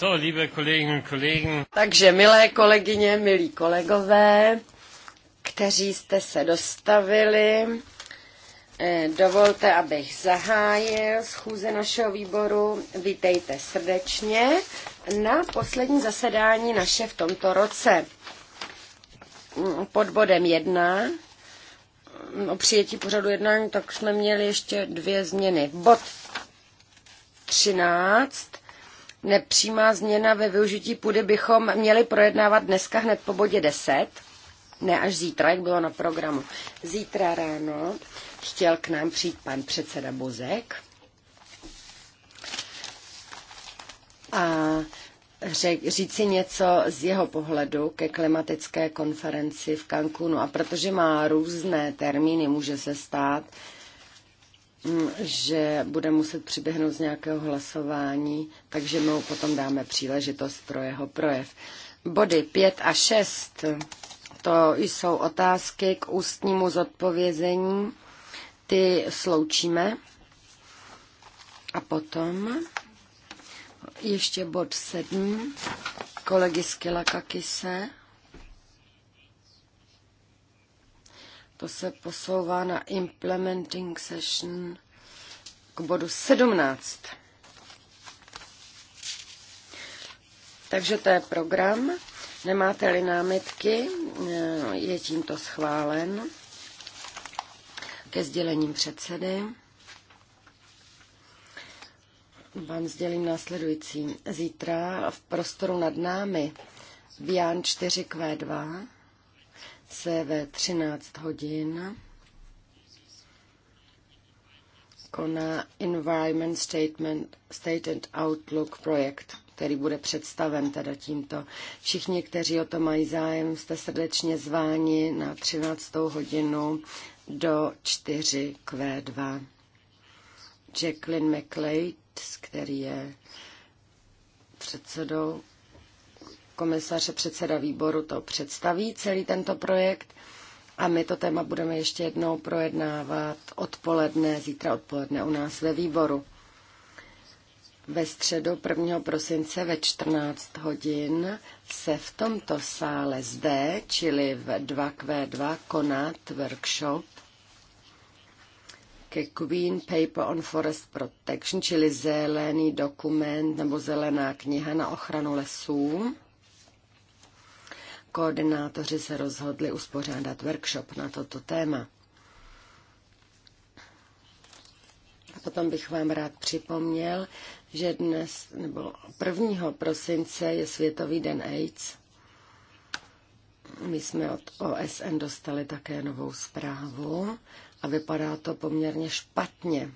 So, liebe Kolleginnen Kollegen. Takže milé kolegyně, milí kolegové, kteří jste se dostavili, eh, dovolte, abych zahájil schůze našeho výboru. Vítejte srdečně na poslední zasedání naše v tomto roce. Mm, pod bodem 1 mm, o přijetí pořadu jednání, tak jsme měli ještě dvě změny. Bod 13 nepřímá změna ve využití půdy bychom měli projednávat dneska hned po bodě 10, ne až zítra, jak bylo na programu. Zítra ráno chtěl k nám přijít pan předseda Bozek a řek, říci něco z jeho pohledu ke klimatické konferenci v Cancunu. A protože má různé termíny, může se stát, Mm, že bude muset přiběhnout z nějakého hlasování, takže mu potom dáme příležitost pro jeho projev. Body 5 a 6, to jsou otázky k ústnímu zodpovězení. Ty sloučíme. A potom ještě bod 7, kolegy z Kilakakise. To se posouvá na implementing session k bodu 17. Takže to je program. Nemáte-li námitky, eh, je tímto schválen ke sdělením předsedy. Vám sdělím následující. Zítra v prostoru nad námi v Jan 4Q2 se ve 13 hodin koná Environment Statement, State and Outlook projekt, který bude představen teda tímto. Všichni, kteří o to mají zájem, jste srdečně zváni na 13. hodinu do 4Q2. Jacqueline McLeod, který je předsedou komisař a předseda výboru to představí, celý tento projekt. A my to téma budeme ještě jednou projednávat odpoledne, zítra odpoledne u nás ve výboru. Ve středu 1. prosince ve 14 hodin se v tomto sále zde, čili v 2Q2, konat workshop ke Queen Paper on Forest Protection, čili zelený dokument nebo zelená kniha na ochranu lesů. Koordinátoři se rozhodli uspořádat workshop na toto téma. A potom bych vám rád připomněl, že dnes, nebo 1. prosince je Světový den AIDS. My jsme od OSN dostali také novou zprávu a vypadá to poměrně špatně.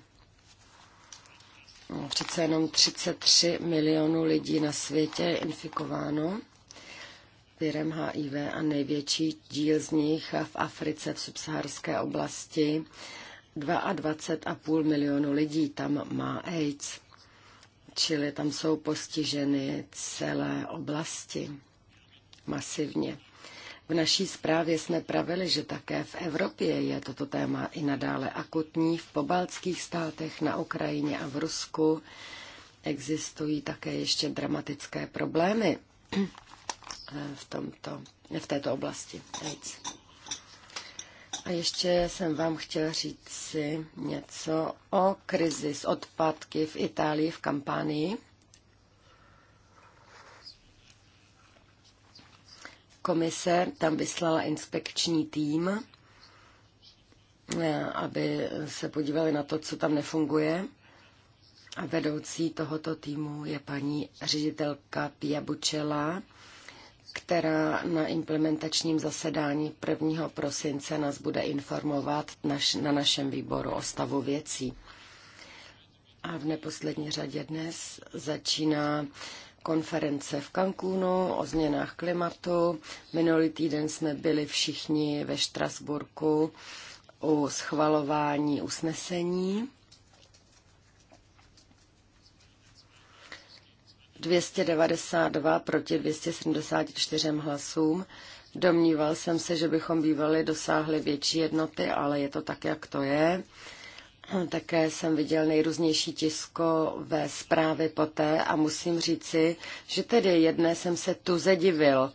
Přece jenom 33 milionů lidí na světě je infikováno virem HIV a největší díl z nich v Africe, v subsaharské oblasti. 22,5 milionu lidí tam má AIDS, čili tam jsou postiženy celé oblasti masivně. V naší zprávě jsme pravili, že také v Evropě je toto téma i nadále akutní. V pobaltských státech, na Ukrajině a v Rusku existují také ještě dramatické problémy v, tomto, v této oblasti AIDS. A ještě jsem vám chtěl říct si něco o krizi s odpadky v Itálii, v kampánii. Komise tam vyslala inspekční tým, eh, aby se podívali na to, co tam nefunguje. A vedoucí tohoto týmu je paní ředitelka Pia Bučela která na implementačním zasedání 1. prosince nás bude informovat naš, na našem výboru o stavu věcí. A v neposlední řadě dnes začíná konference v Cancúnu o změnách klimatu. Minulý týden jsme byli všichni ve Štrasburku u schvalování usnesení 292 proti 274 hlasům. Domníval jsem se, že bychom bývali dosáhli větší jednoty, ale je to tak, jak to je. Také jsem viděl nejrůznější tisko ve zprávy poté a musím říci, že tedy jedné jsem se tu zedivil.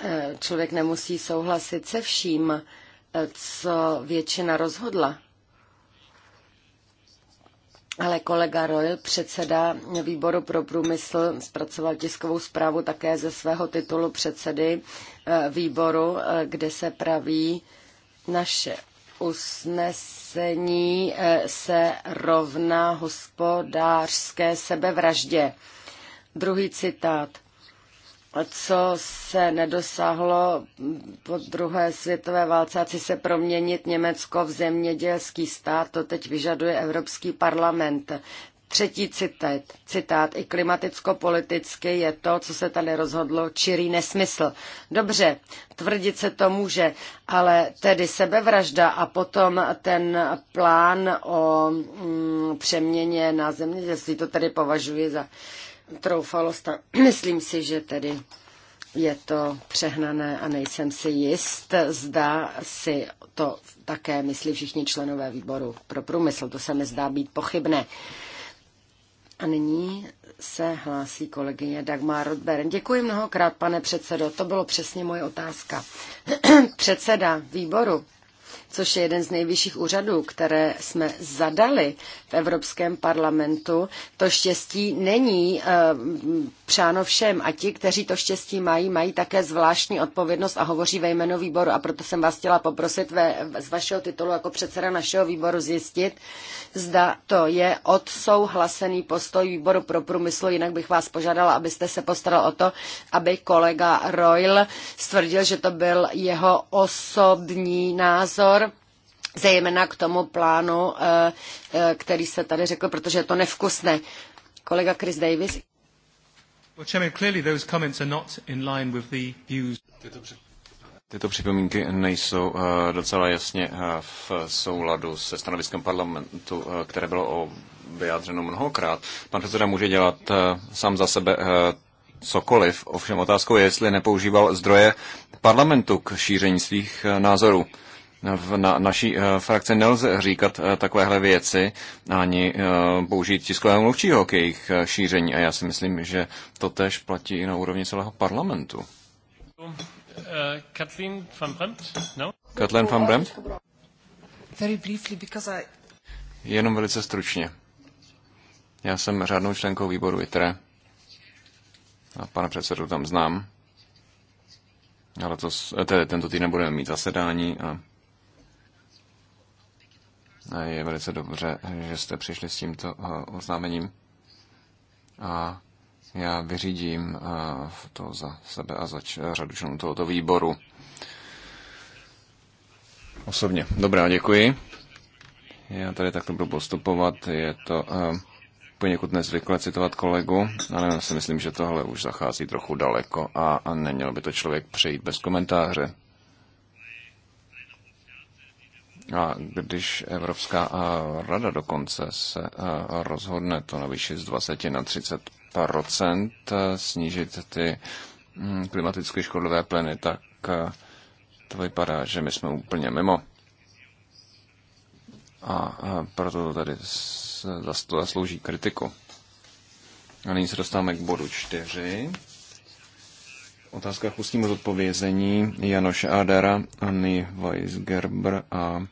Eh, člověk nemusí souhlasit se vším, eh, co většina rozhodla ale kolega Royal, předseda výboru pro průmysl, zpracoval tiskovou zprávu také ze svého titulu předsedy eh, výboru, eh, kde se praví naše usnesení eh, se rovná hospodářské sebevraždě. Druhý citát co se nedosáhlo po druhé světové válce, chci se proměnit Německo v zemědělský stát, to teď vyžaduje Evropský parlament. Třetí citát, citát i klimaticko-politicky je to, co se tady rozhodlo, čirý nesmysl. Dobře, tvrdit se to může, ale tedy sebevražda a potom ten plán o mm, přeměně na zemědělství, to tedy považuji za troufalost. A myslím si, že tedy je to přehnané a nejsem si jist. Zdá si to také myslí všichni členové výboru pro průmysl. To se mi zdá být pochybné. A nyní se hlásí kolegyně Dagmar Rodber. Děkuji mnohokrát, pane předsedo. To bylo přesně moje otázka. Předseda výboru což je jeden z nejvyšších úřadů, které jsme zadali v Evropském parlamentu, to štěstí není eh, přáno všem a ti, kteří to štěstí mají, mají také zvláštní odpovědnost a hovoří ve jménu výboru. A proto jsem vás chtěla poprosit ve, z vašeho titulu jako předseda našeho výboru zjistit, zda to je odsouhlasený postoj výboru pro průmysl, jinak bych vás požádala, abyste se postaral o to, aby kolega Royl stvrdil, že to byl jeho osobní názor zejména k tomu plánu, eh, eh, který se tady řekl, protože je to nevkusné. Kolega Chris Davis. Tyto připomínky nejsou eh, docela jasně v souladu se stanoviskem parlamentu, které bylo vyjádřeno mnohokrát. Pan předseda může dělat sám za sebe cokoliv, ovšem otázkou je, jestli nepoužíval zdroje parlamentu k šíření svých názorů v na, naší eh, frakci nelze říkat eh, takovéhle věci ani eh, použít tiskového mluvčího k jejich šíření. A já si myslím, že to tež platí i na úrovni celého parlamentu. Kathleen van Bremt? No? Kathleen van Very briefly, because I... Jenom velice stručně. Já jsem řádnou členkou výboru ITRE. A pana předsedu tam znám. Ale to, tedy tento týden budeme mít zasedání a je velice dobře, že jste přišli s tímto eh, oznámením a já vyřídím eh, to za sebe a za řadu členů tohoto výboru. Osobně. Dobrá, děkuji. Já tady takto budu postupovat. Je to eh, poněkud nezvykle citovat kolegu, ale já si myslím, že tohle už zachází trochu daleko a, a neměl by to člověk přejít bez komentáře. A když Evropská rada dokonce se rozhodne to navýšit z 20 na 30 snížit ty mm, klimaticky škodlivé plyny, tak to vypadá, že my jsme úplně mimo. A proto to tady zaslouží kritiku. A nyní se dostáváme k bodu čtyři. Otázka k ústnímu zodpovězení Janoše Adara, Anny Weisgerber a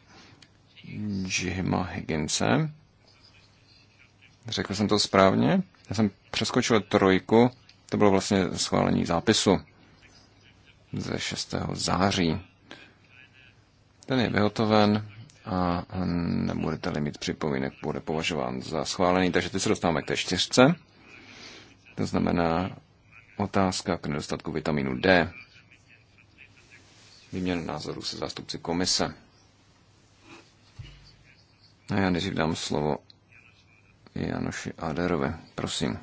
Jima Higginse. Řekl jsem to správně? Já jsem přeskočil trojku, to bylo vlastně schválení zápisu ze 6. září. Ten je vyhotoven a nebudete-li mít připomínek, bude považován za schválený. Takže teď se dostáváme k té čtyřce. To znamená otázka k nedostatku vitamínu D. Výměna názoru se zástupci komise. A já nejdřív dám slovo Janoši Aderovi. Prosím.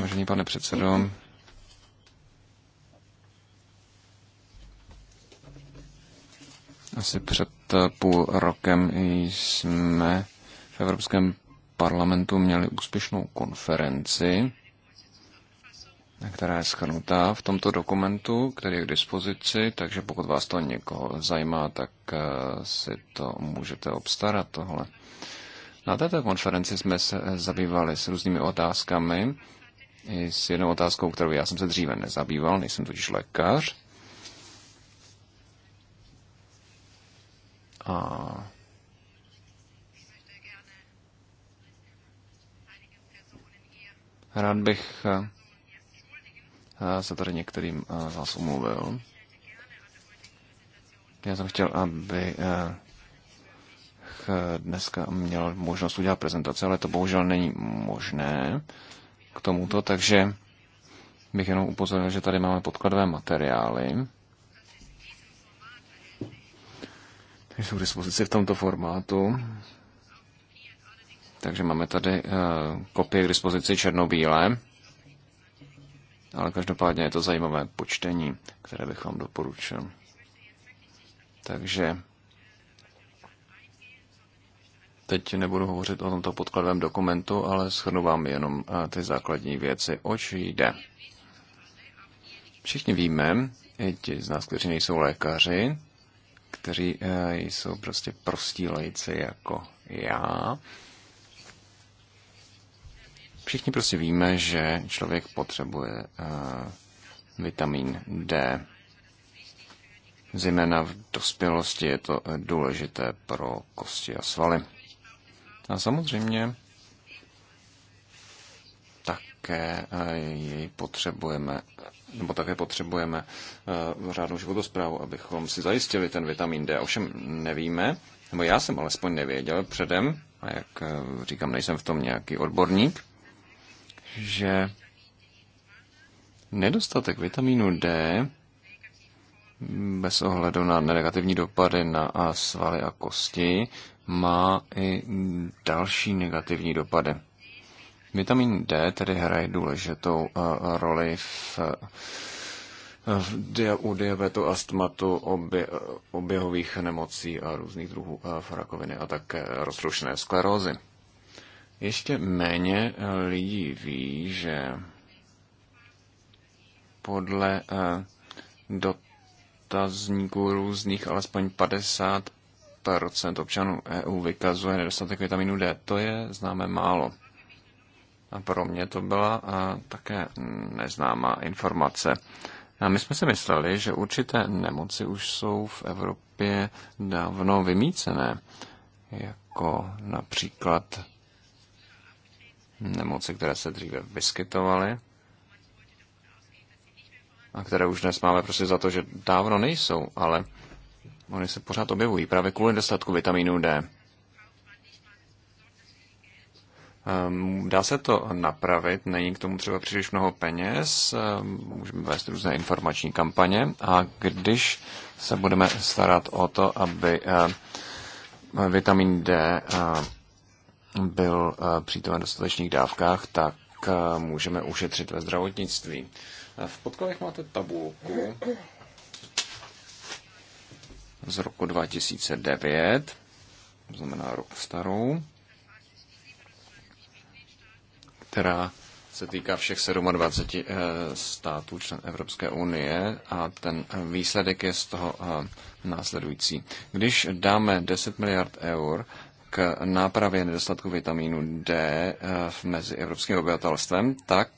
Vážený pane předsedo, asi před půl rokem jsme v Evropském parlamentu měli úspěšnou konferenci, která je schrnutá v tomto dokumentu, který je k dispozici, takže pokud vás to někoho zajímá, tak eh, si to můžete obstarat tohle. Na této konferenci jsme se eh, zabývali s různými otázkami, i s jednou otázkou, kterou já jsem se dříve nezabýval, nejsem totiž lékař. A Rád bych eh, eh, se tady některým eh, z vás omluvil. Já jsem chtěl, aby dneska měl možnost udělat prezentaci, ale to bohužel není možné k tomuto, takže bych jenom upozornil, že tady máme podkladové materiály. Ty jsou k dispozici v tomto formátu. Takže máme tady eh, kopie k dispozici černobílé, ale každopádně je to zajímavé počtení, které bych vám doporučil. Takže Teď nebudu hovořit o tomto podkladovém dokumentu, ale shrnu vám jenom eh, ty základní věci, oč jde. Všichni víme, i ti z nás, kteří nejsou lékaři, kteří eh, jsou prostě prostí lejci jako já, Všichni prostě víme, že člověk potřebuje eh, vitamin D. Zejména v dospělosti je to eh, důležité pro kosti a svaly. A samozřejmě také eh, jej potřebujeme, nebo také potřebujeme řádnou životosprávu, abychom si zajistili ten vitamin D. Ovšem nevíme, nebo já jsem alespoň nevěděl předem, a jak říkám, nejsem v tom nějaký odborník, že nedostatek vitamínu D bez ohledu na negativní dopady na svaly a kosti má i další negativní dopady. Vitamin D tedy hraje důležitou eh, roli v eh, u diabetu, astmatu, obě, oběhových nemocí a různých druhů eh, rakoviny a také roztroušené sklerózy. Ještě méně eh, lidí ví, že podle eh, dotazníků různých alespoň 50 občanů EU vykazuje nedostatek vitaminu D. To je známe málo. A pro mě to byla eh, také neznámá informace. A my jsme si mysleli, že určité nemoci už jsou v Evropě dávno vymícené, jako například nemoci, které se dříve vyskytovaly a které už dnes máme prostě za to, že dávno nejsou, ale oni se pořád objevují právě kvůli nedostatku vitamínu D. Ehm, dá se to napravit, není k tomu třeba příliš mnoho peněz, ehm, můžeme vést různé informační kampaně a když se budeme starat o to, aby ehm, vitamin D byl eh, přítomen v dostatečných dávkách, tak eh, můžeme ušetřit ve zdravotnictví. Eh, v podkladech máte tabulku z roku 2009, to znamená rok starou, která se týká všech 27 států člen Evropské unie a ten výsledek je z toho následující. Když dáme 10 miliard eur k nápravě nedostatku vitamínu D eh, mezi evropským obyvatelstvem, tak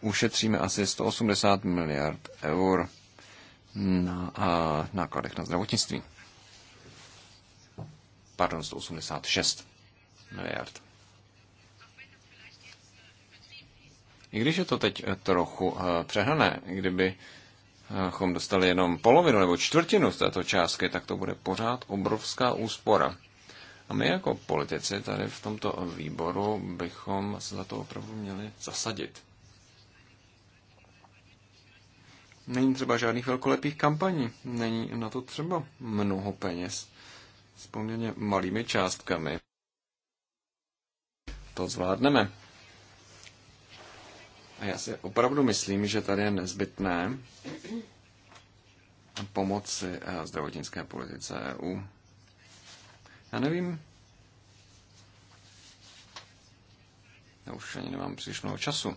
ušetříme asi 180 miliard eur na eh, nákladech na zdravotnictví. Pardon, 186 miliard. I když je to teď eh, trochu přehnané, kdyby chom dostali jenom polovinu nebo čtvrtinu z této částky, tak to bude pořád obrovská úspora. A my jako politici tady v tomto výboru bychom se za to opravdu měli zasadit. Není třeba žádných velkolepých kampaní, není na to třeba mnoho peněz s poměrně malými částkami. To zvládneme. A já si opravdu myslím, že tady je nezbytné pomoci eh, zdravotnické politice EU. Já nevím. Já už ani nemám příliš času.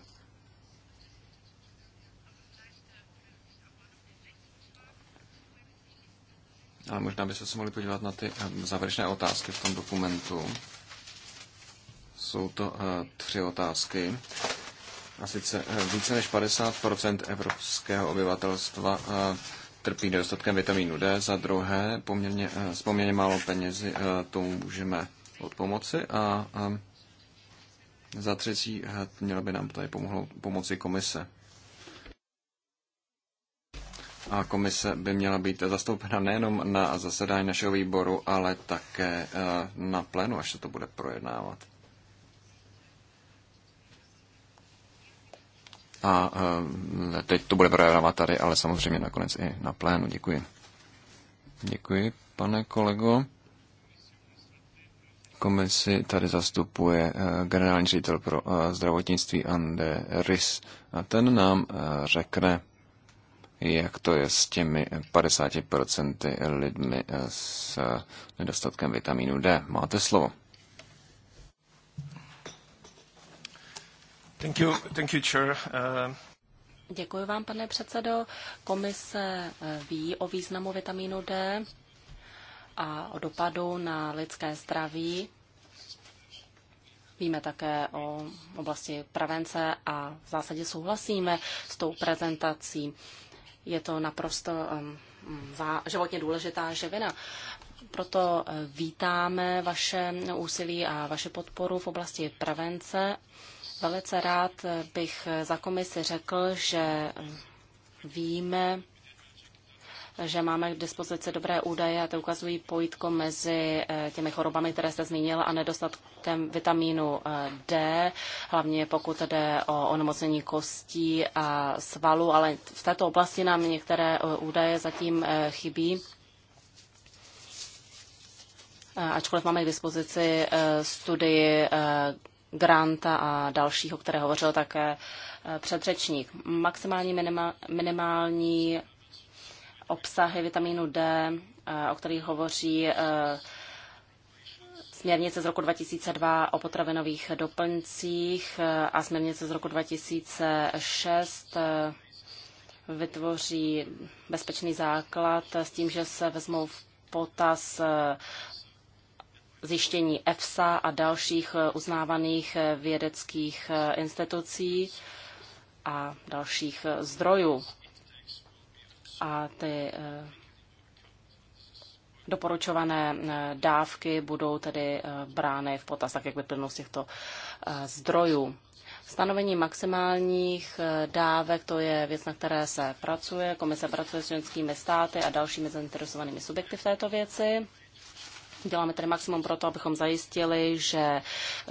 Ale možná byste se mohli podívat na ty eh, závěrečné otázky v tom dokumentu. Jsou to eh, tři otázky. A sice eh, více než 50 evropského obyvatelstva trpí nedostatkem vitamínu D, za druhé poměrně, eh, s poměrně málo penězi eh, tomu můžeme od pomoci a, a eh, za třetí měla by nám tady pomohlo, pomoci komise. A komise by měla být zastoupena nejenom na zasedání našeho výboru, ale také na plénu, až se to bude projednávat. A eh, teď to bude projednávat tady, ale samozřejmě nakonec i na plénu. Děkuji. Děkuji, pane kolego. Komisi tady zastupuje eh, generální ředitel pro eh, zdravotnictví Ande Rys a ten nám řekne, jak to je s těmi 50% lidmi s nedostatkem vitamínu D. Máte slovo. Thank you, thank you, chair. Uh, Děkuji vám, pane předsedo. Komise eh, ví o významu vitamínu D a o dopadu na lidské zdraví. Víme také o oblasti prevence a v zásadě souhlasíme s tou prezentací. Je to naprosto životně důležitá živina. Proto eh, vítáme vaše úsilí a vaše podporu v oblasti prevence Velice rád bych za komisi řekl, že víme, že máme k dispozici dobré údaje a to ukazují pojitko mezi eh, těmi chorobami, které jste zmínil, a nedostatkem vitamínu eh, D, hlavně pokud jde o onemocnění kostí a svalů, ale v této oblasti nám některé eh, údaje zatím chybí. Ačkoliv máme k dispozici studii Granta a dalšího, které hovořil také eh, předřečník. Maximální minima, minimální obsahy vitamínu D, eh, o kterých hovoří eh, směrnice z roku 2002 o potravinových doplňcích a směrnice z roku 2006 vytvoří bezpečný základ s tím, že se vezmou v potaz zjištění EFSA a dalších eh, uznávaných eh, vědeckých eh, institucí a dalších zdrojů. A ty doporučované dávky budou tedy brány v potaz, tak jak vyplnou z těchto zdrojů. Stanovení maximálních dávek, to je věc, na které se pracuje. Komise pracuje s členskými státy a dalšími zainteresovanými subjekty v této věci. Děláme tedy maximum pro to, abychom zajistili, že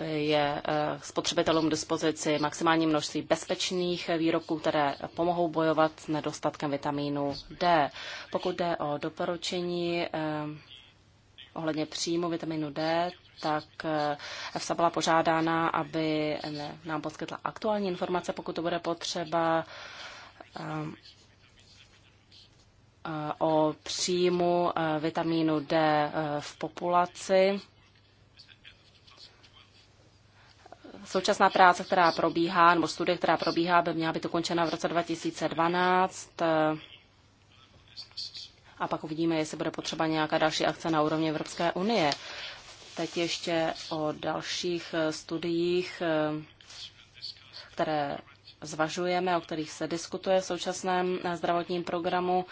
je eh, spotřebitelům k dispozici maximální množství bezpečných výrobků, které pomohou bojovat s nedostatkem vitamínu D. Pokud jde o doporučení eh, ohledně příjmu vitamínu D, tak EFSA eh, byla požádána, aby nám poskytla aktuální informace, pokud to bude potřeba ehm, Eh, o příjmu eh, vitamínu D eh, v populaci. Současná práce, která probíhá, nebo studie, která probíhá, by měla být ukončena v roce 2012. A pak uvidíme, jestli bude potřeba nějaká další akce na úrovni Evropské unie. Teď ještě o dalších studiích, které zvažujeme, o kterých se diskutuje v současném zdravotním programu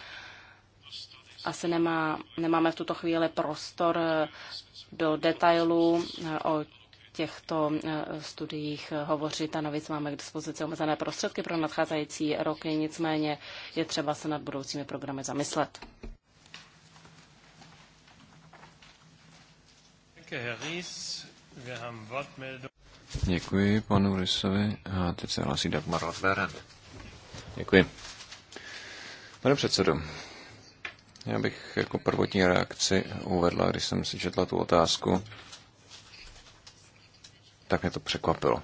asi nemá, nemáme v tuto chvíli prostor eh, do detailů eh, o těchto eh, studiích hovořit a navíc máme k dispozici omezené prostředky pro nadcházející roky, nicméně je třeba se nad budoucími programy zamyslet. Děkuji panu Rysovi a teď se hlásí Dagmar Rotveren. Děkuji. Pane předsedo, já bych jako prvotní reakci uvedla, když jsem si četla tu otázku, tak mě to překvapilo.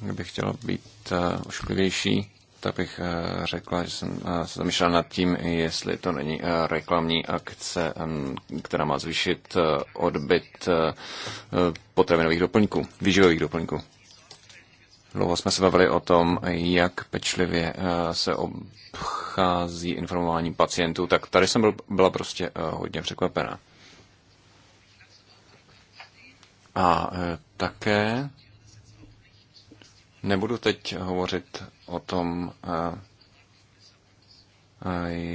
Kdybych chtěl být uh, ošklivější, tak bych uh, řekla, že jsem uh, se zamýšlel nad tím, jestli to není uh, reklamní akce, um, která má zvýšit uh, odbyt uh, potravinových doplňků, výživových doplňků. Dlouho jsme se bavili o tom, jak pečlivě eh, se obchází informování pacientů, tak tady jsem byl, byla prostě eh, hodně překvapená. A eh, také nebudu teď hovořit o tom,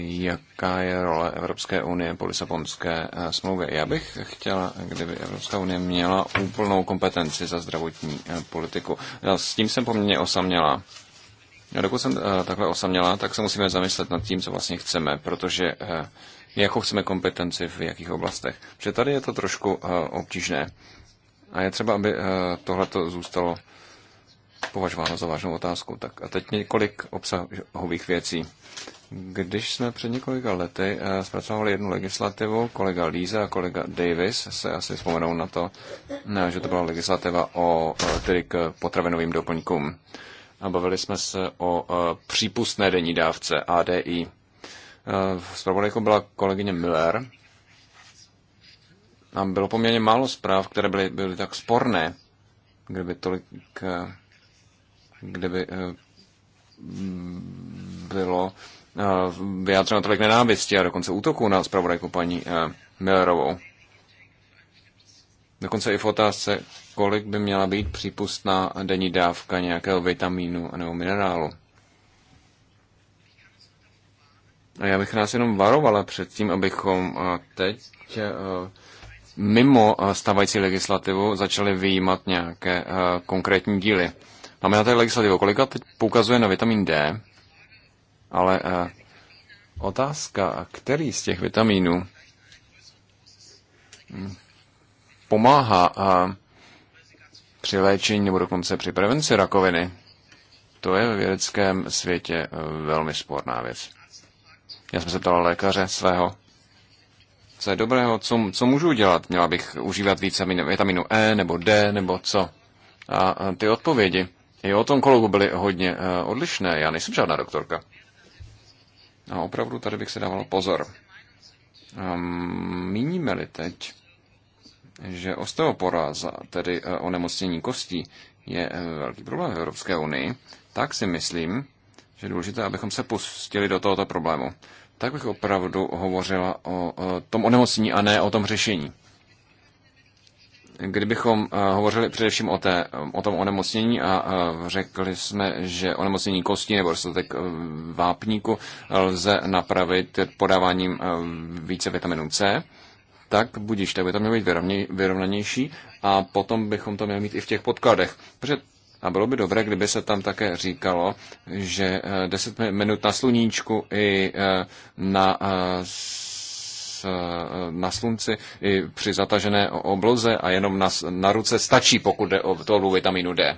jaká je role Evropské unie po Lisabonské eh, smlouvě. Já bych chtěla, kdyby Evropská unie měla úplnou kompetenci za zdravotní eh, politiku. S tím jsem poměrně osaměla. A dokud jsem eh, takhle osaměla, tak se musíme zamyslet nad tím, co vlastně chceme, protože jakou chceme kompetenci v jakých oblastech. Protože tady je to trošku obtížné. A je třeba, aby tohleto zůstalo považováno za vážnou otázku. Tak a teď několik obsahových věcí. Když jsme před několika lety eh, zpracovali jednu legislativu, kolega Líza a kolega Davis se asi vzpomenou na to, že to byla legislativa o, eh, tedy k potravinovým doplňkům. A bavili jsme se o eh, přípustné denní dávce ADI. Zpravodajkou byla kolegyně Miller. A bylo poměrně málo zpráv, které byly, byly tak sporné, kdyby tolik, kdyby bylo Eh, vyjádřeno tolik nenávisti a dokonce útoku na zpravodajku paní eh, Millerovou. Dokonce i v otázce, kolik by měla být přípustná denní dávka nějakého vitamínu nebo minerálu. A já bych nás jenom varovala před tím, abychom eh, teď mimo stávající legislativu začali vyjímat nějaké konkrétní díly. Máme na té legislativu, kolika teď poukazuje na vitamin D, ale eh, otázka, který z těch vitamínů hm, pomáhá eh, při léčení nebo dokonce při prevenci rakoviny, to je ve vědeckém světě eh, velmi sporná věc. Já jsem se ptal lékaře svého, co je dobrého, co, co můžu dělat? Měla bych užívat více vitaminu E nebo D nebo co? A ty odpovědi i o tom kolegu byly hodně odlišné. Já nejsem žádná doktorka. A opravdu tady bych se dával pozor. Ehm, míníme-li teď, že osteoporáza, tedy e, onemocnění kostí, je e, velký problém v Evropské unii, tak si myslím, že je důležité, abychom se pustili do tohoto problému. Tak bych opravdu hovořila o e, tom onemocnění a ne o tom řešení. Kdybychom eh, hovořili především o, té, o tom onemocnění a eh, řekli jsme, že onemocnění kostí nebo dostatek eh, vápníku lze napravit podáváním více vitaminu C, tak budíš, tak by to mělo být vyrovnanější a potom bychom to měli mít i v těch podkladech. a bylo by dobré, kdyby se tam také říkalo, že 10 minut na sluníčku i na Eh, na slunci i při zatažené obloze a jenom na, na ruce stačí, pokud jde o tolu vitaminu D.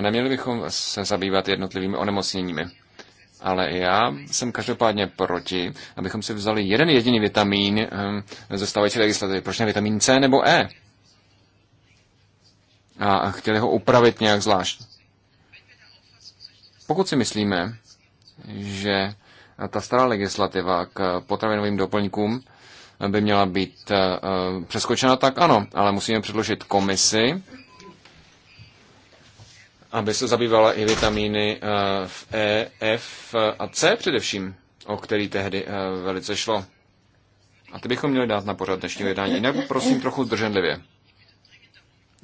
Neměli bychom se zabývat jednotlivými onemocněními. Ale já jsem každopádně proti, abychom si vzali jeden jediný vitamín eh, ze stávající legislativy. Proč ne vitamín C nebo E? A chtěli ho upravit nějak zvlášť. Pokud si myslíme, že ta stará legislativa k potravinovým doplňkům by měla být eh, eh, přeskočena, tak ano, ale musíme předložit komisi, aby se zabývala i vitamíny eh, v E, F a C především, o který tehdy velice šlo. A ty bychom měli dát na pořad dnešního jednání. Jinak prosím trochu zdrženlivě.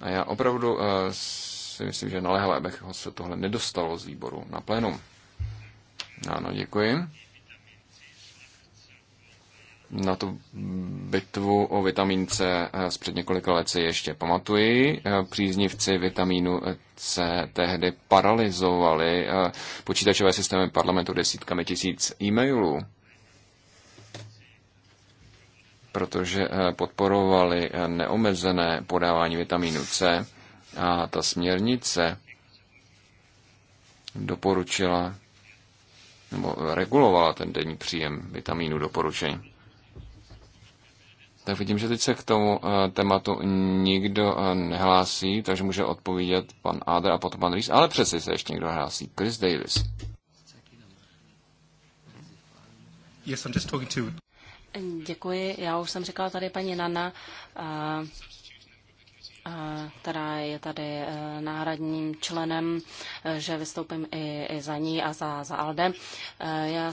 A já opravdu si myslím, že naléhavé, abych se tohle nedostalo z výboru na plénum. Ano, děkuji. Na tu bitvu o vitamin C eh, z před několika let si ještě pamatuji. Eh, příznivci vitamínu C tehdy paralizovali eh, počítačové systémy parlamentu desítkami tisíc e-mailů protože podporovali neomezené podávání vitamínu C a ta směrnice doporučila nebo regulovala ten denní příjem vitamínů doporučení. Tak vidím, že teď se k tomu eh, tématu nikdo eh, nehlásí, takže může odpovědět pan Adr a potom pan Rees, ale přeci se ještě někdo hlásí. Chris Davis. Yes, I'm just talking to... Děkuji. Já už jsem říkala tady paní Nana, eh, která je tady e, náhradním členem, e, že vystoupím i, i za ní a za, za Alde. E, já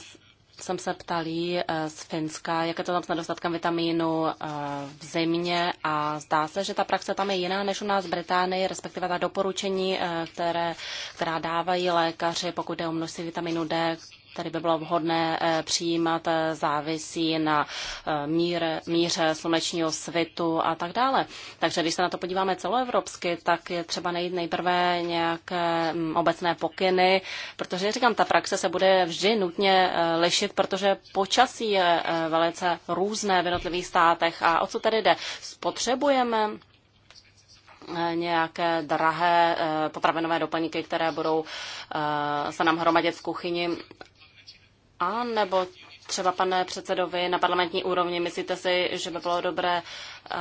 jsem se ptal z Finska, jak je to tam s nedostatkem vitamínu v zimě a zdá se, že ta praxe tam je jiná než u nás v Británii, respektive ta doporučení, které, která dávají lékaři, pokud jde o množství vitamínu D, který by bylo vhodné eh, přijímat, eh, závisí na eh, mír, míře slunečního svitu a tak dále. Takže když se na to podíváme celoevropsky, tak je třeba nejít nejprve nějaké mm, obecné pokyny, protože, říkám, ta praxe se bude vždy nutně lišit, protože počasí je velice různé v jednotlivých státech. A o co tedy jde? Spotřebujeme nějaké drahé potravinové doplňky, které budou se nám hromadit v kuchyni a nebo třeba, pane předsedovi, na parlamentní úrovni, myslíte si, že by bylo dobré, eh,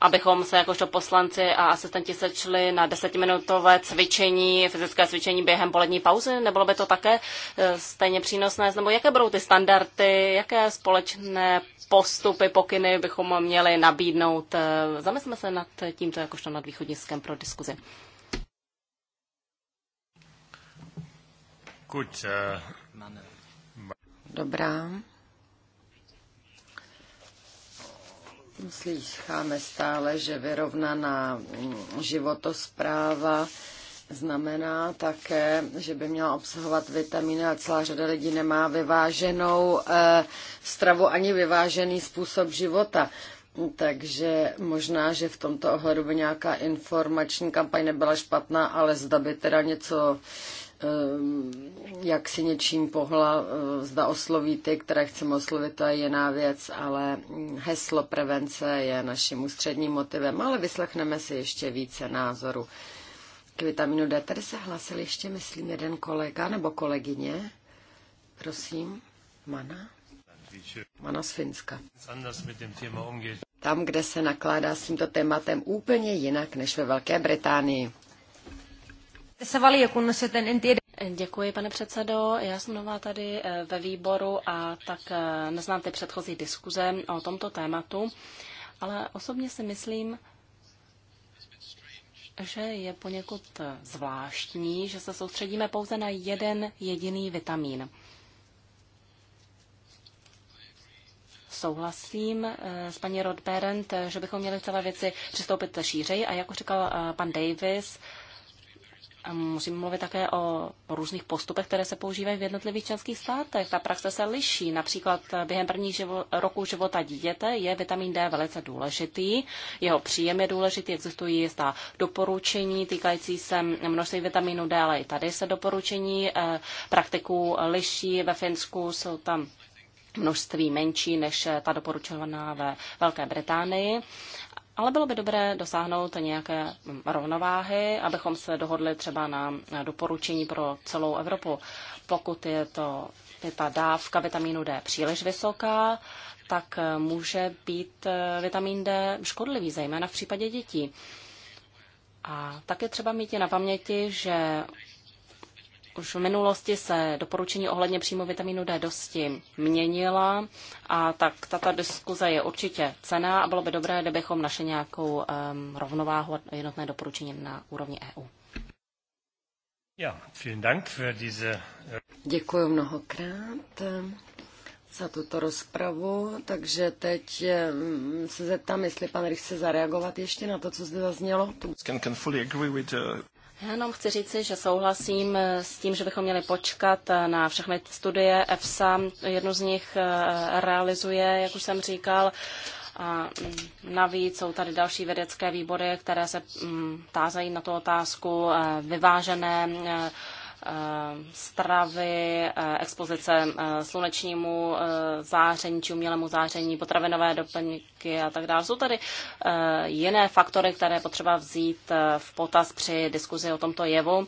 abychom se jakožto poslanci a asistenti sečli na desetiminutové cvičení, fyzické cvičení během polední pauzy? Nebylo by to také eh, stejně přínosné? Nebo jaké budou ty standardy, jaké společné postupy, pokyny bychom měli nabídnout? Eh, zamysleme se nad tímto jakožto nad východniskem pro diskuzi. Gut, äh, Dobrá. Slycháme stále, že vyrovnaná životospráva znamená také, že by měla obsahovat vitamíny a celá řada lidí nemá vyváženou eh, stravu ani vyvážený způsob života. Takže možná, že v tomto ohledu by nějaká informační kampaň nebyla špatná, ale zda by teda něco Ehm, jak si něčím pohla, eh, zda osloví ty, které chceme oslovit, to je jiná věc, ale hm, heslo prevence je naším ústředním motivem, ale vyslechneme si ještě více názorů. K vitaminu D tady se hlásil ještě, myslím, jeden kolega nebo kolegyně. Prosím, Mana. Mana z Finska. Tam, kde se nakládá s tímto tématem úplně jinak než ve Velké Británii valiokunnassa, joten en tiedä. Děkuji, pane předsedo. Já jsem nová tady eh, ve výboru a tak eh, neznám ty předchozí diskuze o tomto tématu, ale osobně si myslím, že je poněkud eh, zvláštní, že se soustředíme pouze na jeden jediný vitamin. Souhlasím s paní Rodberent, že bychom měli celé věci přistoupit šířej a jako říkal pan Davis, Musím mluvit také o různých postupech, které se používají v jednotlivých členských státech. Ta praxe se liší. Například během prvních živo- roku života dítěte je vitamin D velice důležitý. Jeho příjem je důležitý. Existují jistá doporučení týkající se množství vitaminu D, ale i tady se doporučení eh, praktiků liší. Ve Finsku jsou tam množství menší než ta doporučovaná ve Velké Británii. Ale bylo by dobré dosáhnout nějaké rovnováhy, abychom se dohodli třeba na doporučení pro celou Evropu. Pokud je to je ta dávka vitamínu D příliš vysoká, tak může být eh, vitamin D škodlivý, zejména v případě dětí. A také třeba mít je na paměti, že už v minulosti se doporučení ohledně příjmu vitamínu D dosti měnila a tak tato diskuze je určitě cená a bylo by dobré, kdybychom našli nějakou um, rovnováhu a jednotné doporučení na úrovni EU. Ja, vielen Dank für diese... Äh, Děkuji mnohokrát za tuto rozpravu, takže teď se zeptám, jestli pan Rich chce zareagovat ještě na to, co zde zaznělo. Can, can fully agree with, uh... Jenom chci říci, že souhlasím eh, s tím, že bychom měli počkat eh, na všechny studie EFSA. Jednu z nich eh, realizuje, jak už jsem říkal. A mm, navíc jsou tady další vědecké výbory, které se mm, tázají na tu otázku vyvážené Eh, stravy, eh, expozice eh, slunečnímu záření či umělému záření, potravinové doplňky a tak dále. Jsou tady jiné faktory, které potřeba vzít v potaz při diskuzi o tomto jevu.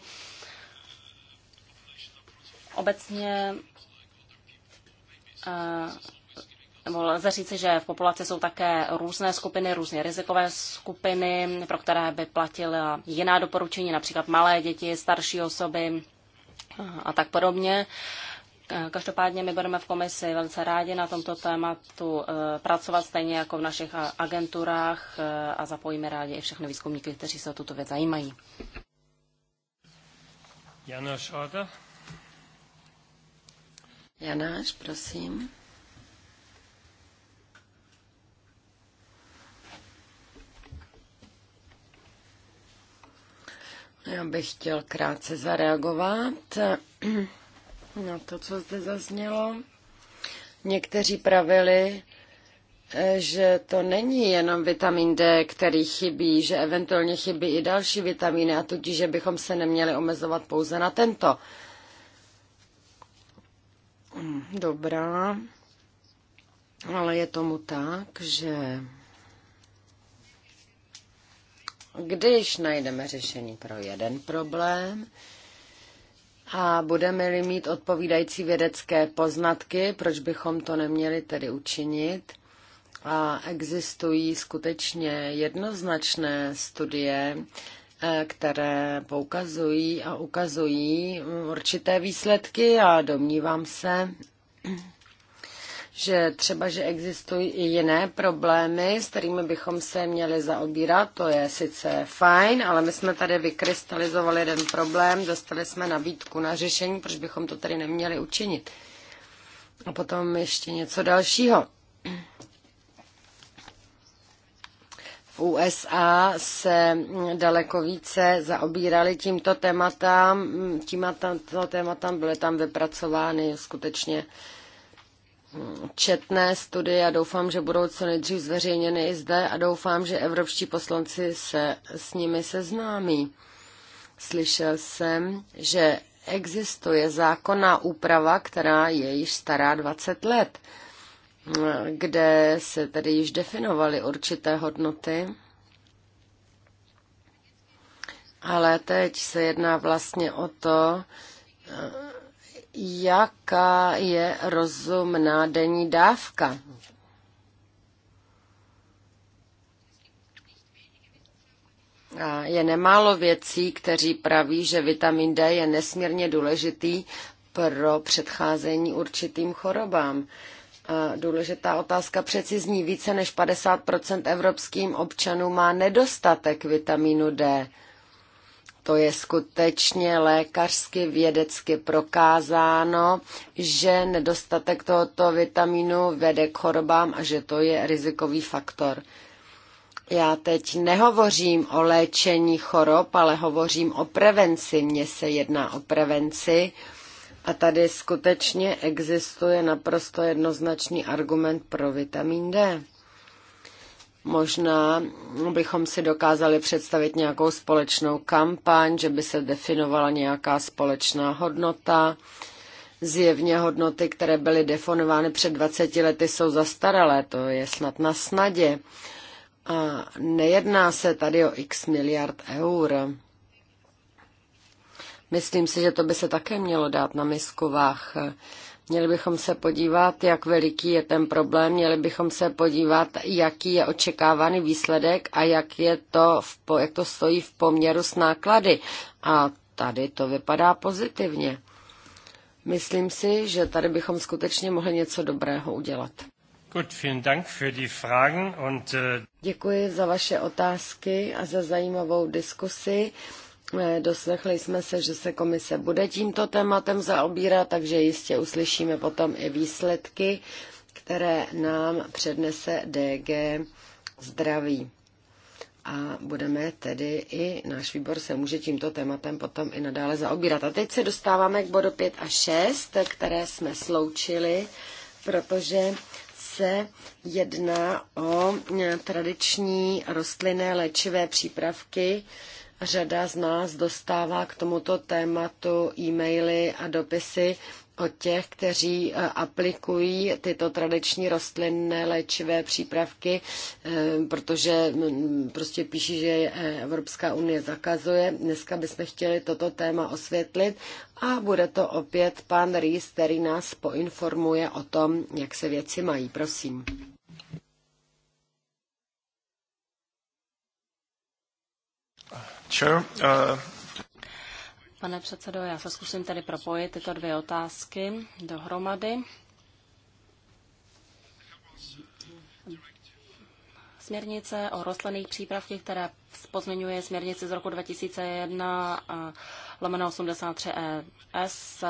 Obecně nebo lze říci, že v populaci jsou také různé skupiny, různě rizikové skupiny, pro které by platila jiná doporučení, například malé děti, starší osoby, a tak podobně. Každopádně my budeme v komisi velice rádi na tomto tématu eh, pracovat stejně jako v našich agenturách eh, a zapojíme rádi i všechny výzkumníky, kteří se o tuto věc zajímají. Janáš, prosím. Já bych chtěl krátce zareagovat na to, co zde zaznělo. Někteří pravili, že to není jenom vitamin D, který chybí, že eventuálně chybí i další vitamíny a tudíž, že bychom se neměli omezovat pouze na tento. Dobrá, ale je tomu tak, že když najdeme řešení pro jeden problém, a budeme-li mít odpovídající vědecké poznatky, proč bychom to neměli tedy učinit? A existují skutečně jednoznačné studie, eh, které poukazují a ukazují mm, určité výsledky a domnívám se, že třeba, že existují i jiné problémy, s kterými bychom se měli zaobírat, to je sice fajn, ale my jsme tady vykrystalizovali jeden problém, dostali jsme nabídku na řešení, proč bychom to tady neměli učinit. A potom ještě něco dalšího. V USA se daleko více zaobírali tímto tématem, tímto tématem byly tam vypracovány skutečně uh, četné studie a doufám, že budou co nejdřív zveřejněny i zde a doufám, že evropští poslanci se s nimi seznámí. Slyšel jsem, že existuje zákonná úprava, která je již stará 20 let, kde se tedy již definovaly určité hodnoty. Ale teď se jedná vlastně o to, jaká je rozumná denní dávka. A je nemálo věcí, kteří praví, že vitamin D je nesmírně důležitý pro předcházení určitým chorobám. A důležitá otázka přeci zní, více než 50 evropským občanům má nedostatek vitamínu D to je skutečně lékařsky vědecky prokázáno, že nedostatek tohoto vitamínu vede k chorobám a že to je rizikový faktor. Já teď nehovořím o léčení chorob, ale hovořím o prevenci. Mně se jedná o prevenci. A tady skutečně existuje naprosto jednoznačný argument pro vitamin D. Možná bychom si dokázali představit nějakou společnou kampaň, že by se definovala nějaká společná hodnota. Zjevně hodnoty, které byly definovány před 20 lety, jsou zastaralé, to je snad na snadě. A nejedná se tady o x miliard eur. Myslím si, že to by se také mělo dát na miskovách. Měli bychom se podívat, jak veliký je ten problém, měli bychom se podívat, jaký je očekávaný výsledek a jak, je to v, jak to stojí v poměru s náklady. A tady to vypadá pozitivně. Myslím si, že tady bychom skutečně mohli něco dobrého udělat. Äh, Děkuji za vaše otázky a za zajímavou diskusi. Eh, doslechli jsme se, že se komise bude tímto tématem zaobírat, takže jistě uslyšíme potom i výsledky, které nám přednese DG zdraví. A budeme tedy i, náš výbor se může tímto tématem potom i nadále zaobírat. A teď se dostáváme k bodu 5 a 6, které jsme sloučili, protože se jedná o eh, tradiční rostlinné léčivé přípravky, Řada z nás dostává k tomuto tématu e-maily a dopisy od těch, kteří eh, aplikují tyto tradiční rostlinné léčivé přípravky, eh, protože mm, prostě píší, že eh, Evropská unie zakazuje. Dneska bychom chtěli toto téma osvětlit a bude to opět pan Rýs, který nás poinformuje o tom, jak se věci mají. Prosím. Uh, Pane předsedo, já se zkusím tedy propojit tyto dvě otázky dohromady. Směrnice o rostlinných přípravcích, která pozměňuje směrnici z roku 2001 lomeno 83 ES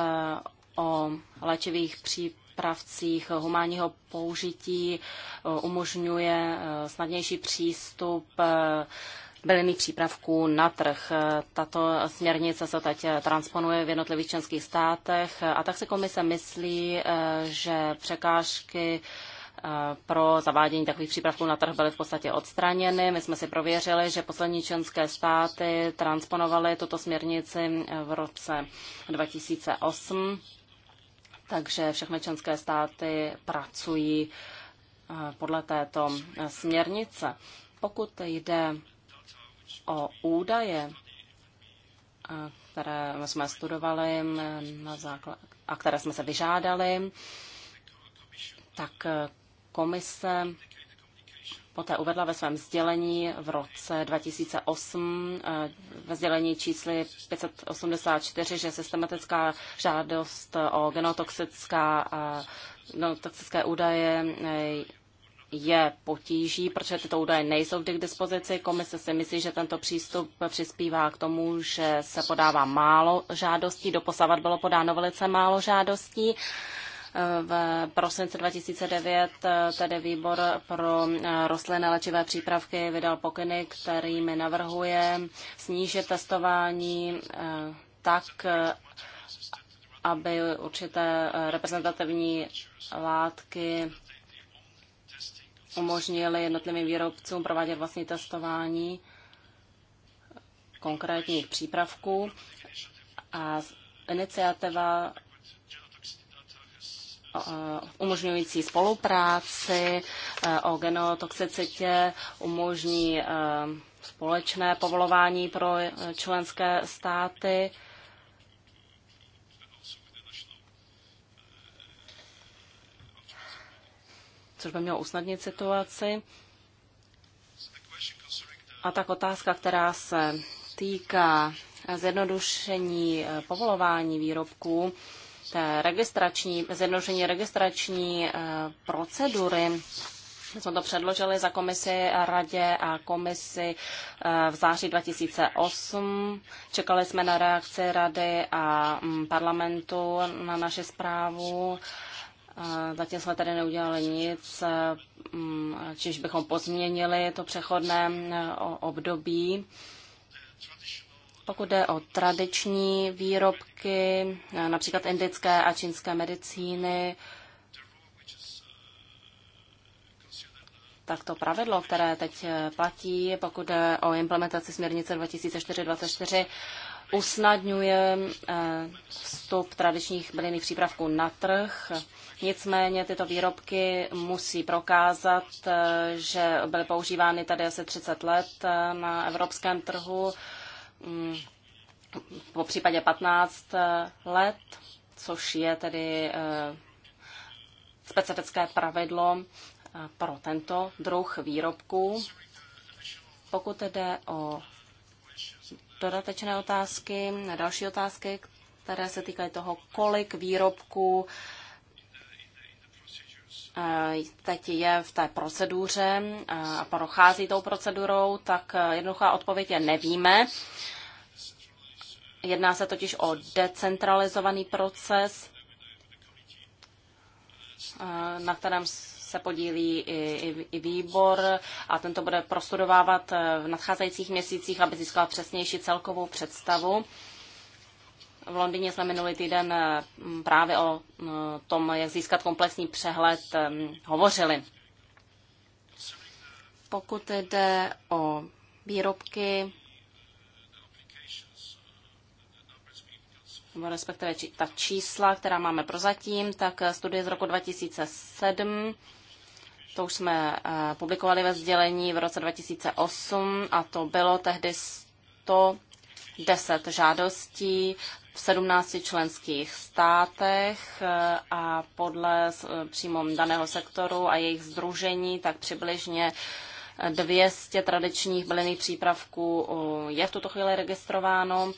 o léčivých přípravcích humánního použití, uh, umožňuje uh, snadnější přístup bylinných přípravků na trh. Tato směrnice se teď transponuje v jednotlivých členských státech a tak se komise myslí, eh, že překážky eh, pro zavádění takových přípravků na trh byly v podstatě odstraněny. My jsme si prověřili, že poslední členské státy transponovaly tuto směrnici eh, v roce 2008, takže všechny členské státy pracují podle této směrnice. Pokud jde o údaje, které jsme studovali na základ, a které jsme se vyžádali, tak komise poté uvedla ve svém sdělení v roce 2008 eh, ve sdělení čísly 584, že systematická žádost o genotoxická, eh, genotoxické údaje eh, je potíží, protože tyto údaje nejsou vždy k dispozici. Komise si myslí, že tento přístup přispívá k tomu, že se podává málo žádostí. Doposavat bylo podáno velice málo žádostí. V prosinci 2009 tedy výbor pro rostlinné léčivé přípravky vydal pokyny, kterými navrhuje snížit testování eh, tak, eh, aby určité reprezentativní látky umožnili jednotlivým výrobcům provádět vlastní testování konkrétních přípravků a iniciativa umožňující spolupráci e, o genotoxicitě umožní e, společné povolování pro e, členské státy což by mělo usnadnit situaci. A tak otázka, která se týká zjednodušení eh, povolování výrobků, registrační, zjednodušení registrační eh, procedury, my jsme to předložili za komisi radě a komisi eh, v září 2008. Čekali jsme na reakci rady a mm, parlamentu na naši zprávu Zatím jsme tady neudělali nic, mm, čiž bychom pozměnili to přechodné e, období. Pokud jde o tradiční výrobky, e, například indické a čínské medicíny, tak to pravidlo, které teď e, platí, pokud jde o implementaci směrnice 2004-24, usnadňuje eh, vstup tradičních bylinných přípravků na trh. Nicméně tyto výrobky musí prokázat, eh, že byly používány tady asi 30 let eh, na evropském trhu, mm, po případě 15 let, což je tedy specifické pravidlo pro tento druh výrobků. Pokud jde o dodatečné otázky, další otázky, které se týkají toho, kolik výrobků eh, teď je v té proceduře eh, a prochází tou procedurou, tak eh, jednoduchá odpověď je nevíme. Jedná se totiž o decentralizovaný proces, na kterém se podílí i, i, i výbor a tento bude prostudovávat eh, v nadcházejících měsících, aby získal přesnější celkovou představu. V Londýně jsme minulý týden eh, právě o eh, tom, jak získat komplexní přehled, hovořili. Pokud jde o výrobky, nebo respektive ta čísla, která máme prozatím, tak studie z roku 2007 to už jsme eh, publikovali ve sdělení v roce 2008 a to bylo tehdy 110 žádostí v 17 členských státech eh, a podle eh, přímo daného sektoru a jejich združení tak přibližně 200 tradičních bylinných přípravků je v tuto chvíli registrováno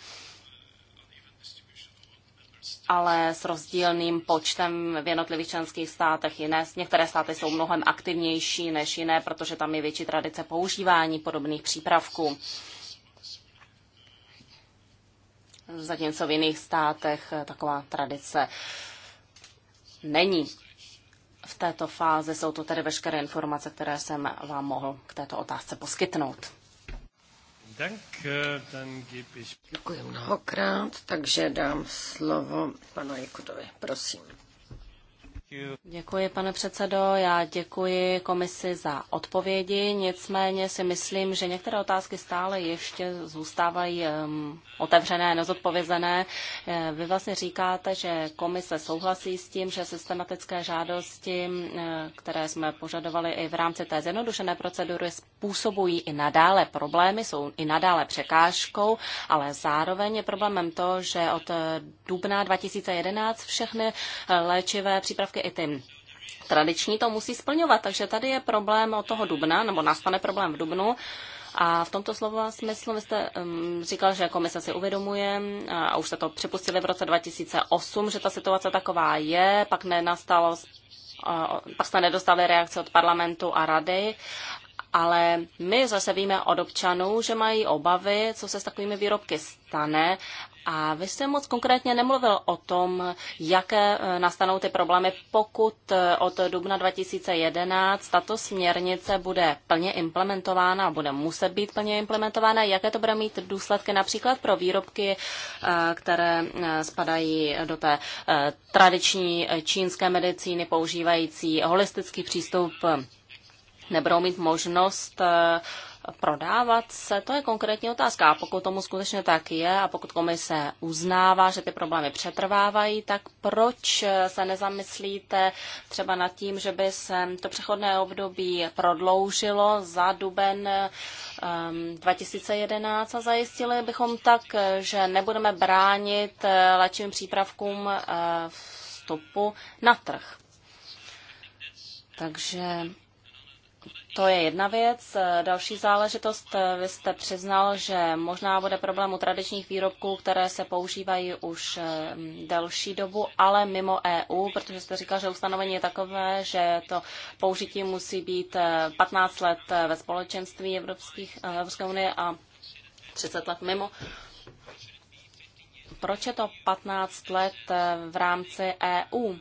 ale s rozdílným počtem v jednotlivých členských státech jiné. Některé státy jsou mnohem aktivnější než jiné, protože tam je větší tradice používání podobných přípravků. Zatímco v jiných státech eh, taková tradice není. V této fázi jsou to tedy veškeré informace, které jsem vám mohl k této otázce poskytnout. Eh, Děkuji mnohokrát, takže dám slovo panu Jekudovi. Prosím. Děkuji, pane předsedo. Já děkuji komisi za odpovědi. Nicméně si myslím, že některé otázky stále ještě zůstávají um, otevřené, nezodpovězené. Eh, vy vlastně říkáte, že komise souhlasí s tím, že systematické žádosti, eh, které jsme požadovali i v rámci té zjednodušené procedury, způsobují i nadále problémy, jsou i nadále překážkou, ale zároveň je problémem to, že od eh, dubna 2011 všechny léčivé přípravky podniky, i ty tradiční to musí splňovat. Takže tady je problém od toho dubna, nebo nastane problém v dubnu. A v tomto slova smyslu vy jste um, říkal, že komise si uvědomuje, a už se to připustili v roce 2008, že ta situace taková je, pak nenastalo, uh, pak se nedostali reakce od parlamentu a rady, ale my zase víme od občanů, že mají obavy, co se s takovými výrobky stane a vy jste moc konkrétně nemluvil o tom, jaké e, nastanou ty problémy, pokud e, od dubna 2011 tato směrnice bude plně implementována a bude muset být plně implementována, jaké to bude mít důsledky například pro výrobky, e, které spadají do té tradiční čínské medicíny používající holistický přístup nebudou mít možnost prodávat se, to je konkrétní otázka. A pokud tomu skutečně tak je a pokud komise uznává, že ty problémy přetrvávají, tak proč se nezamyslíte třeba nad tím, že by se to přechodné období prodloužilo za duben 2011 ehm, a zajistili bychom tak, že nebudeme bránit eh, léčivým přípravkům eh, vstupu na trh. Takže to je jedna věc. Další záležitost, vy jste přiznal, že možná bude problém u tradičních výrobků, které se používají už mm, delší dobu, ale mimo EU, protože jste říkal, že ustanovení je takové, že to použití musí být 15 eh, let eh, ve společenství Evropských, eh, Evropské unie a 30 let mimo. Proč je to 15 let v rámci EU?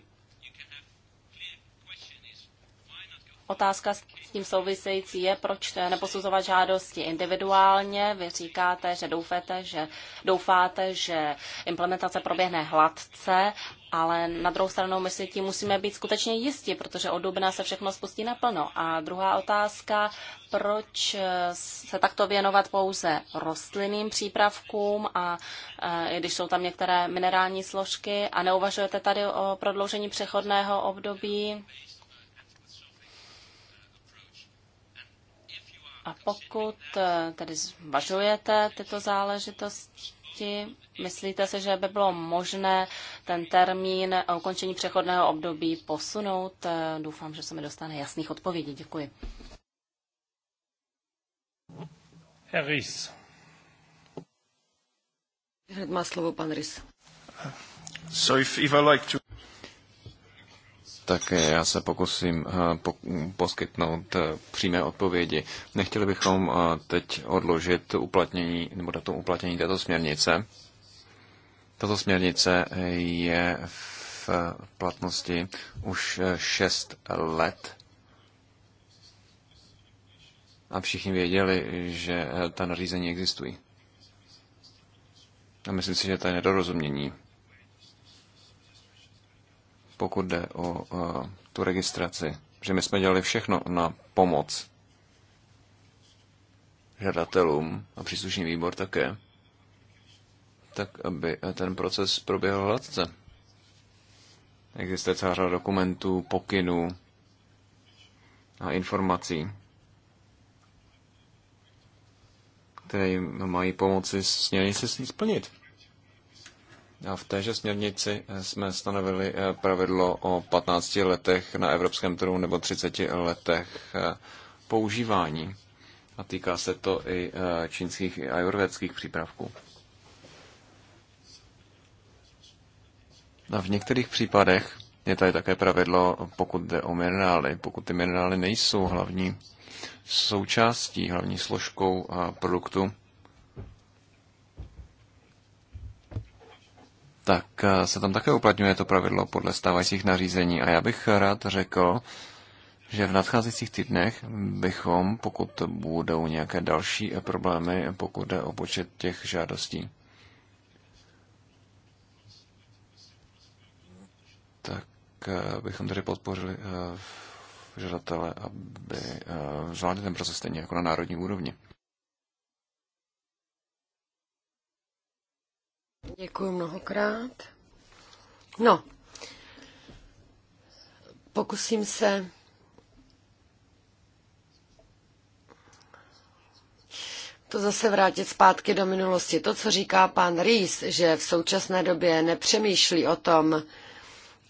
Otázka s tím související je, proč neposuzovat žádosti individuálně. Vy říkáte, že doufáte, že, doufáte, že implementace proběhne hladce, ale na druhou stranu my si tím musíme být skutečně jistí, protože od dubna se všechno spustí naplno. A druhá otázka, proč eh, se takto věnovat pouze rostlinným přípravkům, a, eh, i když jsou tam některé minerální složky, a neuvažujete tady o prodloužení přechodného období A pokud eh, tedy zvažujete tyto záležitosti, myslíte si, že by bylo možné ten termín ukončení přechodného období posunout? Eh, doufám, že se mi dostane jasných odpovědí. Děkuji. Herr Ries. Hned má slovo pan Rys. So if, if I like to... Tak já se pokusím eh, poskytnout eh, přímé odpovědi. Nechtěli bychom eh, teď odložit uplatnění nebo datum uplatnění této směrnice. Tato směrnice je v platnosti už 6 let a všichni věděli, že ta nařízení existují. A myslím si, že to je nedorozumění pokud jde o tu registraci, že my jsme dělali všechno na pomoc žadatelům a příslušný výbor také, tak aby ten proces proběhl hladce. Existuje celá řada dokumentů, pokynů a informací, které jim mají pomoci směrnici splnit v téže směrnici eh, jsme stanovili eh, pravidlo o 15 letech na evropském trhu nebo 30 letech eh, používání. A týká se to i čínských i ajurvédských přípravků. A v některých případech je tady také pravidlo, pokud jde o minerály. Pokud ty minerály nejsou hlavní součástí, hlavní složkou produktu, tak eh, se tam také uplatňuje to pravidlo podle stávajících nařízení. A já bych rád řekl, že v nadcházejících týdnech bychom, pokud budou nějaké další eh, problémy, pokud jde o počet těch žádostí, tak eh, bychom tedy podpořili žadatele, aby zvládli ten proces stejně jako na národní úrovni. Děkuji mnohokrát. No, pokusím se to zase vrátit zpátky do minulosti. To, co říká pan Rees, že v současné době nepřemýšlí o tom,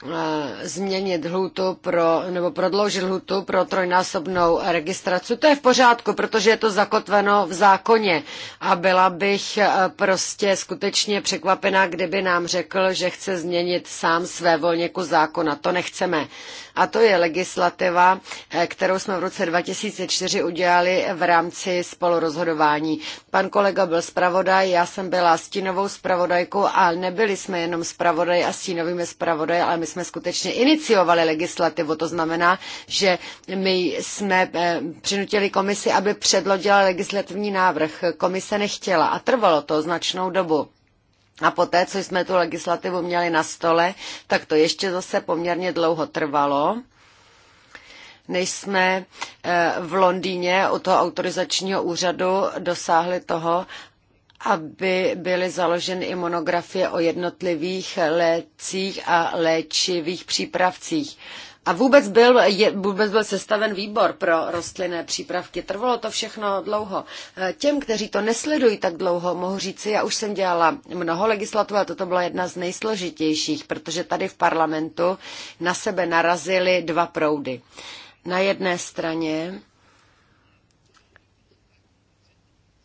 Eh, změnit lhůtu pro, nebo prodloužit lhůtu pro trojnásobnou registraci. To je v pořádku, protože je to zakotveno v zákoně a byla bych eh, prostě skutečně překvapena, kdyby nám řekl, že chce změnit sám své volněku zákona. To nechceme. A to je legislativa, eh, kterou jsme v roce 2004 udělali v rámci spolurozhodování. Pan kolega byl zpravodaj, já jsem byla stínovou zpravodajkou a nebyli jsme jenom zpravodaj a stínovými zpravodaj, ale my jsme skutečně iniciovali legislativu. To znamená, že my jsme eh, přinutili komisi, aby předložila legislativní návrh. Komise nechtěla a trvalo to značnou dobu. A poté, co jsme tu legislativu měli na stole, tak to ještě zase poměrně dlouho trvalo než jsme eh, v Londýně u toho autorizačního úřadu dosáhli toho, aby byly založeny i monografie o jednotlivých lécích a léčivých přípravcích. A vůbec byl, je, vůbec byl sestaven výbor pro rostlinné přípravky. Trvalo to všechno dlouho. Těm, kteří to nesledují tak dlouho, mohu říci, já už jsem dělala mnoho legislativ a toto byla jedna z nejsložitějších, protože tady v parlamentu na sebe narazily dva proudy. Na jedné straně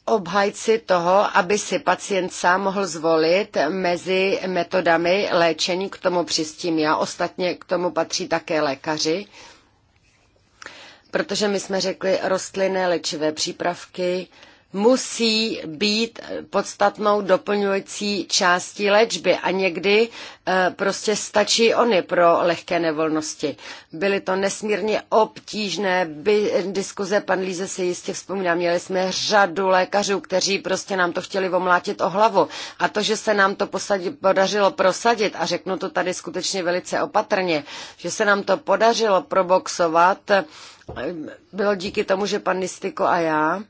obhajci toho, aby si pacient sám mohl zvolit mezi metodami léčení, k tomu přistím já, ostatně k tomu patří také lékaři, protože my jsme řekli rostlinné léčivé přípravky, musí být podstatnou doplňující částí léčby a někdy eh, prostě stačí ony pro lehké nevolnosti. Byly to nesmírně obtížné by, diskuze, pan Líze si jistě vzpomíná, měli jsme řadu lékařů, kteří prostě nám to chtěli omlátit o hlavu a to, že se nám to posadí, podařilo prosadit a řeknu to tady skutečně velice opatrně, že se nám to podařilo proboxovat, eh, bylo díky tomu, že pan Nistiko a já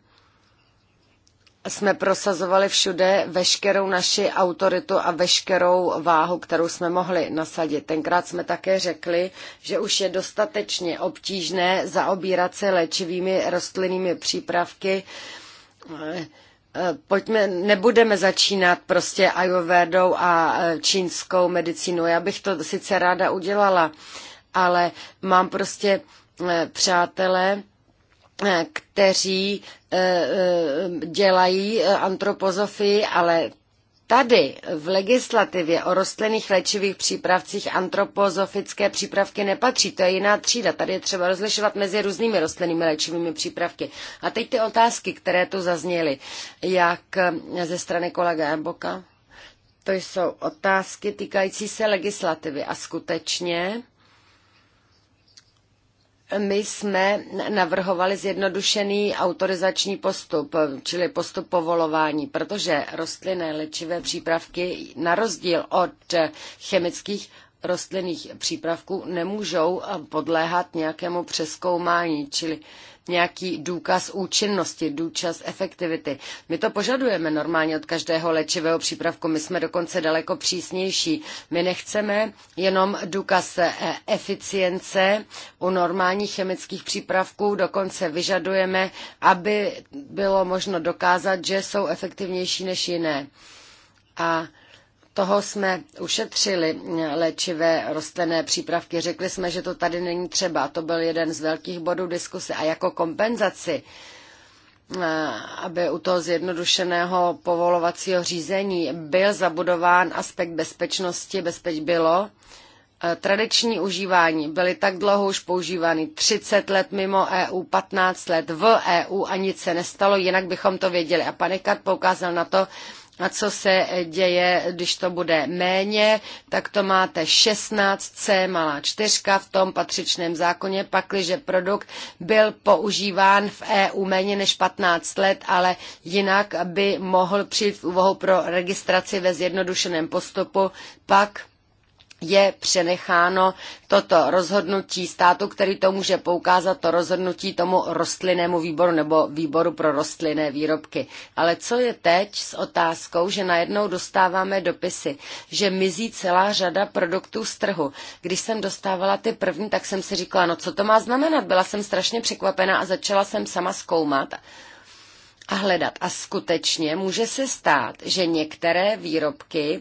jsme prosazovali všude veškerou naši autoritu a veškerou váhu, kterou jsme mohli nasadit. Tenkrát jsme také řekli, že už je dostatečně obtížné zaobírat se léčivými rostlinnými přípravky. Pojďme, nebudeme začínat prostě ajurvédou a čínskou medicínou. Já bych to sice ráda udělala, ale mám prostě eh, přátelé, kteří eh, eh, dělají eh, antropozofii, ale tady v legislativě o rostlinných léčivých přípravcích antropozofické přípravky nepatří. To je jiná třída. Tady je třeba rozlišovat mezi různými rostlinnými léčivými přípravky. A teď ty otázky, které tu zazněly, jak ze strany kolega Boka, To jsou otázky týkající se legislativy. A skutečně my jsme navrhovali zjednodušený autorizační postup, čili postup povolování, protože rostlinné léčivé přípravky na rozdíl od chemických rostlinných přípravků nemůžou eh, podléhat nějakému přeskoumání, čili nějaký důkaz účinnosti, důkaz efektivity. My to požadujeme normálně od každého léčivého přípravku, my jsme dokonce daleko přísnější. My nechceme jenom důkaz eh, eficience u normálních chemických přípravků, dokonce vyžadujeme, aby bylo možno dokázat, že jsou efektivnější než jiné. A toho jsme ušetřili léčivé rostlinné přípravky. Řekli jsme, že to tady není třeba. To byl jeden z velkých bodů diskuse. A jako kompenzaci, eh, aby u toho zjednodušeného povolovacího řízení byl zabudován aspekt bezpečnosti, bezpeč bylo, eh, tradiční užívání byly tak dlouho už používány, 30 let mimo EU, 15 let v EU a nic se nestalo, jinak bychom to věděli. A pan Eckart poukázal na to, a co se děje, když to bude méně, tak to máte 16C malá čtyřka v tom patřičném zákoně, pakliže produkt byl používán v EU méně než 15 let, ale jinak by mohl přijít v úvahu pro registraci ve zjednodušeném postupu, pak je přenecháno toto rozhodnutí státu, který to může poukázat, to rozhodnutí tomu rostlinnému výboru nebo výboru pro rostlinné výrobky. Ale co je teď s otázkou, že najednou dostáváme dopisy, že mizí celá řada produktů z trhu. Když jsem dostávala ty první, tak jsem si říkala, no co to má znamenat? Byla jsem strašně překvapená a začala jsem sama zkoumat a hledat. A skutečně může se stát, že některé výrobky,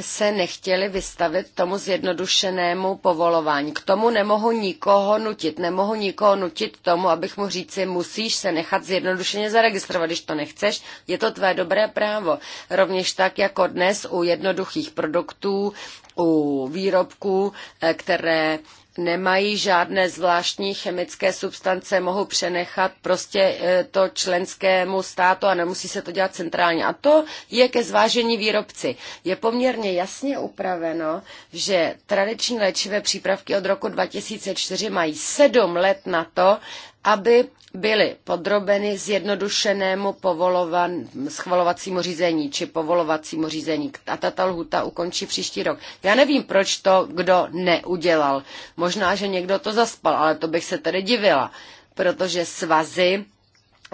se nechtěli vystavit tomu zjednodušenému povolování. K tomu nemohu nikoho nutit. Nemohu nikoho nutit k tomu, abych mu říci, musíš se nechat zjednodušeně zaregistrovat. Když to nechceš, je to tvé dobré právo. Rovněž tak, jako dnes u jednoduchých produktů, u výrobků, eh, které nemají žádné zvláštní chemické substance, mohou přenechat prostě e, to členskému státu a nemusí se to dělat centrálně. A to je ke zvážení výrobci. Je poměrně jasně upraveno, že tradiční léčivé přípravky od roku 2004 mají sedm let na to, aby byly podrobeny zjednodušenému povolovan, schvalovacímu řízení či povolovacímu řízení. A tato lhuta ukončí příští rok. Já nevím, proč to kdo neudělal. Možná, že někdo to zaspal, ale to bych se tedy divila, protože svazy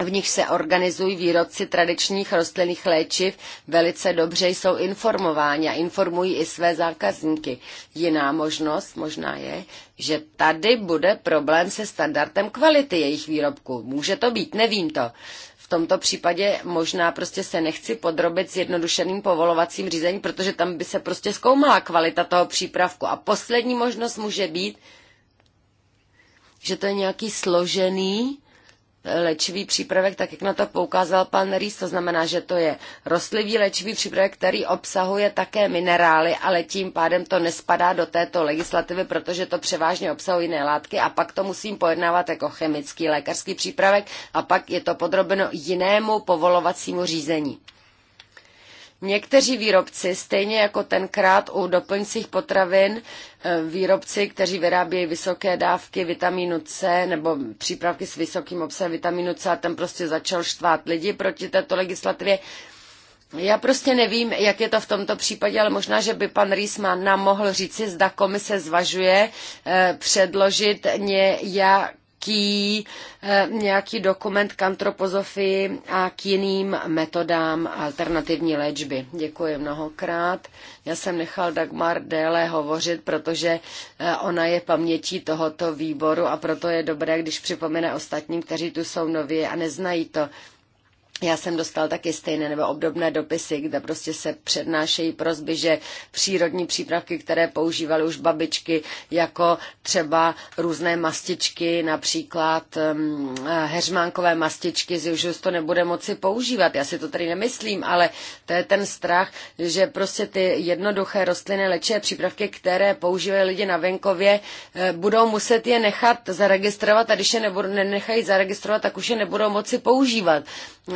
v nich se organizují výrobci tradičních rostlinných léčiv, velice dobře jsou informováni a informují i své zákazníky. Jiná možnost možná je, že tady bude problém se standardem kvality jejich výrobků. Může to být, nevím to. V tomto případě možná prostě se nechci podrobit jednodušeným povolovacím řízení, protože tam by se prostě zkoumala kvalita toho přípravku. A poslední možnost může být, že to je nějaký složený léčivý přípravek, tak jak na to poukázal pan Rýs, to znamená, že to je rostlivý léčivý přípravek, který obsahuje také minerály, ale tím pádem to nespadá do této legislativy, protože to převážně obsahuje jiné látky a pak to musím pojednávat jako chemický lékařský přípravek a pak je to podrobeno jinému povolovacímu řízení. Někteří výrobci, stejně jako tenkrát u doplňcích potravin, eh, výrobci, kteří vyrábějí vysoké dávky vitamínu C nebo přípravky s vysokým obsahem vitamínu C a ten prostě začal štvát lidi proti této legislativě, já prostě nevím, jak je to v tomto případě, ale možná, že by pan Rýsman nám mohl říci, zda komise zvažuje eh, předložit nějak nějaký, eh, nějaký dokument k antropozofii a k jiným metodám alternativní léčby. Děkuji mnohokrát. Já jsem nechal Dagmar déle hovořit, protože eh, ona je pamětí tohoto výboru a proto je dobré, když připomene ostatním, kteří tu jsou nově a neznají to já jsem dostal taky stejné nebo obdobné dopisy, kde prostě se přednášejí prozby, že přírodní přípravky, které používaly už babičky, jako třeba různé mastičky, například um, heřmánkové mastičky, že už to nebude moci používat. Já si to tady nemyslím, ale to je ten strach, že prostě ty jednoduché rostlinné léčivé přípravky, které používají lidi na venkově, eh, budou muset je nechat zaregistrovat a když je nebudou, nenechají zaregistrovat, tak už je nebudou moci používat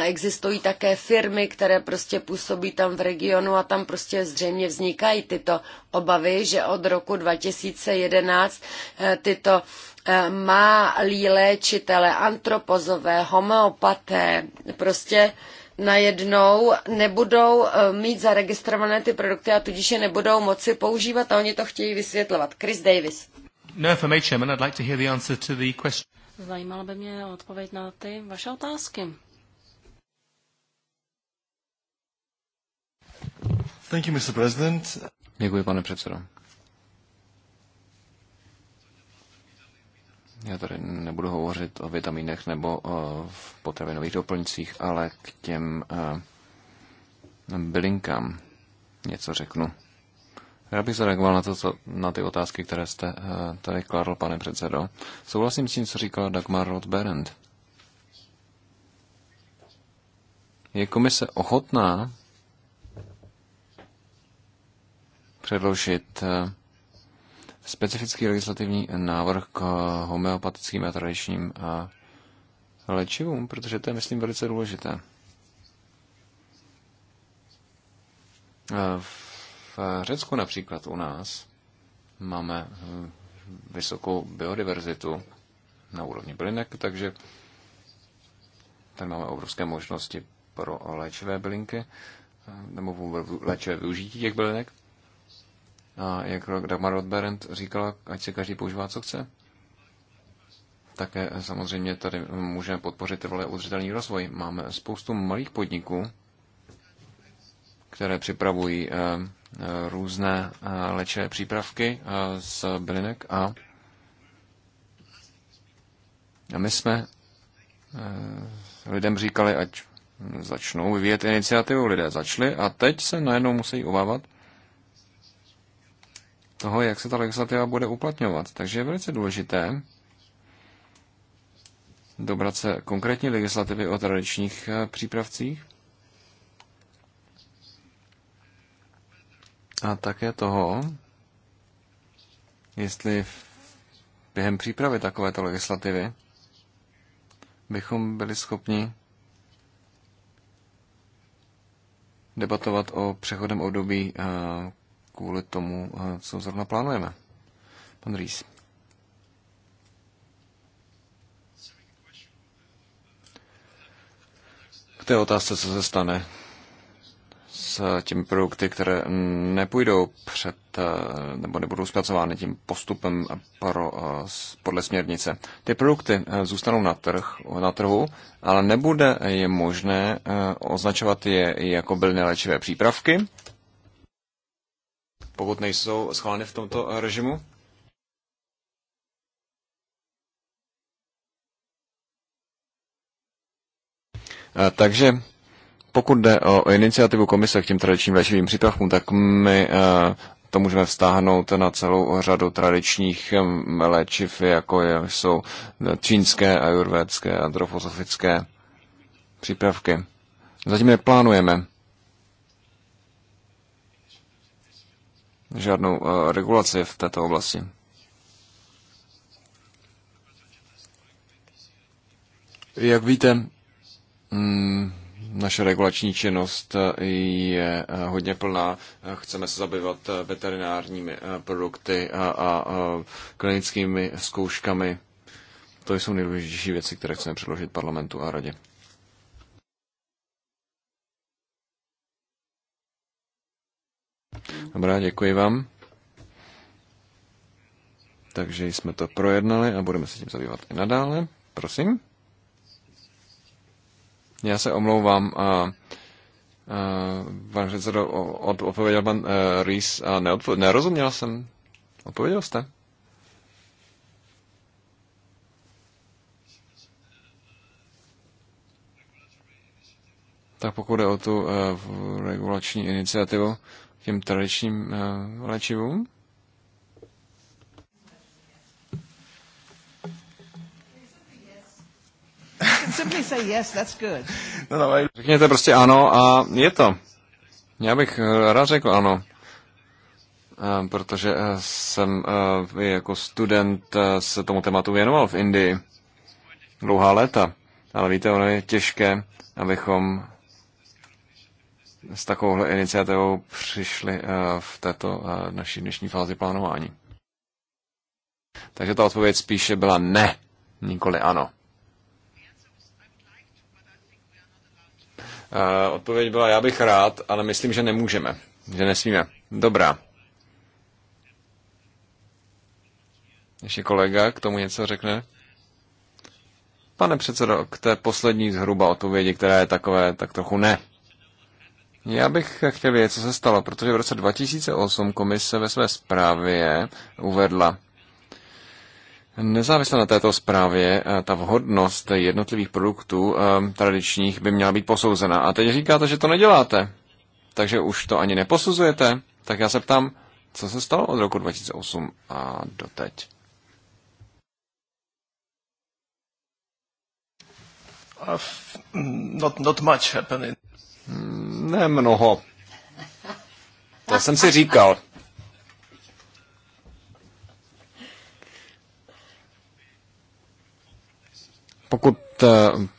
existují také firmy, které prostě působí tam v regionu a tam prostě zřejmě vznikají tyto obavy, že od roku 2011 eh, tyto eh, malí léčitele, antropozové, homeopaté, prostě najednou nebudou eh, mít zaregistrované ty produkty a tudíž je nebudou moci používat a oni to chtějí vysvětlovat. Chris Davis. No, to Zajímala by mě odpověď na ty vaše otázky. Thank you, Mr. President. Děkuji, pane předsedo. Já tady nebudu hovořit o vitamínech nebo o eh, potravinových doplňcích, ale k těm eh, bylinkám něco řeknu. Já bych zareagoval na, to, co, na ty otázky, které jste eh, tady kladl, pane předsedo. Souhlasím s tím, co říkal Dagmar Roth-Berendt. Je komise ochotná předložit eh, specifický legislativní návrh k homeopatickým a tradičním eh, léčivům, protože to je, myslím, velice důležité. Eh, v Řecku například u nás máme hm, vysokou biodiverzitu na úrovni bylinek, takže tady máme obrovské možnosti pro léčivé bylinky nebo léčivé využití těch bylinek. A jak Dagmar Rodberend říkala, ať si každý používá, co chce. Také samozřejmě tady můžeme podpořit trvalé udržitelný rozvoj. Máme spoustu malých podniků, které připravují eh, eh, různé eh, léčivé přípravky z bylinek a my jsme lidem říkali, ať začnou vyvíjet iniciativu. Lidé začli a teď se najednou musí obávat, toho, jak se ta legislativa bude uplatňovat. Takže je velice důležité dobrat se konkrétní legislativy o tradičních eh, přípravcích a také toho, jestli během přípravy takovéto legislativy bychom byli schopni debatovat o přechodem období eh, kvůli tomu, eh, co zrovna plánujeme. Pan Rýs. K té otázce, co se stane s těmi produkty, které nepůjdou před, eh, nebo nebudou zpracovány tím postupem pro, eh, podle směrnice. Ty produkty zůstanou na, trh, na trhu, ale nebude je možné označovat je jako byly léčivé přípravky, pokud nejsou schváleny v tomto režimu? Takže pokud jde o iniciativu komise k těm tradičním léčivým přípravkům, tak my to můžeme vztáhnout na celou řadu tradičních um, léčiv, jako jsou čínské, ajurvédské a drofozofické přípravky. Zatím je plánujeme. žádnou eh, regulaci v této oblasti. Jak víte, mm, naše regulační činnost eh, je eh, hodně plná. Chceme se zabývat veterinárními produkty a klinickými zkouškami. To jsou nejdůležitější věci, které chceme předložit parlamentu a radě. Dobrá, děkuji vám. Takže jsme to projednali a budeme se tím zabývat i nadále. Prosím. Já se omlouvám. A... Uh, pan předsedo, od, odpověděl pan uh, e, Rees a neodpověděl. nerozuměl jsem. Odpověděl jste? Tak pokud je o tu uh, regulační iniciativu, těm tradičním eh, léčivům? No, no, Řekněte prostě ano a je to. Já bych eh, rád řekl ano eh, protože jsem jako student se tomu tématu věnoval v Indii dlouhá léta. Ale víte, ono je těžké, abychom s takovouhle iniciativou přišli eh, v této eh, naší dnešní fázi plánování? Takže ta odpověď spíše byla ne, nikoli ano. Eh, odpověď byla, já bych rád, ale myslím, že nemůžeme, že nesmíme. Dobrá. Ještě kolega k tomu něco řekne? Pane předsedo, k té poslední zhruba odpovědi, která je takové, tak trochu ne. Já bych chtěl vědět, co se stalo, protože v roce 2008 komise ve své zprávě uvedla, Nezávisle na této zprávě, eh, ta vhodnost jednotlivých produktů eh, tradičních by měla být posouzena. A teď říkáte, že to neděláte. Takže už to ani neposuzujete. Tak já se ptám, co se stalo od roku 2008 a doteď? Uh, not, not much happened. Hmm. Ne mnoho. To jsem si říkal. Pokud eh,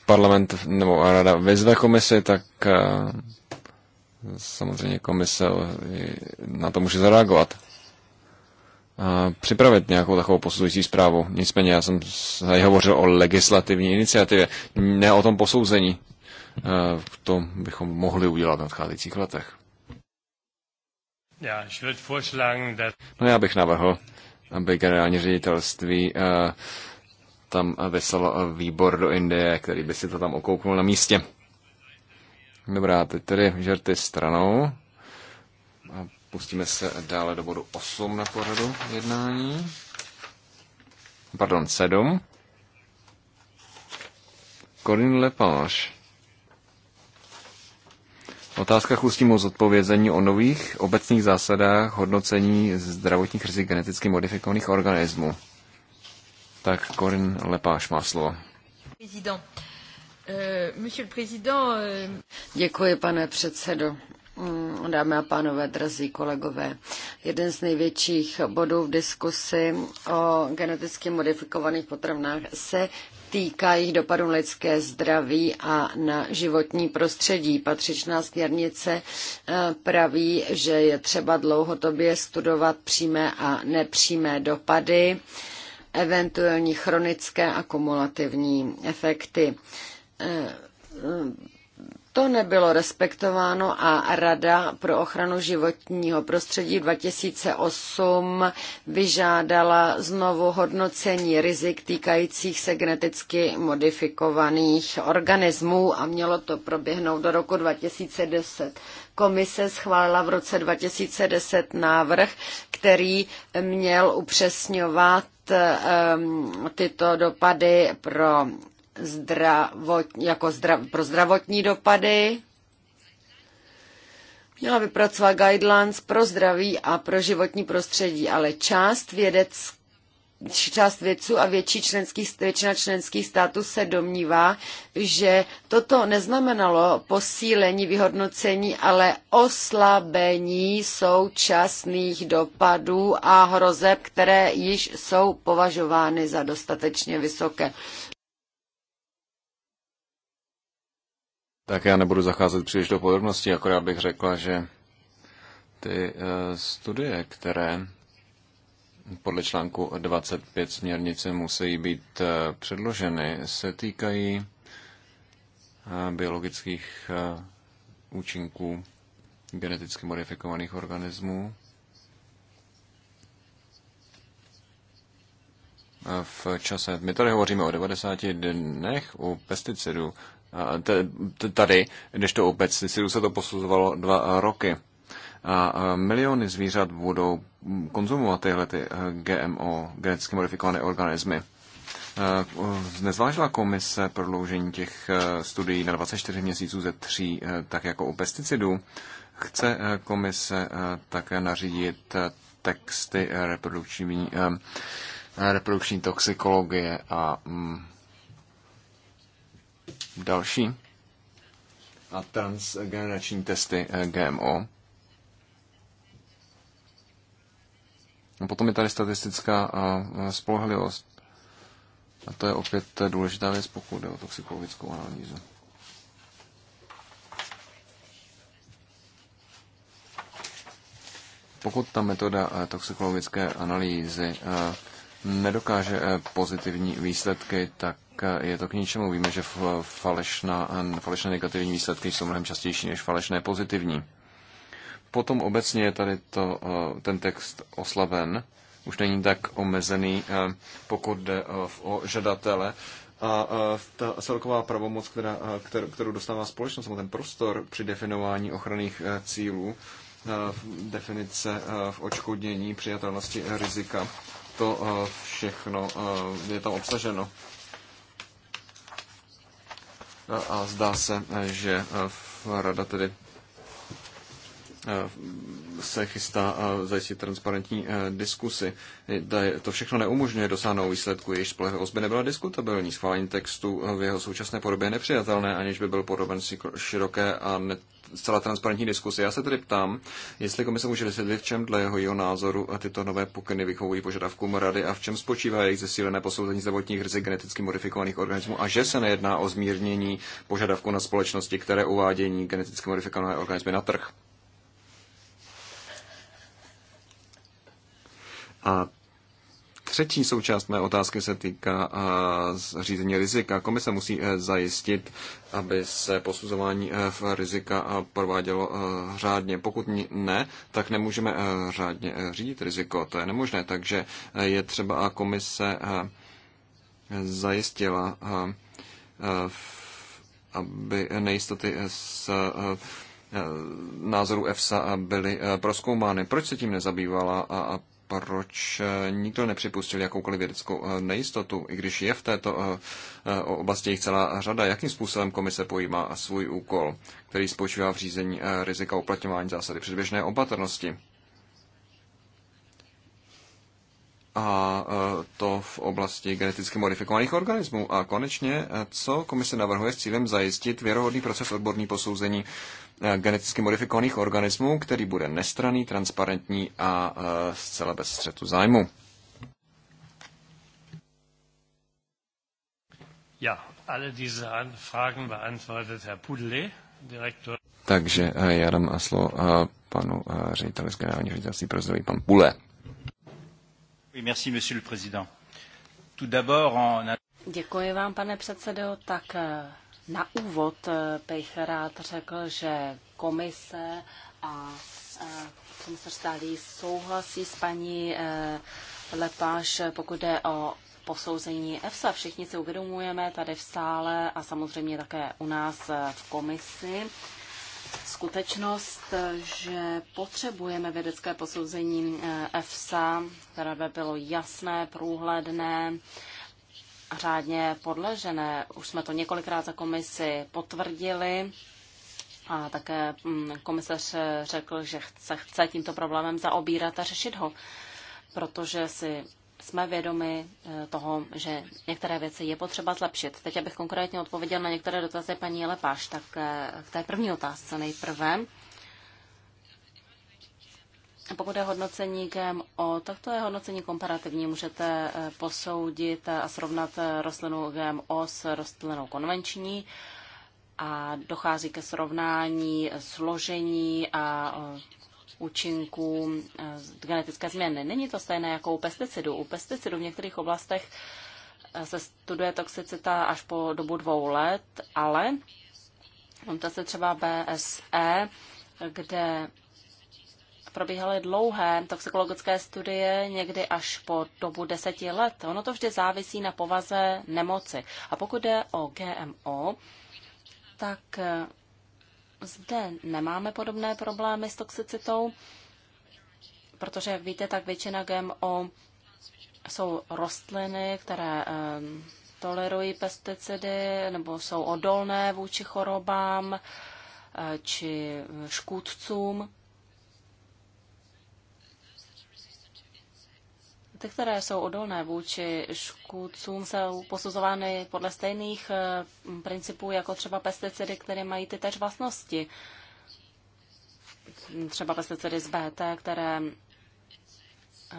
parlament nebo rada vyzve komisi, tak eh, samozřejmě komise na to může zareagovat. A připravit nějakou takovou posuzující zprávu. Nicméně já jsem hovořil o legislativní iniciativě, ne o tom posouzení. Eh, to bychom mohli udělat v nadcházejících letech. No já bych navrhl, aby generální ředitelství eh, tam vyslalo výbor do Indie, který by si to tam okouknul na místě. Dobrá, teď tedy žerty stranou. A pustíme se dále do bodu 8 na pořadu jednání. Pardon, 7. Corinne Lepage otázkách ústnímu zodpovězení o nových obecných zásadách hodnocení zdravotních rizik geneticky modifikovaných organismů. Tak Korin Lepáš má slovo. Euh, euh, Děkuji, pane předsedo. Mm, dámy a pánové, drazí kolegové, jeden z největších bodů v diskusi o geneticky modifikovaných potravinách se týká jejich dopadu na lidské zdraví a na životní prostředí. Patřičná směrnice eh, praví, že je třeba dlouhodobě studovat přímé a nepřímé dopady, eventuální chronické a kumulativní efekty eh, to nebylo respektováno a Rada pro ochranu životního prostředí 2008 vyžádala znovu hodnocení rizik týkajících se geneticky modifikovaných organismů a mělo to proběhnout do roku 2010. Komise schválila v roce 2010 návrh, který měl upřesňovat ehm, tyto dopady pro zdravot, jako zdrav, pro zdravotní dopady. Měla vypracovat guidelines pro zdraví a pro životní prostředí, ale část vědecké část vědců a větší členský většina členských států se domnívá, že toto neznamenalo posílení vyhodnocení, ale oslabení současných dopadů a hrozeb, které již jsou považovány za dostatečně vysoké. Tak já nebudu zacházet příliš do podrobností, akorát bych řekla, že ty eh, studie, které podle článku 25 směrnice musí být eh, předloženy, se týkají eh, biologických účinků geneticky modifikovaných organismů v čase. My tady hovoříme o 90 dnech u pesticidů, tady, když to obec pesticidů se to posuzovalo dva roky. A miliony zvířat budou konzumovat tyhle ty eh, GMO, geneticky modifikované organismy. Eh, nezvážila komise prodloužení těch eh, studií na 24 měsíců ze tří, tak jako u pesticidů. Chce komise také nařídit texty reprodukční, reprodukční toxikologie a mm, Další. A transgenerační testy eh, GMO. A no, potom je tady statistická eh, eh, spolehlivost. A to je opět důležitá věc, pokud jde o toxikologickou analýzu. Pokud ta metoda toxikologické analýzy nedokáže pozitivní výsledky, tak Eh, je to k ničemu. Víme, že falešná, eh, falešné negativní výsledky jsou mnohem častější než falešné pozitivní. Potom obecně je tady to, eh, ten text oslaben, už není tak omezený, pokud jde o žadatele. A ta celková pravomoc, která, kterou dostává společnost, ten prostor při definování ochranných cílů, definice v očkodnění, přijatelnosti rizika, to všechno je tam obsaženo a zdá se, že eh, rada tedy eh, se chystá eh, zajistit transparentní diskusy. To všechno neumožňuje dosáhnout výsledku, jejíž spolehlivost by nebyla diskutabilní. Schválení textu v jeho současné podobě je nepřijatelné, aniž by byl podoben široké a zcela transparentní diskusi. Já se tedy ptám, jestli komise může vysvětlit, v čem dle jeho, jeho názoru a tyto nové pokyny vychovují požadavkům rady a v čem spočívá jejich zesílené posouzení zdravotních rizik geneticky modifikovaných organismů a že se nejedná o zmírnění požadavku na společnosti, které uvádění geneticky modifikované organismy na trh. A Třetí součást mé otázky se týká řízení rizika. Komise musí e, zajistit, aby se posuzování e, rizika provádělo e, řádně. Pokud ne, tak nemůžeme řádně řídit riziko. To je nemožné, takže je třeba komise zajistila, aby nejistoty s názorů EFSA byly proskoumány. Proč se tím nezabývala a proč eh, nikdo nepřipustil jakoukoliv vědeckou eh, nejistotu, i když je v této eh, oblasti jich celá řada, jakým způsobem komise pojímá svůj úkol, který spočívá v řízení rizika uplatňování zásady předběžné opatrnosti. a to v oblasti geneticky modifikovaných organismů. A konečně, co komise navrhuje s cílem zajistit věrohodný proces odborný posouzení Eh, geneticky modifikovaných organismů, který bude nestraný, transparentní a eh, zcela bez střetu zájmu. Ja, alle diese Fragen beantwortet Herr Pudle, Direktor. Takže eh, já dám slovo panu řediteli z generální ředitelství pro zdraví, pan Pule. Děkuji vám, pane předsedo. Tak na úvod eh, bych rád řekl, že komise a eh, komisař Stálý souhlasí s paní eh, Lepáš, pokud jde o posouzení EFSA. Všichni si uvědomujeme tady v sále a samozřejmě také u nás v komisi skutečnost, že potřebujeme vědecké posouzení EFSA, které by bylo jasné, průhledné, řádně podležené. Už jsme to několikrát za komisi potvrdili. A také mm, komisař řekl, že se chce tímto problémem zaobírat a řešit ho, protože si jsme vědomi e, toho, že některé věci je potřeba zlepšit. Teď abych konkrétně odpověděl na některé dotazy paní Lepáš, tak e, k té první otázce nejprve. Pokud je hodnocení GMO, tak to je hodnocení komparativní. Můžete eh, posoudit a srovnat eh, rostlinu GMO s rostlinou konvenční a dochází ke srovnání eh, složení a účinků genetické změny. Není to stejné jako u pesticidů. U pesticidů v některých oblastech se studuje toxicita až po dobu dvou let, ale hm, to se třeba BSE, kde probíhaly dlouhé toxikologické studie, někdy až po dobu deseti let. Ono to vždy závisí na povaze nemoci. A pokud jde o GMO, tak eh, zde nemáme podobné problémy s toxicitou, protože, jak víte, tak většina GMO jsou rostliny, které eh, tolerují pesticidy nebo jsou odolné vůči chorobám eh, či škůdcům. ty, které jsou odolné vůči škůdcům, jsou posuzovány podle stejných eh, principů jako třeba pesticidy, které mají ty tež vlastnosti. Třeba pesticidy z BT, které eh,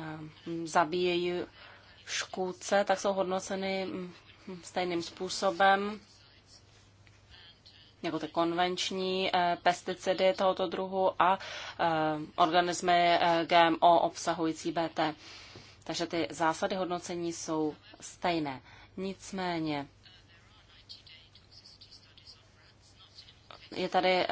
zabíjejí škůdce, tak jsou hodnoceny hm, stejným způsobem jako ty konvenční eh, pesticidy tohoto druhu a organismy GMO obsahující BT. Takže ty zásady hodnocení jsou stejné. Nicméně je tady eh,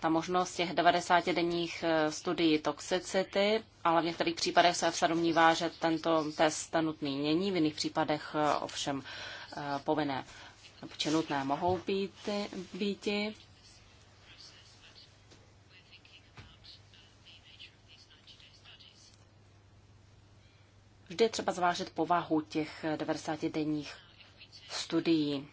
ta možnost těch 90-denních eh, studií toxicity, ale v některých případech se EFSA domnívá, že tento test nutný není, v jiných případech eh, ovšem povinné či nutné mohou být, býti. Vždy je třeba zvážit povahu těch 90-denních studií.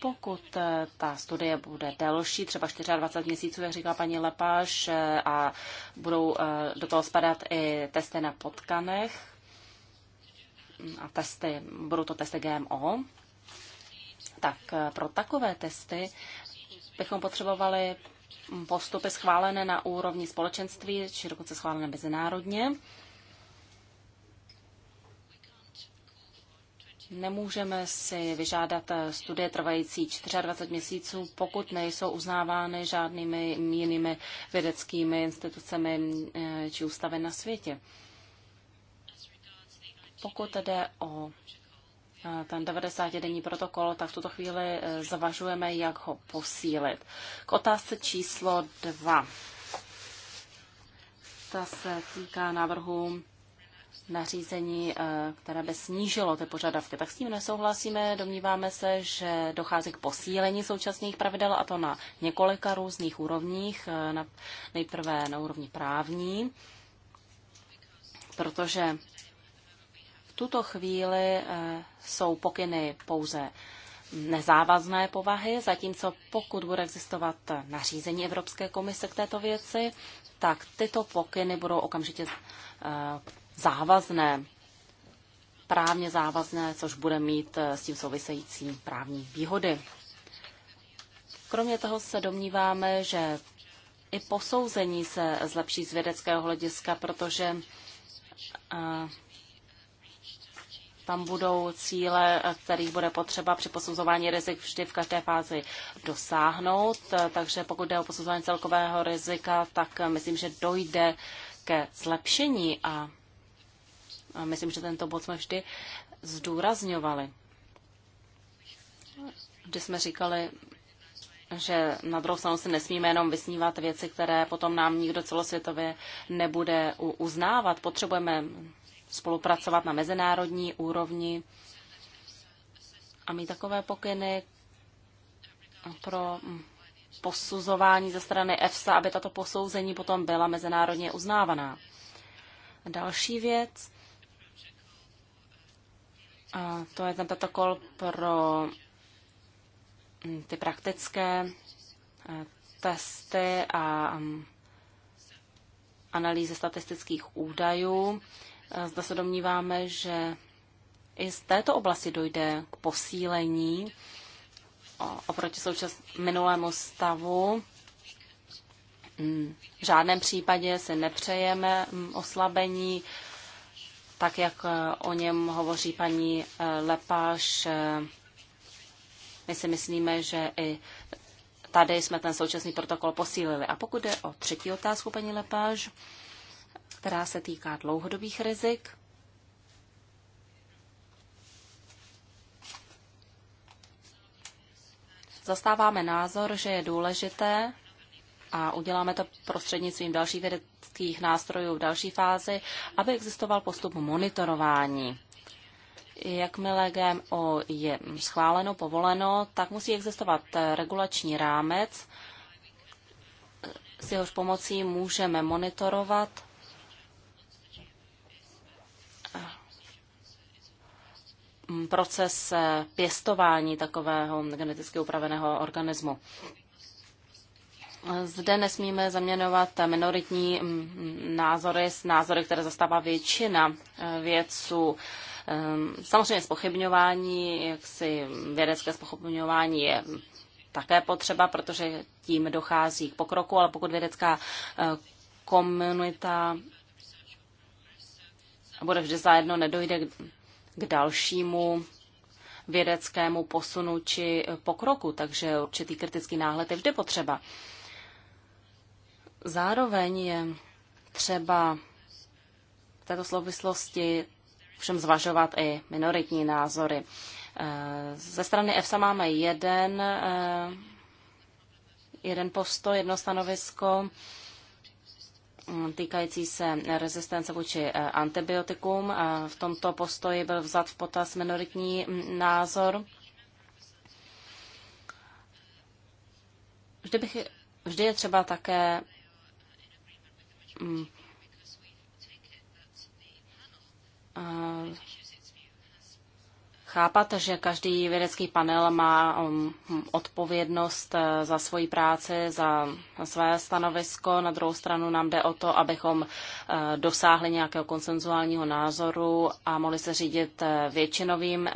Pokud eh, ta studie bude delší, třeba 24 měsíců, jak říká paní Lepáš, eh, a budou eh, do toho spadat i testy na potkanech, a testy, budou to testy GMO, tak pro takové testy bychom potřebovali postupy schválené na úrovni společenství, či dokonce schválené mezinárodně. Nemůžeme si vyžádat eh, studie trvající 24 měsíců, pokud nejsou uznávány žádnými jinými vědeckými institucemi eh, či ústavy na světě. Pokud jde o eh, ten 90-denní protokol, tak v tuto chvíli zvažujeme, jak ho posílit. K otázce číslo 2. Ta se týká návrhu nařízení, eh, které by snížilo ty požadavky, tak s tím nesouhlasíme. Domníváme se, že dochází k posílení současných pravidel a to na několika různých úrovních. Eh, na, nejprve na úrovni právní, protože v tuto chvíli eh, jsou pokyny pouze nezávazné povahy, zatímco pokud bude existovat nařízení Evropské komise k této věci, tak tyto pokyny budou okamžitě závazné, právně závazné, což bude mít eh, s tím související právní výhody. Kromě toho se domníváme, že i posouzení se zlepší z vědeckého hlediska, protože eh, tam budou cíle, eh, kterých bude potřeba při posuzování rizik vždy v každé fázi dosáhnout. Takže pokud jde o posuzování celkového rizika, tak myslím, že dojde ke zlepšení a Myslím, že tento bod jsme vždy zdůrazňovali. Kdy jsme říkali, že na druhou stranu si nesmíme jenom vysnívat věci, které potom nám nikdo celosvětově nebude uznávat. Potřebujeme spolupracovat na mezinárodní úrovni a mít takové pokyny pro posuzování ze strany EFSA, aby tato posouzení potom byla mezinárodně uznávaná. Další věc, a to je ten protokol pro mm, ty praktické eh, testy a mm, analýzy statistických údajů. Eh, Zda se domníváme, že i z této oblasti dojde k posílení oproti součas minulému stavu. Mm, v žádném případě se nepřejeme oslabení tak jak eh, o něm hovoří paní eh, Lepáš, eh, my si myslíme, že i tady jsme ten současný protokol posílili. A pokud jde o třetí otázku, paní Lepáž, která se týká dlouhodobých rizik, zastáváme názor, že je důležité a uděláme to prostřednictvím dalších vědeckých nástrojů v další fázi, aby existoval postup monitorování. Jakmile GMO je schváleno, povoleno, tak musí existovat regulační rámec, s jehož pomocí můžeme monitorovat eh, mm, proces eh, pěstování takového geneticky upraveného organismu. Zde nesmíme zaměňovat minoritní mm, mm, názory s názory, které zastává většina eh, vědců. Ehm, samozřejmě spochybňování, jaksi vědecké spochybňování je také potřeba, protože tím dochází k pokroku, ale pokud vědecká eh, komunita bude vždy zajedno, nedojde k dalšímu vědeckému posunu či pokroku, takže určitý kritický náhled je vždy potřeba. Zároveň je třeba v této souvislosti všem zvažovat i minoritní názory. Eh, ze strany EFSA máme jeden, eh, jeden postoj, jedno stanovisko mm, týkající se rezistence vůči eh, antibiotikům. V tomto postoji byl vzat v potaz minoritní mm, názor. Vždy, bych, vždy je třeba také Mm. A chápat, že každý vědecký panel má um, odpovědnost eh, za svoji práci, za své stanovisko. Na druhou stranu nám jde o to, abychom eh, dosáhli nějakého konsenzuálního názoru a mohli se řídit eh, většinovým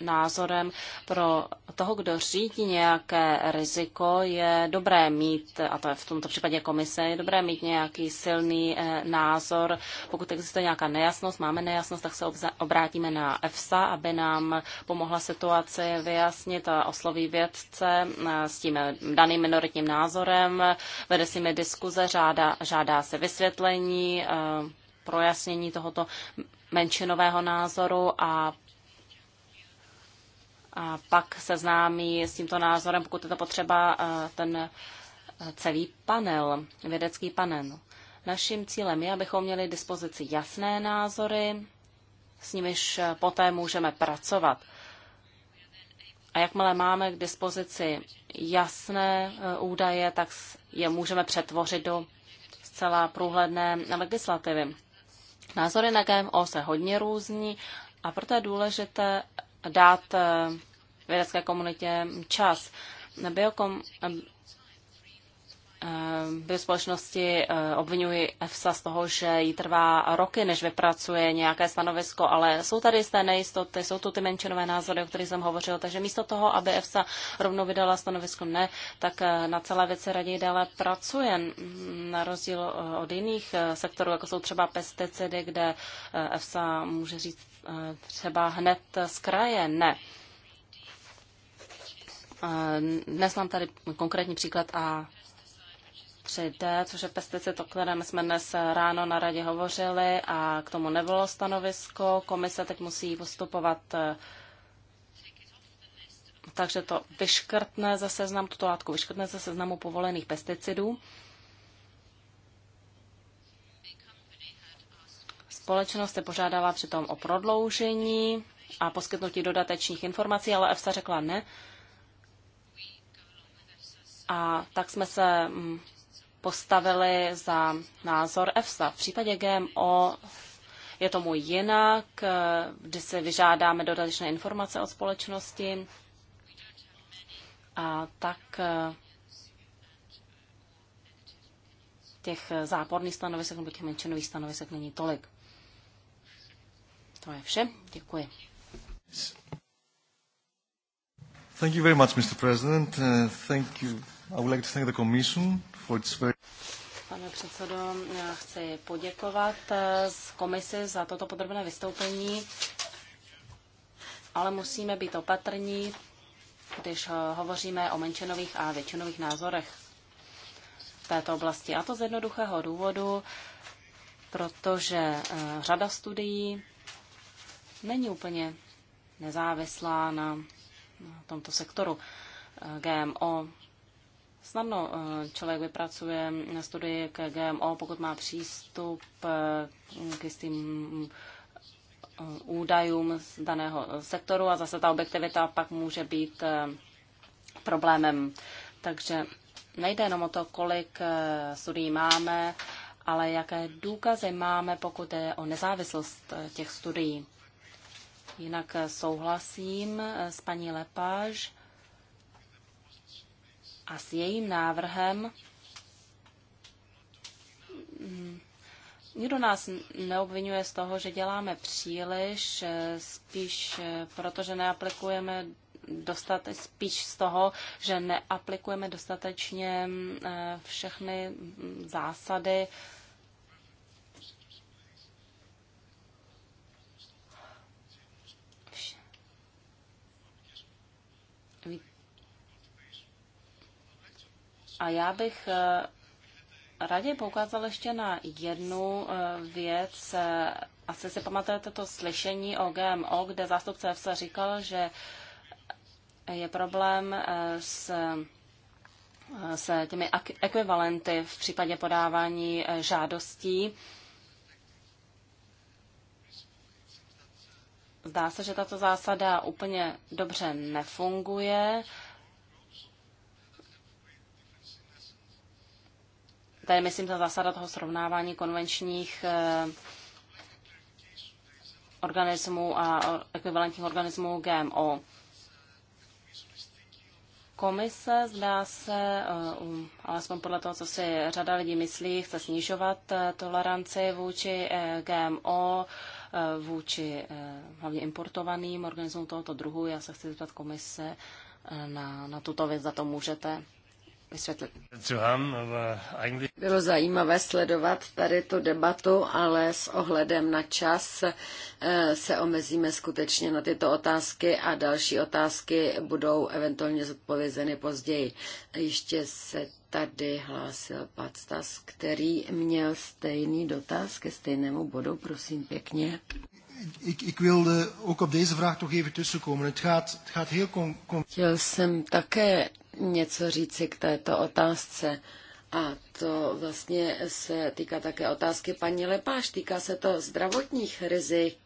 názorem. Pro toho, kdo řídí nějaké riziko, je dobré mít, a to je v tomto případě komise, je dobré mít nějaký silný názor. Pokud existuje nějaká nejasnost, máme nejasnost, tak se obrátíme na EFSA, aby nám nám pomohla situaci vyjasnit a osloví vědce eh, s tím daným minoritním názorem, vede si mi diskuze, žádá, žádá se vysvětlení, eh, projasnění tohoto menšinového názoru a a pak seznámí s tímto názorem, pokud je to potřeba, eh, ten celý panel, vědecký panel. Naším cílem je, abychom měli dispozici jasné názory, s nimiž eh, poté můžeme pracovat. A jakmile máme k dispozici jasné eh, údaje, tak je můžeme přetvořit do zcela průhledné legislativy. Názory na GMO se hodně různí a proto je důležité dát eh, vědecké komunitě čas. Eh, ve společnosti eh, obvinují EFSA z toho, že jí trvá roky, než vypracuje nějaké stanovisko, ale jsou tady jisté nejistoty, jsou tu ty menšinové názory, o kterých jsem hovořil, takže místo toho, aby EFSA rovnou vydala stanovisko ne, tak eh, na celé věci raději dále pracuje, na rozdíl od jiných sektorů, jako jsou třeba pesticidy, kde EFSA může říct třeba hned z kraje ne. Dnes mám tady konkrétní příklad a 3D, což je pesticid, o kterém jsme dnes ráno na radě hovořili a k tomu nebylo stanovisko. Komise teď musí postupovat eh, takže to vyškrtne ze seznam, tuto látku vyškrtne ze seznamu povolených pesticidů. Společnost se požádala přitom o prodloužení a poskytnutí dodatečných informací, ale EFSA řekla ne. A tak jsme se mm, postavili za názor EFSA. V případě GMO je tomu jinak, kdy se vyžádáme dodatečné informace od společnosti a tak eh, těch záporných stanovisek nebo těch menšinových stanovisek není tolik. To je vše. Děkuji. Thank you very much, Mr. President. Uh, thank you. I would like to thank the Commission Pane předsedo, já chci poděkovat eh, z komisi za toto podrobné vystoupení, ale musíme být opatrní, když eh, hovoříme o menšinových a většinových názorech v této oblasti. A to z jednoduchého důvodu, protože eh, řada studií není úplně nezávislá na tomto sektoru. GMO Snadno eh, člověk vypracuje studii k GMO, pokud má přístup eh, k jistým eh, údajům z daného sektoru a zase ta objektivita pak může být problémem. Takže nejde jenom o to, kolik studií máme, ale jaké důkazy máme, pokud je o nezávislost těch studií. Jinak souhlasím s paní Lepáž, a s jejím návrhem mm, nikdo nás neobvinuje z toho, že děláme příliš, eh, spíš eh, protože neaplikujeme dostat, spíš z toho, že neaplikujeme dostatečně mm, eh, všechny mm, zásady A já bych eh, raději poukázal ještě na jednu eh, věc. Asi si pamatujete to slyšení o GMO, kde zástupce EFSA říkal, že je problém eh, s s těmi ekvivalenty v případě podávání žádostí. Zdá se, že tato zásada úplně dobře nefunguje. To je, myslím, ta zásada toho srovnávání konvenčních eh, organismů a ekvivalentních organismů GMO. Komise, zdá se, eh, alespoň podle toho, co si řada lidí myslí, chce snižovat eh, toleranci vůči GMO, vůči hlavně importovaným organismům tohoto druhu. Já se chci zeptat komise na, na tuto věc, za to můžete vysvětlit. Bylo zajímavé sledovat tady tu debatu, ale s ohledem na čas eh, se omezíme skutečně na tyto otázky a další otázky budou eventuálně zodpovězeny později. Ještě se tady hlásil Pactas, který měl stejný dotaz ke stejnému bodu, prosím pěkně. Ik, ik wilde ook op deze vraag toch even tussenkomen. Het gaat, het gaat heel Chtěl jsem také něco říci k této otázce. A to vlastně se týká také otázky paní Lepáš. Týká se to zdravotních rizik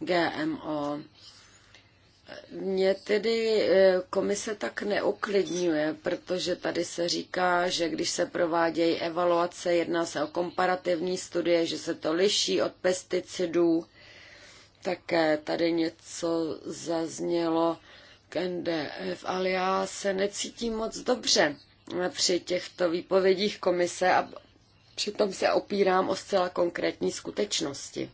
GMO. Mě tedy eh, komise tak neuklidňuje, protože tady se říká, že když se provádějí evaluace, jedná se o komparativní studie, že se to liší od pesticidů. Také tady něco zaznělo k NDF, ale já se necítím moc dobře při těchto výpovědích komise a přitom se opírám o zcela konkrétní skutečnosti.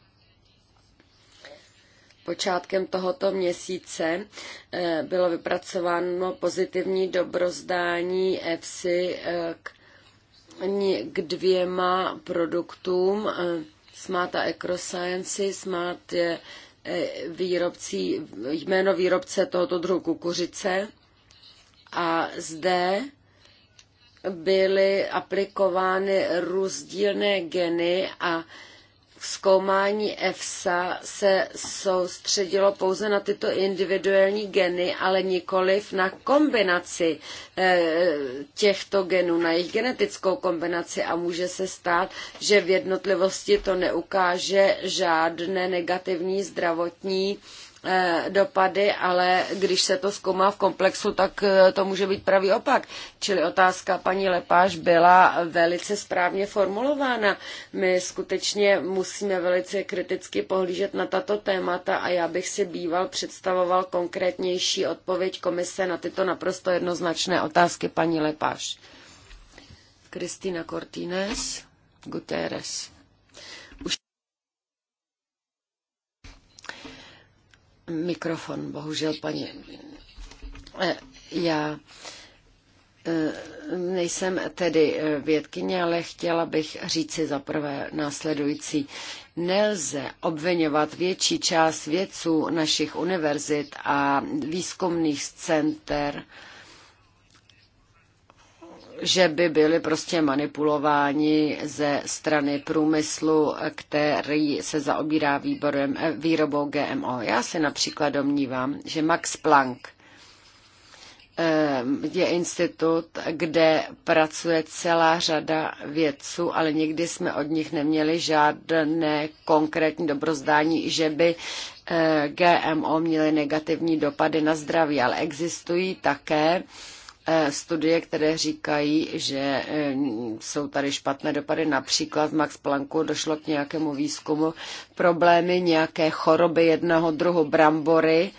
Počátkem tohoto měsíce eh, bylo vypracováno pozitivní dobrozdání EFSI k k dvěma produktům, eh, Smart a Ecroscience. Smart je výrobcí, jméno výrobce tohoto druhu kukuřice a zde byly aplikovány rozdílné geny a zkoumání EFSA se soustředilo pouze na tyto individuální geny, ale nikoliv na kombinaci eh, těchto genů, na jejich genetickou kombinaci a může se stát, že v jednotlivosti to neukáže žádné negativní zdravotní Eh, dopady, ale když se to zkoumá v komplexu, tak eh, to může být pravý opak. Čili otázka paní Lepáš byla velice správně formulována. My skutečně musíme velice kriticky pohlížet na tato témata a já bych si býval představoval konkrétnější odpověď komise na tyto naprosto jednoznačné otázky paní Lepáš. Kristýna Cortines, Guterres. Mikrofon, bohužel, paní. Eh, já eh, nejsem tedy eh, vědkyně, ale chtěla bych říci zaprvé následující. Nelze obvinovat větší část vědců našich univerzit a výzkumných center, že by byli prostě manipulováni ze strany průmyslu, který se zaobírá výborem, eh, výrobou GMO. Já se například domnívám, že Max Planck eh, je institut, kde pracuje celá řada vědců, ale nikdy jsme od nich neměli žádné konkrétní dobrozdání, že by eh, GMO měly negativní dopady na zdraví, ale existují také Eh, studie, které říkají, že eh, jsou tady špatné dopady. Například v Max Plancku došlo k nějakému výzkumu problémy nějaké choroby jednoho druhu brambory,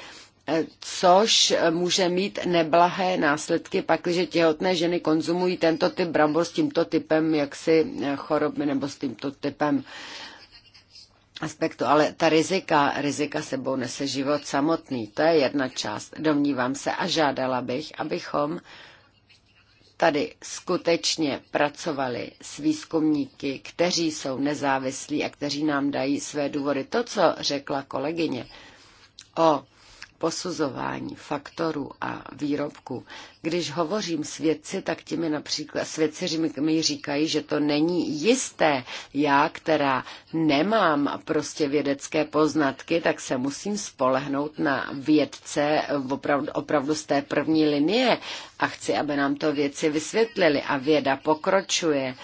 eh, což může mít neblahé následky, pakliže těhotné ženy konzumují tento typ brambor s tímto typem jaksi choroby nebo s tímto typem uh, aspektu, ale ta rizika, rizika sebou nese život samotný, to je jedna část, domnívám se a žádala bych, abychom tady skutečně pracovali s výzkumníky, kteří jsou nezávislí a kteří nám dají své důvody. To, co řekla kolegyně o posuzování faktorů a výrobků. Když hovořím s vědci, tak ti mi například svědci mi říkají, že to není jisté. Já, která nemám prostě vědecké poznatky, tak se musím spolehnout na vědce opravdu, opravdu z té první linie a chci, aby nám to věci vysvětlili a věda pokročuje.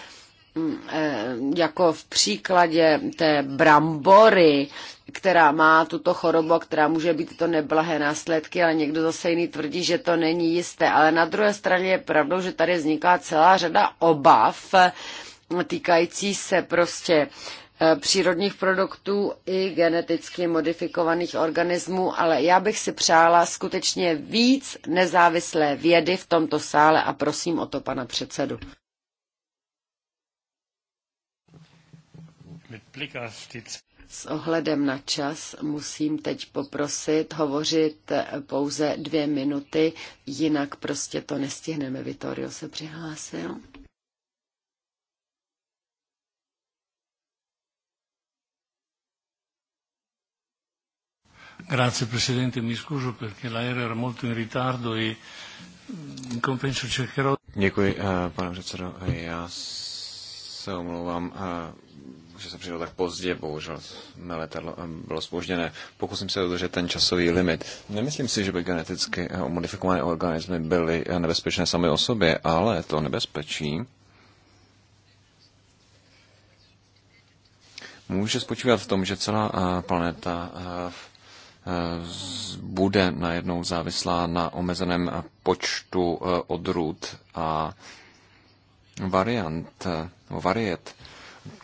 Eh, jako v příkladě té brambory, která má tuto chorobu, která může být to neblahé následky, ale někdo zase jiný tvrdí, že to není jisté. Ale na druhé straně je pravdou, že tady vzniká celá řada obav týkající se prostě eh, přírodních produktů i geneticky modifikovaných organismů, ale já bych si přála skutečně víc nezávislé vědy v tomto sále a prosím o to pana předsedu. S ohledem na čas musím teď poprosit hovořit pouze dvě minuty, jinak prostě to nestihneme. Vittorio se přihlásil. Grazie Presidente, mi scuso perché l'aereo era molto in ritardo e in compenso cercherò... Děkuji, eh, pane předsedo. Já se omlouvám, eh, že jsem přišel tak pozdě, bohužel mé letadlo eh, bylo spožděné. Pokusím se dodržet ten časový limit. Nemyslím si, že by geneticky eh, modifikované organismy byly nebezpečné samy o sobě, ale to nebezpečí může spočívat v tom, že celá planeta bude najednou závislá na omezeném počtu odrůd a variant nebo variet.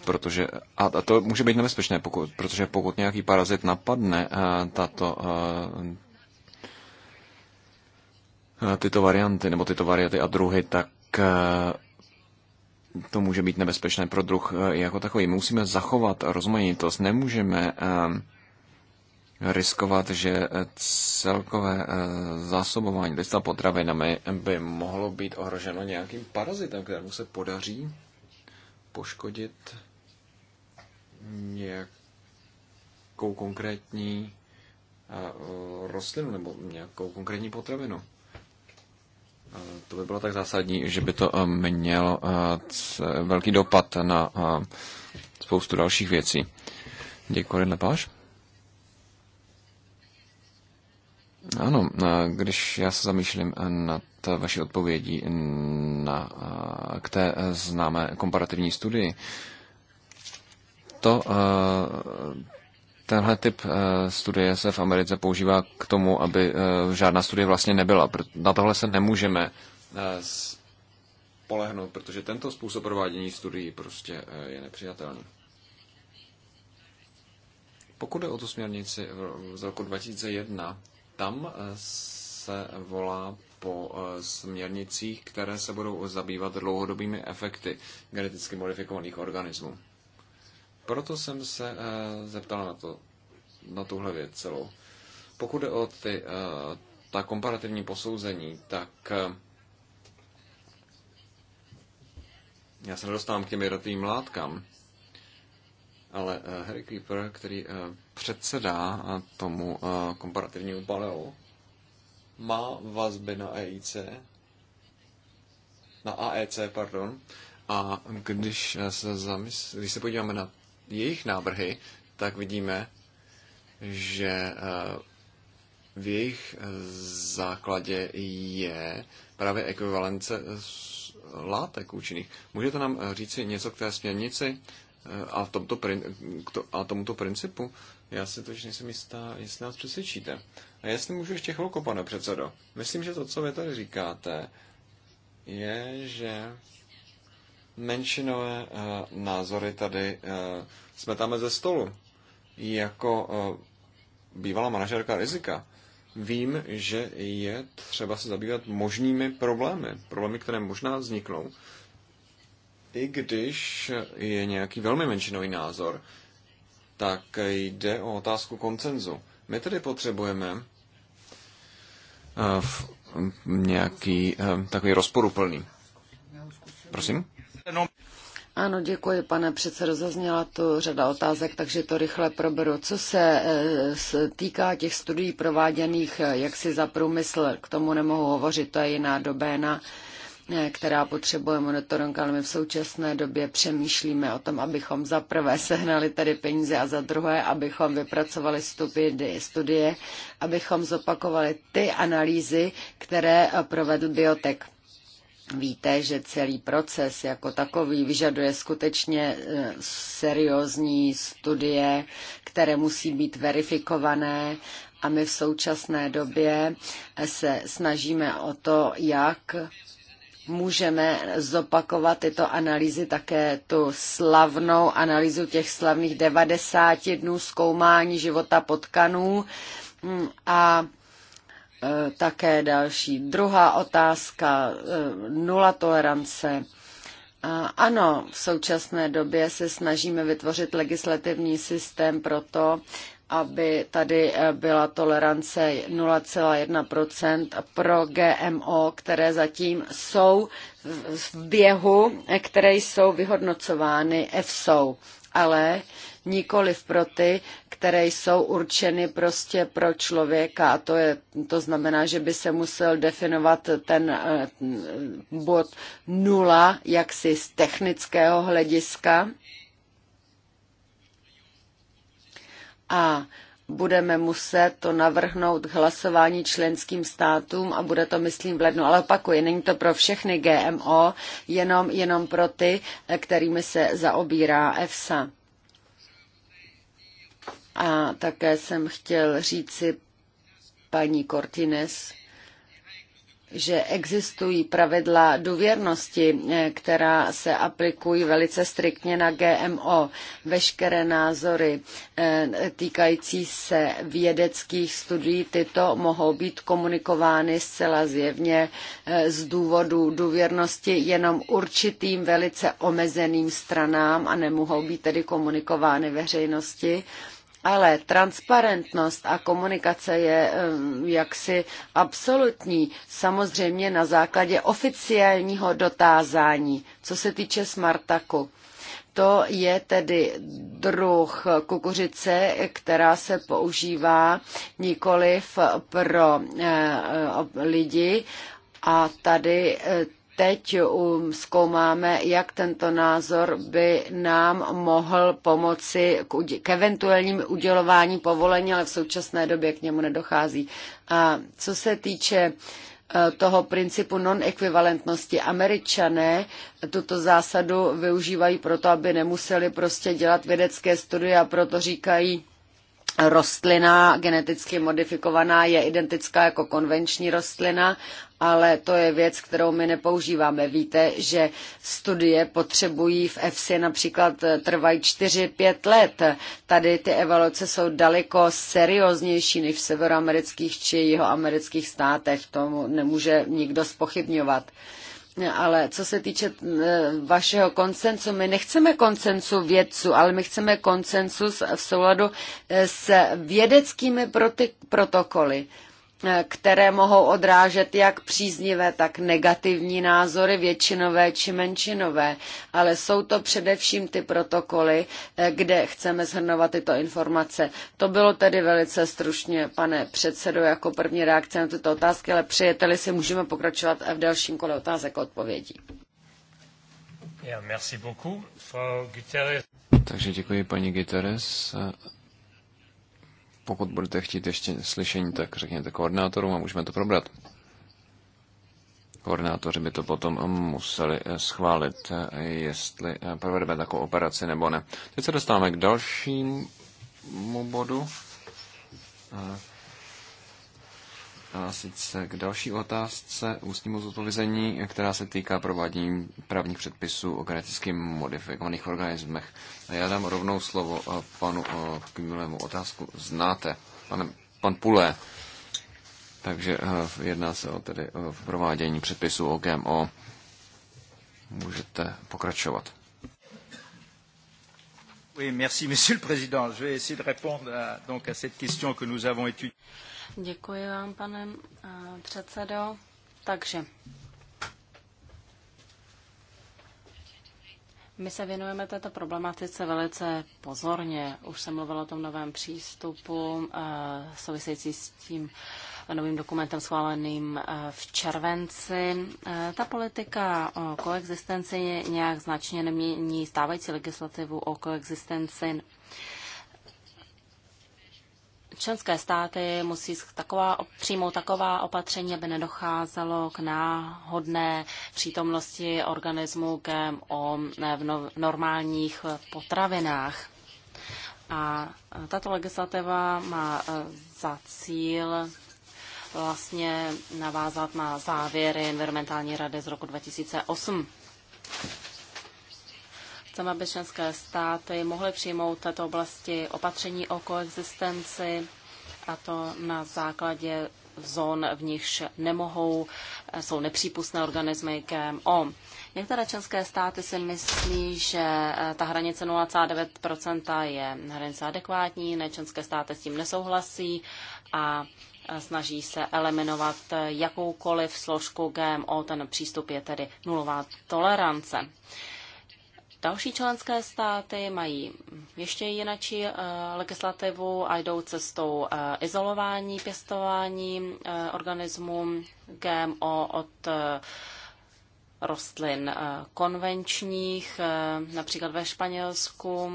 Protože, a to může být nebezpečné, pokud, protože pokud nějaký parazit napadne eh, tato, eh, eh, tyto varianty nebo tyto variety a druhy, tak to může být nebezpečné pro druh jako takový. Musíme zachovat rozmanitost, nemůžeme riskovat, že celkové zásobování lista potravinami by mohlo být ohroženo nějakým parazitem, kterému se podaří poškodit nějakou konkrétní eh, rostlinu nebo nějakou konkrétní potravinu. Eh, to by bylo tak zásadní, že by to eh, měl velký dopad na spoustu dalších věcí. Děkuji, Lepáš. Ano, když já se zamýšlím nad vaší odpovědí na, k té známé komparativní studii, to, tenhle typ studie se v Americe používá k tomu, aby žádná studie vlastně nebyla. Na tohle se nemůžeme spolehnout, protože tento způsob provádění studií prostě je nepřijatelný. Pokud je o tu směrnici z roku 2001, tam eh, se volá po eh, směrnicích, které se budou zabývat dlouhodobými efekty geneticky modifikovaných organismů. Proto jsem se eh, zeptal na, to, na tuhle věc celou. Pokud jde o ty, ta komparativní posouzení, tak já se nedostávám k těm jednotlivým látkám, ale Harry Creeper, který předsedá tomu eh, komparativnímu panelu, má vazby na EIC, na AEC, pardon, a když se, zamysl, když se podíváme na jejich návrhy, tak vidíme, že eh, v jejich základě je právě ekvivalence látek účinných. Můžete nám eh, říci něco k té směrnici a, tomto, a tomuto principu? Já si totiž nejsem jistá, jestli nás přesvědčíte. A jestli můžu ještě chvilku, pane předsedo. Myslím, že to, co vy tady říkáte, je, že menšinové uh, názory tady uh, eh, smetáme ze stolu. Jako uh, bývalá manažerka rizika vím, že je třeba se zabývat možnými problémy, problémy, které možná vzniknou, i když je nějaký velmi menšinový názor, tak jde o otázku koncenzu. My tedy potřebujeme eh, v nějaký eh, takový rozporuplný. Prosím? Ano, děkuji, pane předsedo. Zazněla tu řada otázek, takže to rychle proberu. Co se eh, týká těch studií prováděných, jak si za průmysl, k tomu nemohu hovořit, to je jiná doména která potřebuje monitoring, ale my v současné době přemýšlíme o tom, abychom za prvé sehnali tady peníze a za druhé, abychom vypracovali studie, studie abychom zopakovali ty analýzy, které provedl biotek. Víte, že celý proces jako takový vyžaduje skutečně e, seriózní studie, které musí být verifikované a my v současné době se snažíme o to, jak můžeme zopakovat tyto analýzy, také tu slavnou analýzu těch slavných 90 dnů zkoumání života potkanů mm, a e, také další. Druhá otázka, e, nula tolerance. E, ano, v současné době se snažíme vytvořit legislativní systém pro to, aby tady eh, byla tolerance 0,1% pro GMO, které zatím jsou v běhu, eh, které jsou vyhodnocovány EFSOU, ale nikoliv pro ty, které jsou určeny prostě pro člověka. A to, je, to znamená, že by se musel definovat ten eh, bod nula jaksi z technického hlediska a budeme muset to navrhnout k hlasování členským státům a bude to, myslím, v lednu. Ale opakuji, není to pro všechny GMO, jenom, jenom pro ty, eh, kterými se zaobírá EFSA. A také jsem chtěl říci paní Cortines, že existují pravidla důvěrnosti, eh, která se aplikují velice striktně na GMO. Veškeré názory eh, týkající se vědeckých studií, tyto mohou být komunikovány zcela zjevně eh, z důvodu důvěrnosti jenom určitým velice omezeným stranám a nemohou být tedy komunikovány veřejnosti ale transparentnost a komunikace je jaksi absolutní, samozřejmě na základě oficiálního dotázání, co se týče Smartaku. To je tedy druh kukuřice, která se používá nikoliv pro eh, lidi, a tady eh, teď zkoumáme, jak tento názor by nám mohl pomoci k, eventuálním udělování povolení, ale v současné době k němu nedochází. A co se týče e, toho principu non-ekvivalentnosti. Američané tuto zásadu využívají proto, aby nemuseli prostě dělat vědecké studie a proto říkají, rostlina geneticky modifikovaná je identická jako konvenční rostlina, ale to je věc, kterou my nepoužíváme. Víte, že studie potřebují v EFSI například eh, trvají 4-5 let. Tady ty evaluace jsou daleko serióznější než v severoamerických či jihoamerických státech. Tomu nemůže nikdo spochybňovat. Ale co se týče eh, vašeho koncensu, my nechceme koncensu vědců, ale my chceme konsensus v souladu eh, s vědeckými protokoly které mohou odrážet jak příznivé, tak negativní názory, většinové či menšinové. Ale jsou to především ty protokoly, eh, kde chceme shrnovat tyto informace. To bylo tedy velice stručně, pane předsedo, jako první reakce na tyto otázky, ale přejete-li si, můžeme pokračovat v dalším kole otázek a odpovědí. Ja, merci beaucoup, Frau Guterres. Takže děkuji paní Guterres pokud budete chtít ještě slyšení, tak řekněte koordinátorům a můžeme to probrat. Koordinátoři by to potom museli eh, schválit, eh, jestli eh, provedeme takovou operaci nebo ne. Teď se dostáváme k dalšímu bodu, a sice k další otázce ústnímu zodpovězení, která se týká provádění právních předpisů o geneticky modifikovaných organismech. A já dám rovnou slovo eh, panu eh, Kmilému. Otázku znáte, pane, pan Pulé. Takže eh, jedná se o tedy o provádění předpisů o GMO. Můžete pokračovat. Oui, merci, monsieur le président. Je vais essayer de répondre à, donc à cette question que nous avons étudiée. Děkuji vám, pane eh, předsedo. Takže My se věnujeme této problematice velice pozorně. Už jsem mluvila o tom novém přístupu eh, související s tím novým dokumentem schváleným eh, v červenci. Ta politika o koexistenci nějak značně nemění stávající legislativu o koexistenci členské státy musí taková, přijmout taková opatření, aby nedocházelo k náhodné přítomnosti organismu GMO eh, v normálních eh, potravinách. A eh, tato legislativa má za cíl vlastně navázat na závěry environmentální rady z roku 2008 sama členské státy mohly přijmout v této oblasti opatření o koexistenci a to na základě zón, v nichž nemohou, jsou nepřípustné organismy GMO. Některé členské státy si myslí, že eh, ta hranice 0,9% je hranice adekvátní, nečenské státy s tím nesouhlasí a eh, snaží se eliminovat eh, jakoukoliv složku GMO. Ten přístup je tedy nulová tolerance. Další členské státy mají ještě jinačí eh, legislativu a jdou cestou eh, izolování, pěstování eh, organismů GMO od rostlin konvenčních, například ve Španělsku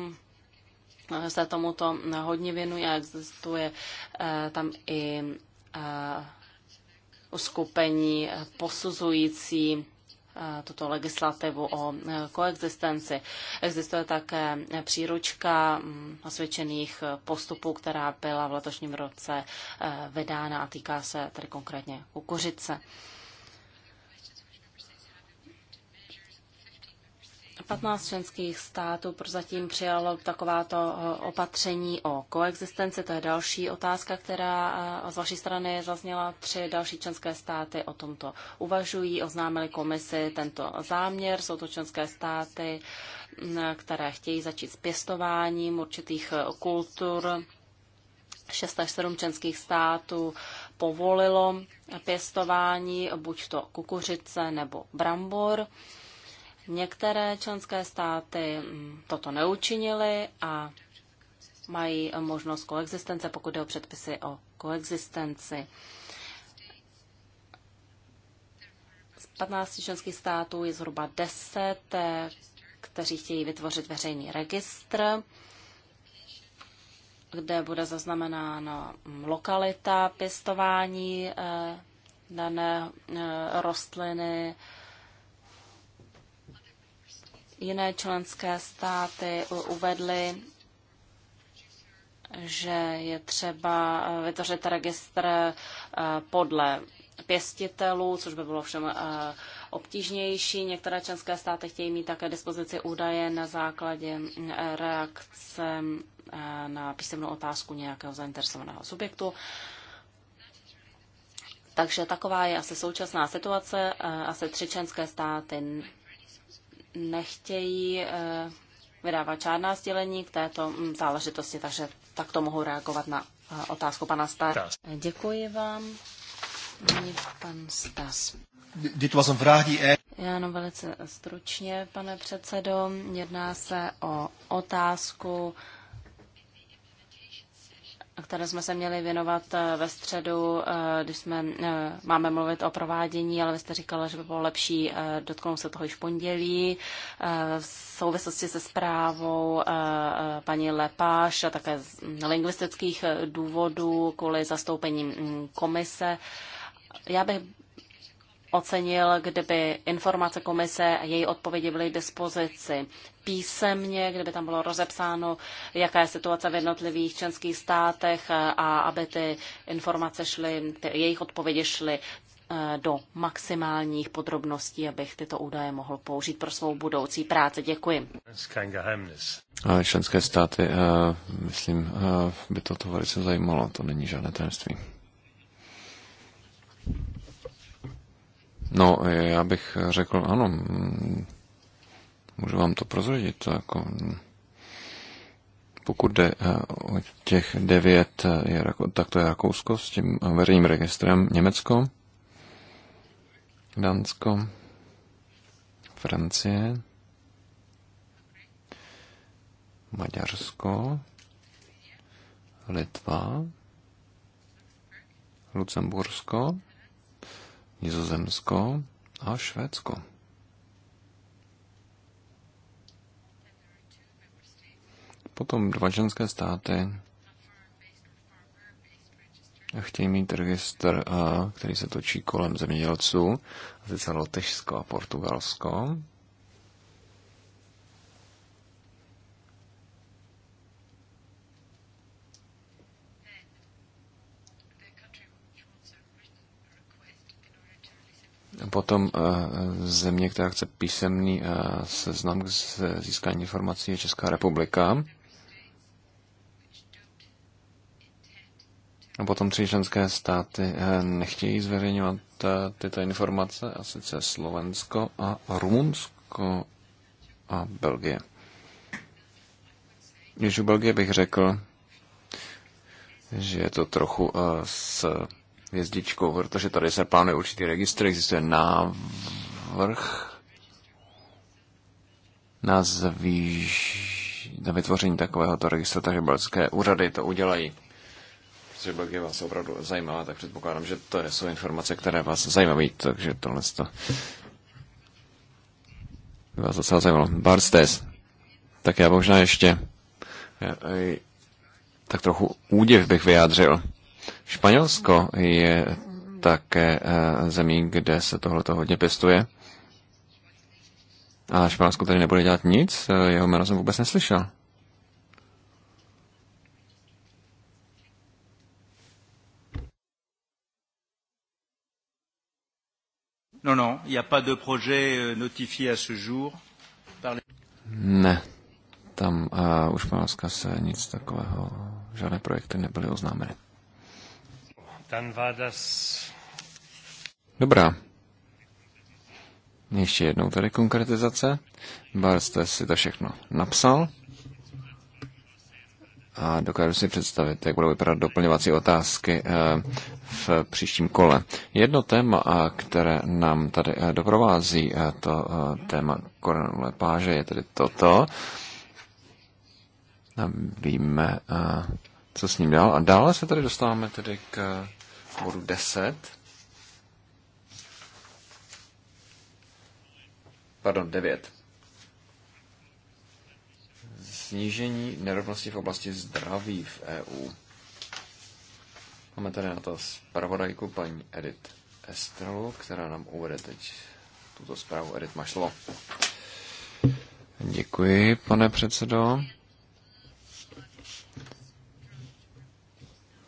se tomuto hodně věnuje a existuje tam i uskupení posuzující Eh, tuto legislativu o eh, koexistenci. Existuje také příručka mm, osvědčených eh, postupů, která byla v letošním roce vydána a týká se tedy konkrétně kukuřice. 15 členských států prozatím přijalo takováto eh, opatření o koexistenci. To je další otázka, která eh, z vaší strany zazněla. Tři další členské státy o tomto uvažují, oznámili komisi tento záměr. Jsou to členské státy, eh, které chtějí začít s pěstováním určitých kultur. 6 až 7 členských států povolilo pěstování buď to kukuřice nebo brambor. Některé členské státy mm, toto neučinily a mají možnost koexistence, pokud jde o předpisy o koexistenci. Z 15 členských států je zhruba 10, eh, kteří chtějí vytvořit veřejný registr, kde bude zaznamenána mm, lokalita pěstování eh, dané eh, rostliny, Jiné členské státy uvedly, že je třeba vytvořit registr eh, podle pěstitelů, což by bylo všem eh, obtížnější. Některé členské státy chtějí mít také dispozici údaje na základě mm, reakce eh, na písemnou otázku nějakého zainteresovaného subjektu. Takže taková je asi současná situace. Asi tři členské státy nechtějí eh, vydávat žádná sdělení k této mm, záležitosti, takže takto mohou reagovat na eh, otázku pana Star. Eh, děkuji vám. Nyní pan Stas. já jenom velice stručně, pane předsedo. Jedná se o otázku, které jsme se měli věnovat eh, ve středu, eh, když jsme, eh, máme mluvit o provádění, ale vy jste říkala, že by bylo lepší dotknout se toho již pondělí. V souvislosti se zprávou paní Lepáš a také z lingvistických důvodů kvůli zastoupení mm, komise. Já bych ocenil, kdyby informace komise a její odpovědi byly k dispozici písemně, kdyby tam bylo rozepsáno, jaká je situace v jednotlivých členských státech a aby ty informace šly, ty jejich odpovědi šly eh, do maximálních podrobností, abych tyto údaje mohl použít pro svou budoucí práci. Děkuji. Členské státy, eh, myslím, eh, by to to velice zajímalo, to není žádné tajemství. No, já bych řekl, ano, můžu vám to prozradit. Jako, pokud jde eh, o těch devět, eh, je, tak to je Rakousko s tím eh, veřejným registrem Německo, Dánsko, Francie, Maďarsko, Litva, Lucembursko, Nizozemsko a Švédsko. Potom dva ženské státy chtějí mít registr, eh, který se točí kolem zemědělců, sice Lotyšsko a Portugalsko. Potom eh, země, která chce písemný eh, seznam k získání informací, je Česká republika. A potom tři členské státy eh, nechtějí zveřejňovat tyto informace, a sice Slovensko a Rumunsko a Belgie. Když u Belgie bych řekl, že je to trochu s hvězdičkou, protože tady se plánuje určitý registr, existuje návrh na, zvíž... na vytvoření takovéhoto registru, takže belgické úřady to udělají. Protože Belgie vás opravdu zajímá, tak předpokládám, že to jsou informace, které vás zajímají, takže tohle to vás docela zajímalo. Barstes. Tak já možná ještě tak trochu údiv bych vyjádřil Španělsko je také eh, zemí, kde se tohle hodně pěstuje. A Španělsko tady nebude dělat nic, eh, jeho jméno jsem vůbec neslyšel. No, no, il a pas de projet euh, notifié à ce jour. Ne, tam uh, eh, už Španělska se nic takového, žádné projekty nebyly oznámeny. Dobrá. Ještě jednou tady konkretizace. Bar jste si to všechno napsal. A dokážu si představit, jak budou vypadat doplňovací otázky eh, v příštím kole. Jedno téma, eh, které nám tady eh, doprovází, to téma koronové páže, je tedy toto. A víme, co s ním dál. A dále se tady dostáváme tedy k bodu 10. Pardon, 9. Snížení nerovnosti v oblasti zdraví v EU. Máme tady na to zpravodajku paní Edit Estrelu, která nám uvede teď tuto zprávu. Edit máš slovo. Děkuji, pane předsedo.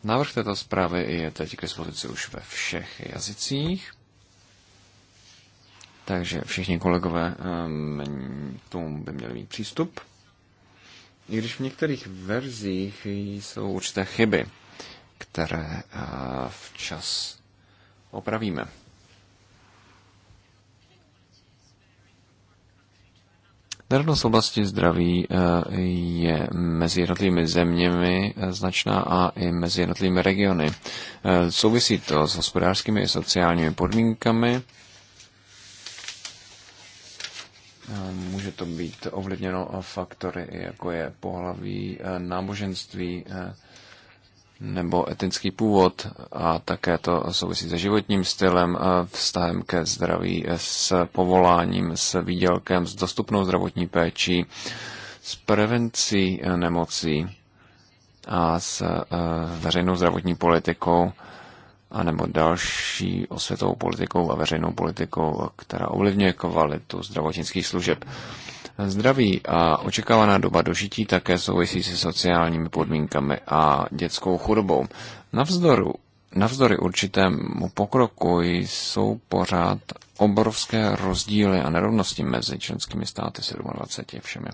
Návrh této zprávy je teď k dispozici už ve všech jazycích. Takže všichni kolegové ehm, k tomu by měli mít přístup. I když v některých verzích jsou určité chyby, které eh, včas opravíme. Nerovnost v oblasti zdraví eh, je mezi jednotlivými zeměmi eh, značná a i mezi jednotlivými regiony. Eh, souvisí to s hospodářskými i sociálními podmínkami. Může to být ovlivněno faktory, jako je pohlaví, náboženství, nebo etnický původ a také to souvisí se životním stylem, eh, vztahem ke zdraví, eh, s povoláním, s výdělkem, s dostupnou zdravotní péčí, s prevencí eh, nemocí a s veřejnou zdravotní politikou a nebo další osvětovou politikou a veřejnou politikou, která ovlivňuje kvalitu zdravotnických služeb. Zdraví a očekávaná doba dožití také souvisí se sociálními podmínkami a dětskou chudobou. Navzdoru, navzdory určitému pokroku jsou pořád obrovské rozdíly a nerovnosti mezi členskými státy 27 všemi.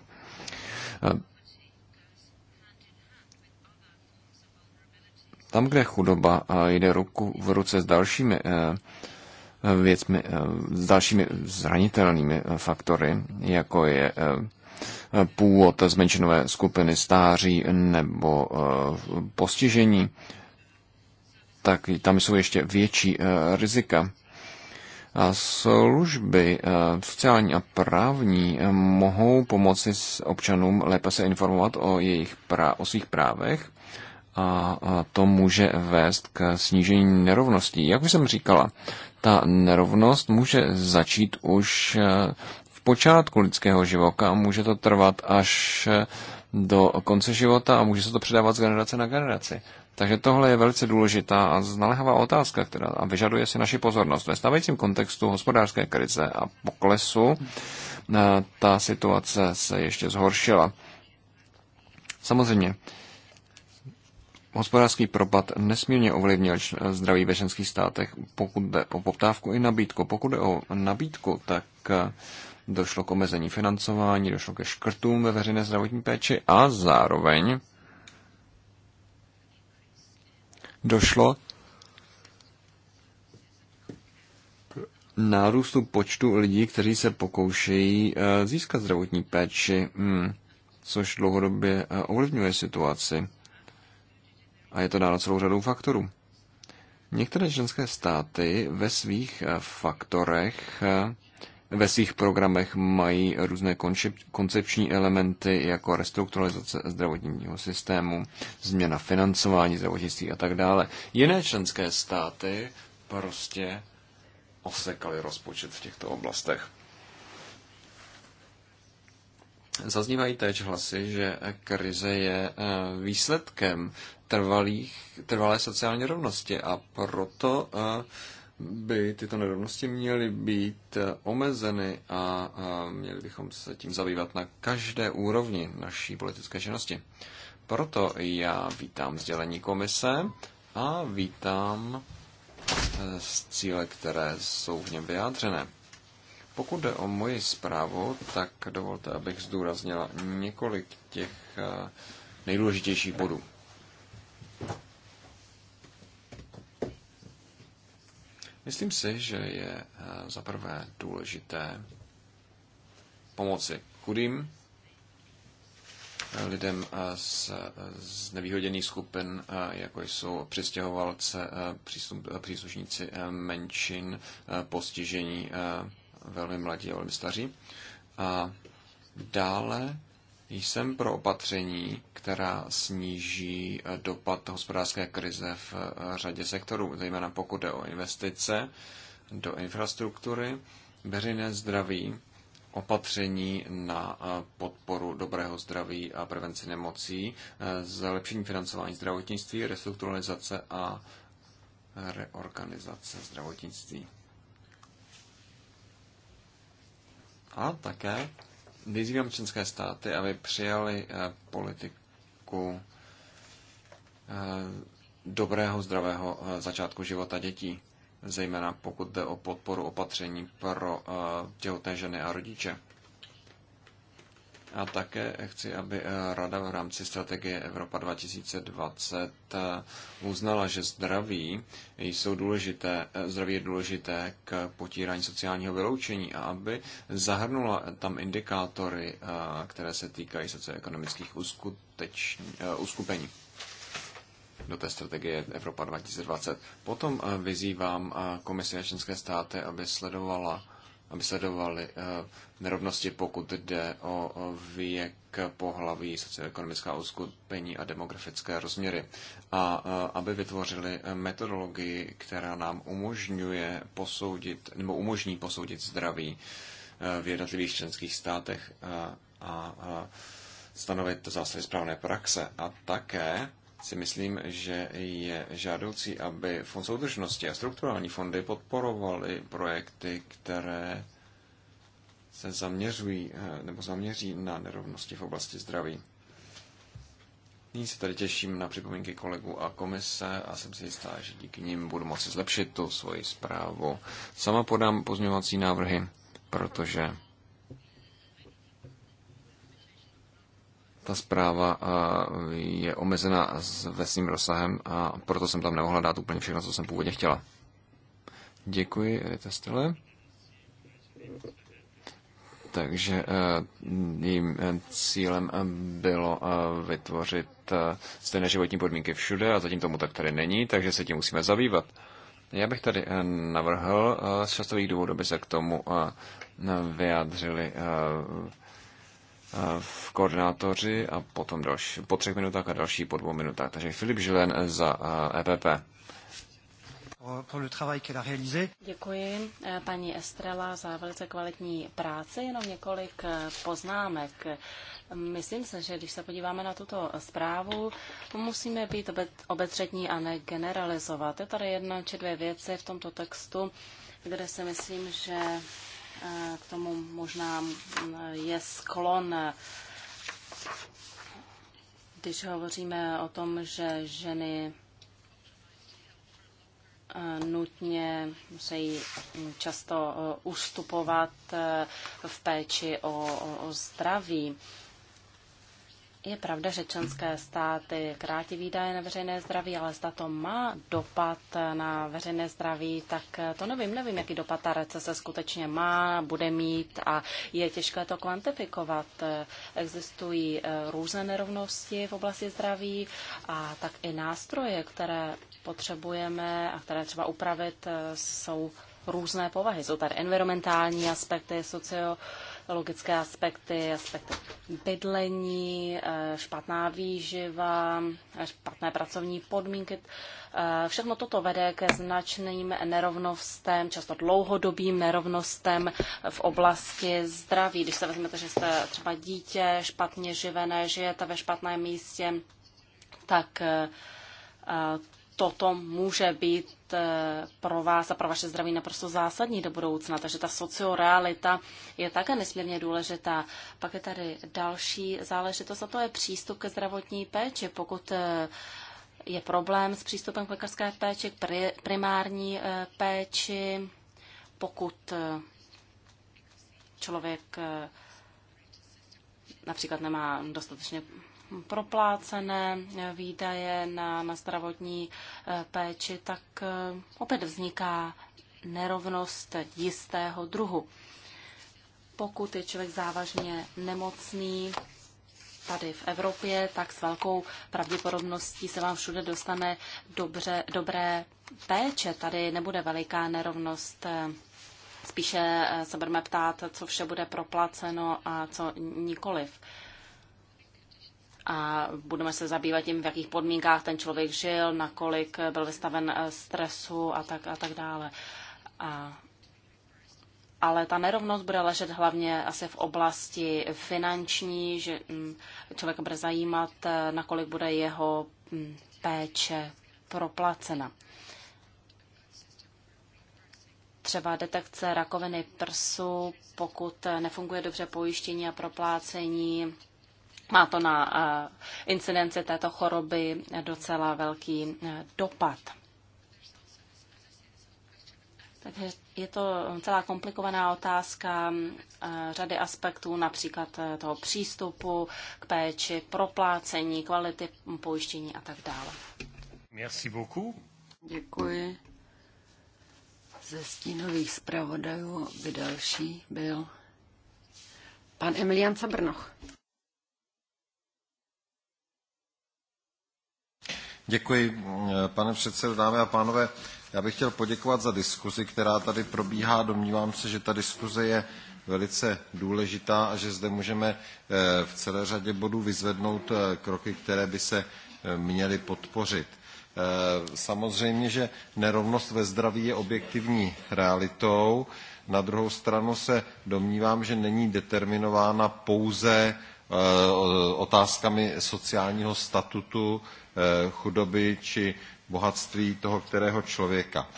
Tam, kde chudoba eh, jde ruku v ruce s dalšími eh, věcmi, eh, s dalšími zranitelnými eh, faktory, jako je eh, původ menšinové skupiny stáří nebo postižení, tak tam jsou ještě větší rizika. A služby sociální a právní mohou pomoci občanům lépe se informovat o, jejich prá- o svých právech a to může vést k snížení nerovností. Jak už jsem říkala, ta nerovnost může začít už eh, v počátku lidského života a může to trvat až eh, do konce života a může se to předávat z generace na generaci. Takže tohle je velice důležitá a znalehavá otázka, která a vyžaduje si naši pozornost. Ve stávajícím kontextu hospodářské krize a poklesu eh, ta situace se ještě zhoršila. Samozřejmě, Hospodářský propad nesmírně ovlivnil zdraví ve ženských státech, pokud jde o poptávku i nabídku. Pokud jde o nabídku, tak eh, došlo k omezení financování, došlo ke škrtům ve veřejné zdravotní péči a zároveň došlo nárůstu počtu lidí, kteří se pokoušejí eh, získat zdravotní péči, hmm, což dlouhodobě eh, ovlivňuje situaci. A je to dáno celou řadou faktorů. Některé členské státy ve svých eh, faktorech, eh, ve svých programech mají různé koncepční elementy jako restrukturalizace zdravotního systému, změna financování zdravotnictví a tak dále. Jiné členské státy prostě osekaly rozpočet v těchto oblastech. Zaznívají též hlasy, že krize je eh, výsledkem trvalých, trvalé sociální rovnosti a proto eh, by tyto nerovnosti měly být eh, omezeny a eh, měli bychom se tím zabývat na každé úrovni naší politické činnosti. Proto já vítám sdělení komise a vítám z cíle, které jsou v něm vyjádřené. Pokud jde o moji zprávu, tak dovolte, abych zdůraznila několik těch nejdůležitějších bodů. Myslím si, že je eh, za prvé důležité pomoci chudým eh, lidem eh, z, z nevýhoděných skupin, jako jsou přistěhovalce, příslušníci menšin, postižení, velmi mladí a velmi staří. A dále jsem pro opatření, která sníží eh, dopad hospodářské krize v eh, řadě sektorů, zejména pokud jde o investice do infrastruktury, veřejné zdraví, opatření na eh, podporu dobrého zdraví a prevenci nemocí, zlepšení financování zdravotnictví, restrukturalizace a reorganizace zdravotnictví. A také vyzývám členské státy, aby přijali eh, politiku eh, dobrého, zdravého eh, začátku života dětí, zejména pokud jde o podporu opatření pro těhotné ženy a rodiče. A také chci, aby eh, Rada v rámci strategie Evropa 2020 eh, uznala, že zdraví jsou důležité, eh, zdraví je důležité k potírání sociálního vyloučení a aby zahrnula tam indikátory, které se týkají socioekonomických uskupení do té strategie Evropa 2020. Potom vyzývám komisi a členské státy, aby sledovala aby uh, nerovnosti, pokud jde o věk pohlaví, socioekonomická uskupení a demografické rozměry. A eh, aby vytvořili eh, metodologii, která nám umožňuje posoudit, nebo umožní posoudit zdraví v jednotlivých členských státech a, uh, stanovit zásady správné praxe. A také si myslím, že je žádoucí, aby Fond soudržnosti a strukturální fondy podporovaly projekty, které se zaměřují eh, nebo zaměří na nerovnosti v oblasti zdraví. Nyní se tady těším na připomínky kolegů a komise a jsem si jistá, že díky nim budu moci zlepšit tu svoji zprávu. Sama podám pozměňovací návrhy, protože ta zpráva eh, je omezená ve svým rozsahem a proto jsem tam nemohla dát úplně všechno, co jsem původně chtěla. Děkuji, Rita Stele. Takže eh, jejím eh, cílem bylo vytvořit stejné životní podmínky všude a zatím tomu tak tady není, takže se tím musíme zabývat. Já bych tady navrhl z časových důvodů, aby se k tomu vyjádřili v koordinátoři a potom další, po třech minutách a další po dvou minutách. Takže Filip Žilen za EPP. Děkuji e, paní Estrela za velice kvalitní práci. Jenom několik e, poznámek. Myslím se, že když se podíváme na tuto zprávu, musíme být obetřetní a ne generalizovat. Je tady jedna či dvě věci v tomto textu, kde si myslím, že k tomu možná je sklon, když hovoříme o tom, že ženy eh, nutně musí často eh, ustupovat eh, v péči o, o, o zdraví. Je pravda, že členské státy krátí výdaje na veřejné zdraví, ale zda to má dopad na veřejné zdraví, tak to nevím. Nevím, jaký dopad ta recese skutečně má, bude mít a je těžké to kvantifikovat. Existují eh, různé nerovnosti v oblasti zdraví a tak i nástroje, které potřebujeme a které třeba upravit, eh, jsou různé povahy. Jsou tady environmentální aspekty, socio logické aspekty, aspekty bydlení, eh, špatná výživa, špatné pracovní podmínky. Eh, všechno toto vede ke značným nerovnostem, často dlouhodobým nerovnostem v oblasti zdraví. Když se vezmete, že jste třeba dítě špatně živené, žijete ve špatném místě, tak eh, toto může být Eh, pro vás a pro vaše zdraví naprosto zásadní do budoucna, takže ta sociorealita je také nesmírně důležitá. Pak je tady další záležitost a to je přístup ke zdravotní péči. Pokud eh, je problém s přístupem k lékařské péči, k primární eh, péči, pokud člověk například nemá dostatečně proplácené výdaje na, na zdravotní eh, péči, tak eh, opět vzniká nerovnost jistého druhu. Pokud je člověk závažně nemocný, tady v Evropě, tak s velkou pravděpodobností se vám všude dostane dobře, dobré péče. Tady nebude veliká nerovnost. Spíše eh, se budeme ptát, co vše bude proplaceno a co nikoliv a budeme se zabývat tím, v jakých podmínkách ten člověk žil, nakolik byl vystaven eh, stresu a tak, a tak dále. A, ale ta nerovnost bude ležet hlavně asi v oblasti finanční, že hm, člověka bude zajímat, eh, nakolik bude jeho hm, péče proplacena třeba detekce rakoviny prsu, pokud eh, nefunguje dobře pojištění a proplácení, má to na eh, incidenci této choroby docela velký eh, dopad. Takže je to celá komplikovaná otázka eh, řady aspektů, například toho přístupu k péči, proplácení, kvality pojištění a tak dále. Merci beaucoup. Děkuji. Ze stínových zpravodajů by další byl pan Emilian Cabrnoch. Děkuji, eh, pane předsedo, dámy a pánové. Já bych chtěl poděkovat za diskuzi, která tady probíhá. Domnívám se, že ta diskuze je velice důležitá a že zde můžeme eh, v celé řadě bodů vyzvednout eh, kroky, které by se měly podpořit. Samozřejmě, že nerovnost ve zdraví je objektivní realitou. Na druhou stranu se domnívám, že není determinována pouze otázkami sociálního statutu Eh, chudoby či bohatství toho kterého člověka.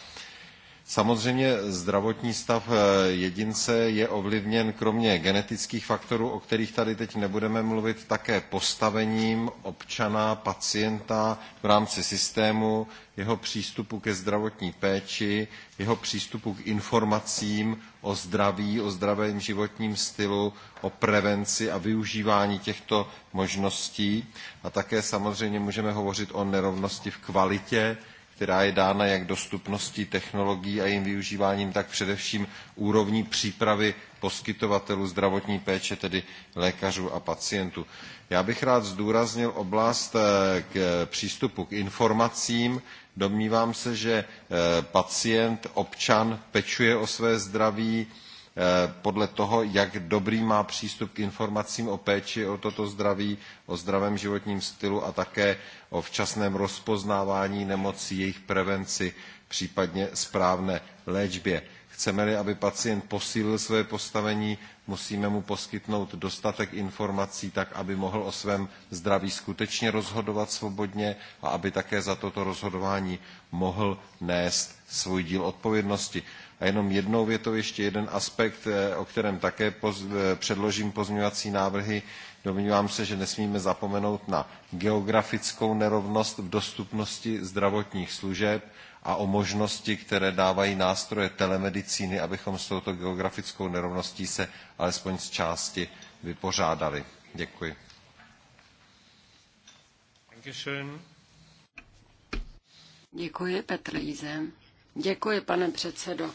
Samozřejmě zdravotní stav eh, jedince je ovlivněn kromě genetických faktorů, o kterých tady teď nebudeme mluvit, také postavením občana, pacienta v rámci systému, jeho přístupu ke zdravotní péči, jeho přístupu k informacím o zdraví, o zdravém životním stylu, o prevenci a využívání těchto možností. A také samozřejmě můžeme hovořit o nerovnosti v kvalitě která je dána jak dostupností technologií a jejím využíváním, tak především úrovní přípravy poskytovatelů zdravotní péče, tedy lékařů a pacientů. Já bych rád zdůraznil oblast eh, k přístupu k informacím. Domnívám se, že eh, pacient, občan pečuje o své zdraví, Eh, podle toho, jak dobrý má přístup k informacím o péči o toto zdraví, o zdravém životním stylu a také o včasném rozpoznávání nemocí, jejich prevenci, případně správné léčbě. Chceme-li, aby pacient posílil své postavení, musíme mu poskytnout dostatek informací tak, aby mohl o svém zdraví skutečně rozhodovat svobodně a aby také za toto rozhodování mohl nést svůj díl odpovědnosti. A jenom jednou větou ještě jeden aspekt, eh, o kterém také poz, eh, předložím pozměňovací návrhy. Domnívám se, že nesmíme zapomenout na geografickou nerovnost v dostupnosti zdravotních služeb a o možnosti, které dávají nástroje telemedicíny, abychom s touto geografickou nerovností se alespoň z části vypořádali. Děkuji. Děkuji, Petr Lízem. Děkuji, pane předsedo.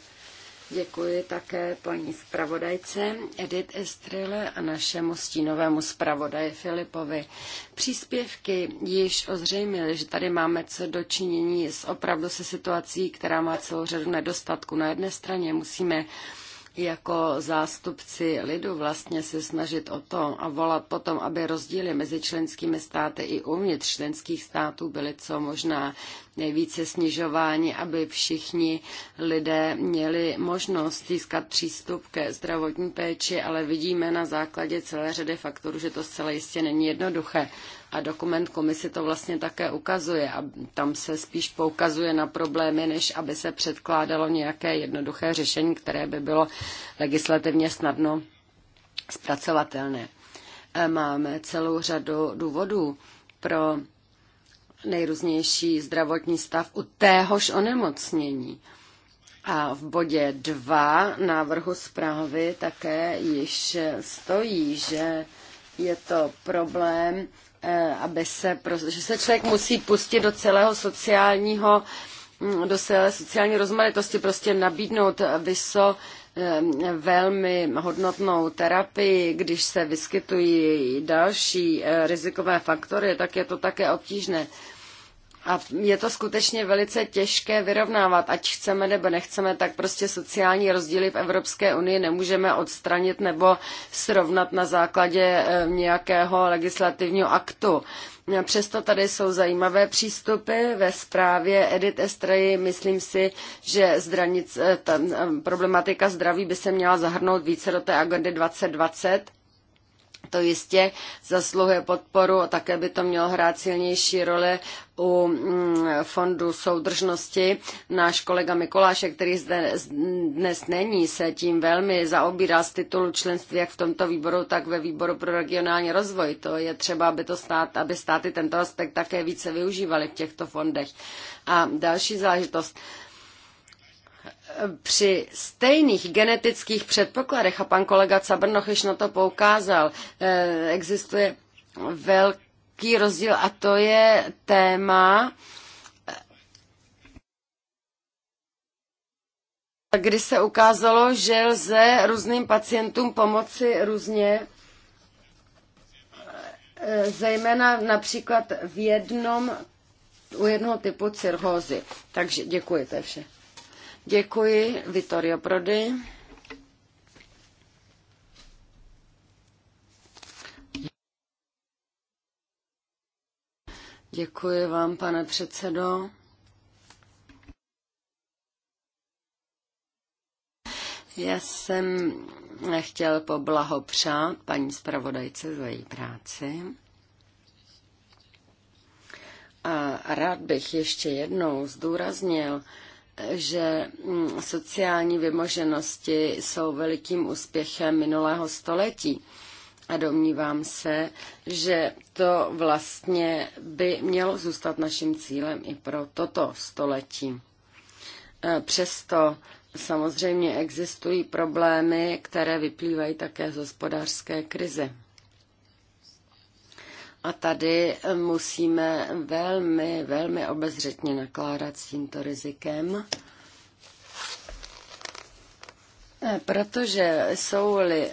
Děkuji také paní zpravodajce Edith Estrele a našemu stínovému zpravodaji Filipovi. Příspěvky již ozřejmily, že tady máme co dočinění s opravdu se situací, která má celou řadu nedostatků. Na jedné straně musíme jako zástupci lidu vlastně se snažit o to a volat potom, aby rozdíly mezi členskými státy i uvnitř členských států byly co možná nejvíce snižováni, aby všichni lidé měli možnost získat přístup ke zdravotní péči, ale vidíme na základě celé řady faktorů, že to zcela jistě není jednoduché. A dokument komise to vlastně také ukazuje a tam se spíš poukazuje na problémy, než aby se předkládalo nějaké jednoduché řešení, které by bylo legislativně snadno zpracovatelné. E, máme celou řadu důvodů pro nejrůznější zdravotní stav u téhož onemocnění. A v bodě 2 návrhu zprávy také již stojí, že je to problém Eh, aby se, že se člověk musí pustit do celého sociálního, mm, do celé sociální rozmanitosti, prostě nabídnout vyso, eh, velmi hodnotnou terapii, když se vyskytují další eh, rizikové faktory, tak je to také obtížné. A je to skutečně velice těžké vyrovnávat, ať chceme nebo nechceme, tak prostě sociální rozdíly v Evropské unii nemůžeme odstranit nebo srovnat na základě eh, nějakého legislativního aktu. Přesto tady jsou zajímavé přístupy. Ve zprávě Edit Estreji myslím si, že zdranic, eh, ta eh, problematika zdraví by se měla zahrnout více do té agendy 2020 to jistě zasluhuje podporu a také by to mělo hrát silnější roli u mm, fondu soudržnosti. Náš kolega Mikolášek, který zde dnes není, se tím velmi zaobírá z titulu členství jak v tomto výboru, tak ve výboru pro regionální rozvoj. To je třeba, aby, to stát, aby státy tento aspekt také více využívaly v těchto fondech. A další záležitost při stejných genetických předpokladech, a pan kolega Cabrnoch již na to poukázal, eh, existuje velký rozdíl a to je téma, eh, kdy se ukázalo, že lze různým pacientům pomoci různě, eh, zejména například v jednom, u jednoho typu cirhózy. Takže děkuji, to je vše. Děkuji, Vittorio Prodi. Děkuji vám, pane předsedo. Já jsem chtěl poblahopřát paní zpravodajce za její práci. A rád bych ještě jednou zdůraznil, že mm, sociální vymoženosti jsou velikým úspěchem minulého století. A domnívám se, že to vlastně by mělo zůstat naším cílem i pro toto století. E, přesto samozřejmě existují problémy, které vyplývají také z hospodářské krize. A tady eh, musíme velmi, velmi obezřetně nakládat s tímto rizikem, eh, protože jsou-li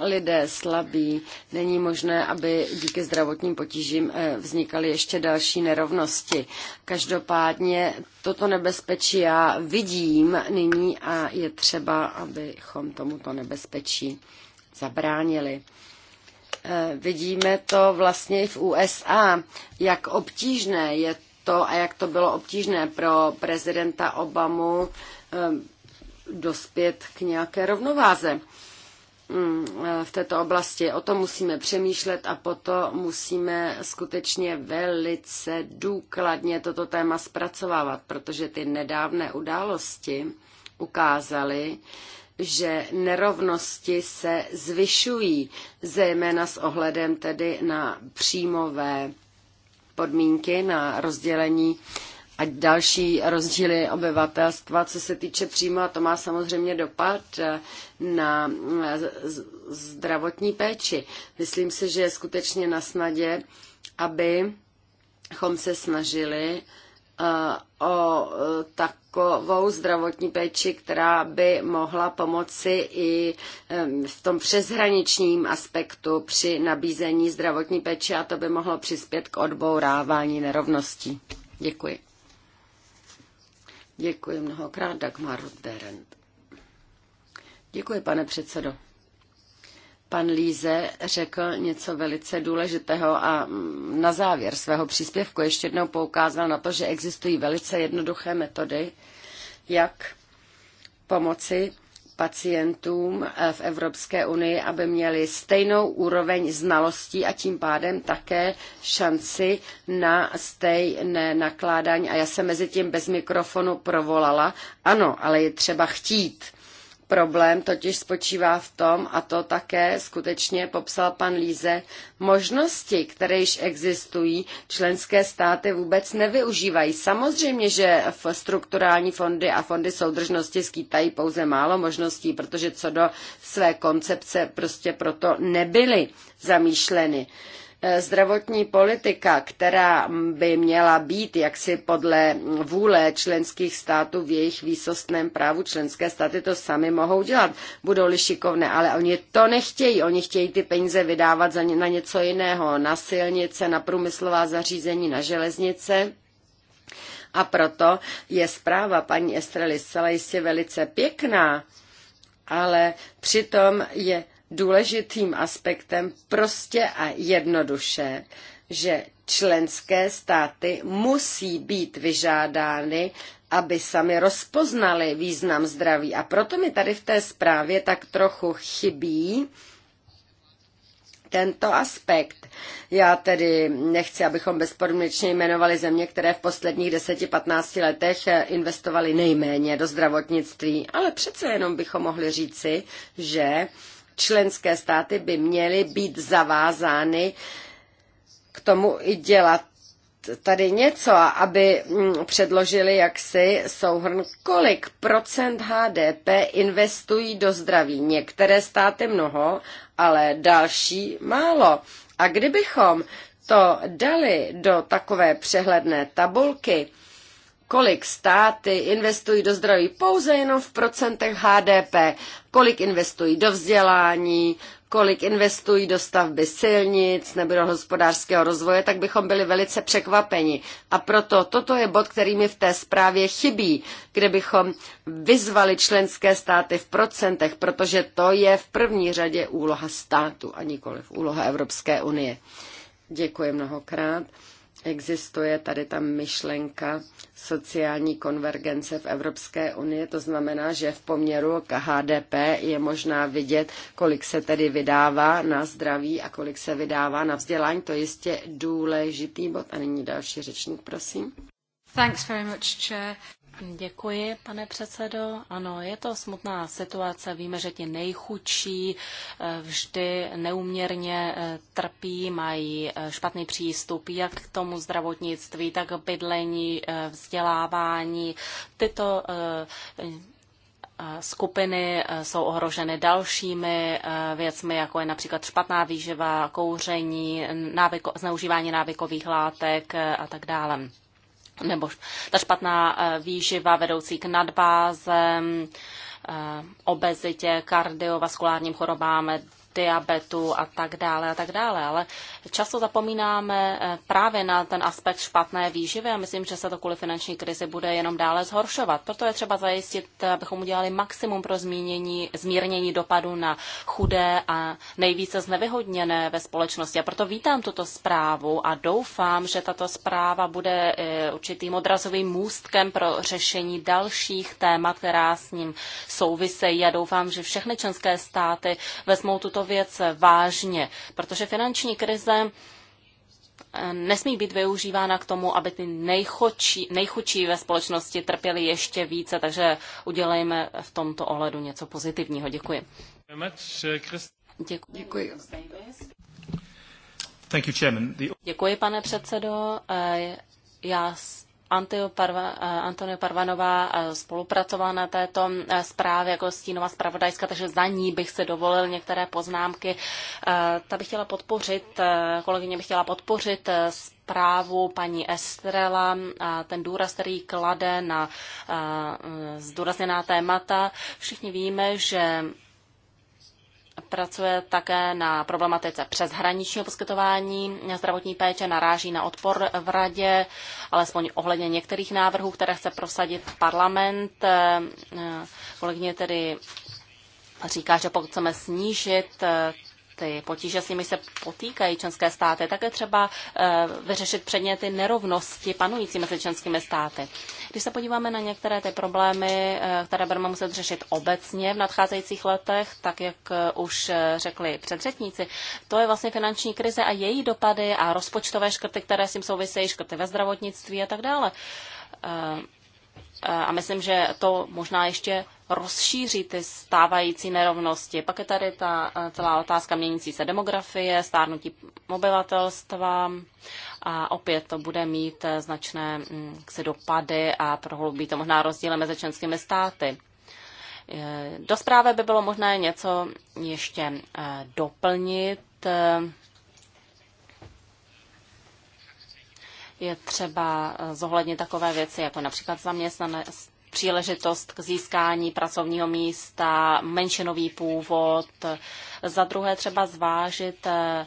lidé slabí, není možné, aby díky zdravotním potížím eh, vznikaly ještě další nerovnosti. Každopádně toto nebezpečí já vidím nyní a je třeba, abychom tomuto nebezpečí zabránili. Eh, vidíme to vlastně i v USA, jak obtížné je to a jak to bylo obtížné pro prezidenta Obamu eh, dospět k nějaké rovnováze mm, eh, v této oblasti. O tom musíme přemýšlet a potom musíme skutečně velice důkladně toto téma zpracovávat, protože ty nedávné události ukázaly, že nerovnosti se zvyšují, zejména s ohledem tedy na příjmové podmínky, na rozdělení a další rozdíly obyvatelstva, co se týče příjmu, a to má samozřejmě dopad na zdravotní péči. Myslím si, že je skutečně na snadě, abychom se snažili Eh, o eh, takovou zdravotní péči, která by mohla pomoci i eh, v tom přeshraničním aspektu při nabízení zdravotní péče a to by mohlo přispět k odbourávání nerovností. Děkuji. Děkuji mnohokrát, Dagmar Berend. Děkuji, pane předsedo. Pan Líze řekl něco velice důležitého a na závěr svého příspěvku ještě jednou poukázal na to, že existují velice jednoduché metody, jak pomoci pacientům v Evropské unii, aby měli stejnou úroveň znalostí a tím pádem také šanci na stejné nakládání. A já jsem mezi tím bez mikrofonu provolala. Ano, ale je třeba chtít. Problém totiž spočívá v tom, a to také skutečně popsal pan Líze, možnosti, které již existují, členské státy vůbec nevyužívají. Samozřejmě, že v strukturální fondy a fondy soudržnosti skýtají pouze málo možností, protože co do své koncepce prostě proto nebyly zamýšleny. Eh, zdravotní politika, která by měla být jaksi podle vůle členských států v jejich výsostném právu, členské státy to sami mohou dělat, budou-li šikovné, ale oni to nechtějí, oni chtějí ty peníze vydávat na něco jiného, na silnice, na průmyslová zařízení, na železnice. A proto je zpráva paní Estrely zcela jistě velice pěkná, ale přitom je důležitým aspektem prostě a jednoduše, že členské státy musí být vyžádány, aby sami rozpoznali význam zdraví. A proto mi tady v té zprávě tak trochu chybí tento aspekt. Já tedy nechci, abychom bezpodmínečně jmenovali země, které v posledních 10-15 letech investovaly nejméně do zdravotnictví, ale přece jenom bychom mohli říci, že členské státy by měly být zavázány k tomu i dělat tady něco, aby mm, předložili jaksi souhrn, kolik procent HDP investují do zdraví. Některé státy mnoho, ale další málo. A kdybychom to dali do takové přehledné tabulky, kolik státy investují do zdraví pouze jenom v procentech HDP, kolik investují do vzdělání, kolik investují do stavby silnic nebo do hospodářského rozvoje, tak bychom byli velice překvapeni. A proto toto je bod, který mi v té zprávě chybí, kde bychom vyzvali členské státy v procentech, protože to je v první řadě úloha státu a nikoli v úloha Evropské unie. Děkuji mnohokrát. Existuje tady ta myšlenka sociální konvergence v Evropské unii, to znamená, že v poměru k HDP je možná vidět, kolik se tedy vydává na zdraví a kolik se vydává na vzdělání. To je jistě důležitý bod. A nyní další řečník, prosím. Thanks very much, Chair. Děkuji, pane předsedo. Ano, je to smutná situace. Víme, že ti nejchudší eh, vždy neuměrně eh, trpí, mají eh, špatný přístup jak k tomu zdravotnictví, tak k bydlení, vzdělávání. Tyto skupiny jsou ohroženy dalšími věcmi, jako je například špatná výživa, kouření, návyko, zneužívání návykových látek a tak dále nebo ta špatná eh, výživa vedoucí k nadbázem, eh, obezitě, kardiovaskulárním chorobám, diabetu a tak dále a tak dále. Ale často zapomínáme eh, právě na ten aspekt špatné výživy a myslím, že se to kvůli finanční krizi bude jenom dále zhoršovat. Proto je třeba zajistit, eh, abychom udělali maximum pro zmínění, zmírnění dopadu na chudé a nejvíce znevyhodněné ve společnosti. A proto vítám tuto zprávu a doufám, že tato zpráva bude eh, určitým odrazovým můstkem pro řešení dalších témat, která s ním souvisejí. Já doufám, že všechny členské státy vezmou tuto tuto věc vážně, protože finanční krize eh, nesmí být využívána k tomu, aby ty nejchodší, nejchučí ve společnosti trpěli ještě více, takže udělejme v tomto ohledu něco pozitivního. Děkuji. Děkuji. Děkuji. Děkuji, pane předsedo. Eh, já Eh, Antonio Parvanová eh, spolupracovala na této eh, zprávě jako stínová zpravodajská, takže za ní bych se dovolil některé poznámky. Ta bych chtěla podpořit, kolegyně bych chtěla podpořit zprávu paní Estrela, a ten důraz, který klade na zdůrazněná témata. Všichni víme, že pracuje také na problematice přeshraničního poskytování zdravotní péče, naráží na odpor v radě, alespoň ohledně některých návrhů, které chce prosadit parlament. Eh, eh, kolegyně tedy říká, že pokud chceme snížit eh, ty potíže, s nimi se potýkají členské státy, také třeba eh, vyřešit předně ty nerovnosti panující mezi členskými státy. Když se podíváme na některé ty problémy, eh, které budeme muset řešit obecně v nadcházejících letech, tak jak eh, už řekli předřetníci, to je vlastně finanční krize a její dopady a rozpočtové škrty, které s tím souvisejí, škrty ve zdravotnictví a tak dále. Eh, a myslím, že to možná ještě rozšíří ty stávající nerovnosti. Pak je tady ta eh, celá otázka měnící se demografie, stárnutí obyvatelstva a opět to bude mít eh, značné mm, se dopady a prohloubí to možná rozdíly mezi členskými státy. Do zprávy by bylo možné něco ještě doplnit je třeba eh, zohlednit takové věci, jako například zaměstnanost, příležitost k získání pracovního místa, menšinový původ. Za druhé třeba zvážit eh,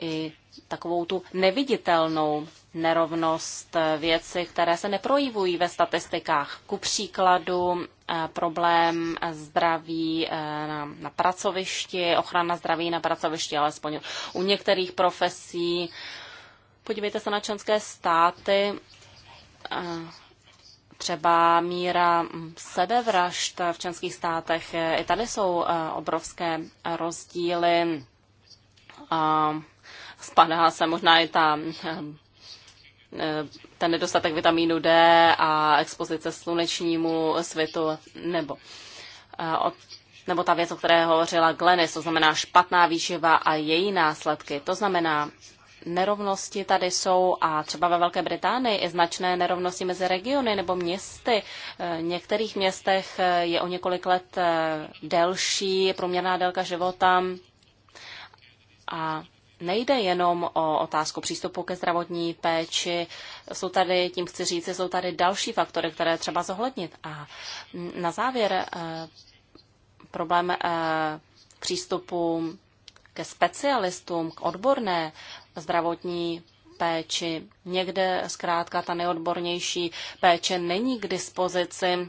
i takovou tu neviditelnou nerovnost eh, věci, které se neprojevují ve statistikách. Ku příkladu problém zdraví na, na pracovišti, ochrana zdraví na pracovišti, alespoň u některých profesí, Podívejte se na členské státy, eh, třeba míra hm, sebevražd v členských státech. Eh, I tady jsou eh, obrovské rozdíly. Spadá se možná i ta hm, ten nedostatek vitamínu D a expozice slunečnímu světu nebo od nebo ta věc, o které hovořila Glenis, to znamená špatná výživa a její následky. To znamená, nerovnosti tady jsou a třeba ve Velké Británii i značné nerovnosti mezi regiony nebo městy. V eh, některých městech eh, je o několik let eh, delší průměrná délka života a nejde jenom o otázku přístupu ke zdravotní péči, jsou tady, tím chci říct, jsou tady další faktory, které třeba zohlednit. A na závěr problém přístupu ke specialistům, k odborné zdravotní péči. Někde zkrátka ta neodbornější péče není k dispozici.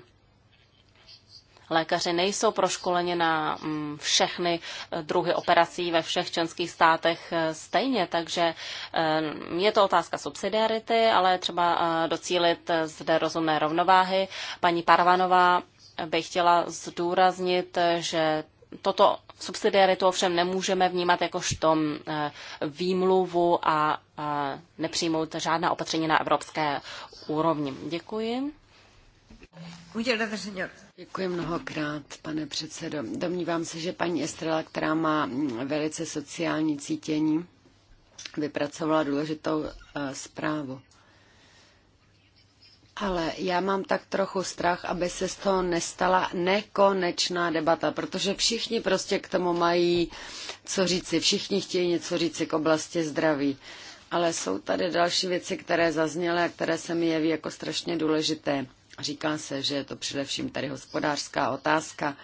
Lékaři nejsou proškoleni na mm, všechny eh, druhy operací ve všech členských státech eh, stejně, takže eh, je to otázka subsidiarity, ale třeba docílit zde rozumné rovnováhy. Paní Parvanová by chtěla zdůraznit, že toto subsidiaritu ovšem nemůžeme vnímat jakožto e, výmluvu a nepřijmout žádná opatření na evropské úrovni. Děkuji. Děkuji mnohokrát, pane předsedo. Domnívám se, že paní Estrela, která má velice sociální cítění, vypracovala důležitou e, zprávu. Ale já mám tak trochu strach, aby se z toho nestala nekonečná debata, protože všichni prostě k tomu mají co říci, všichni chtějí něco říci k oblasti zdraví. Ale jsou tady další věci, které zazněly a které se mi jeví jako strašně důležité. Říká se, že je to především tady hospodářská otázka.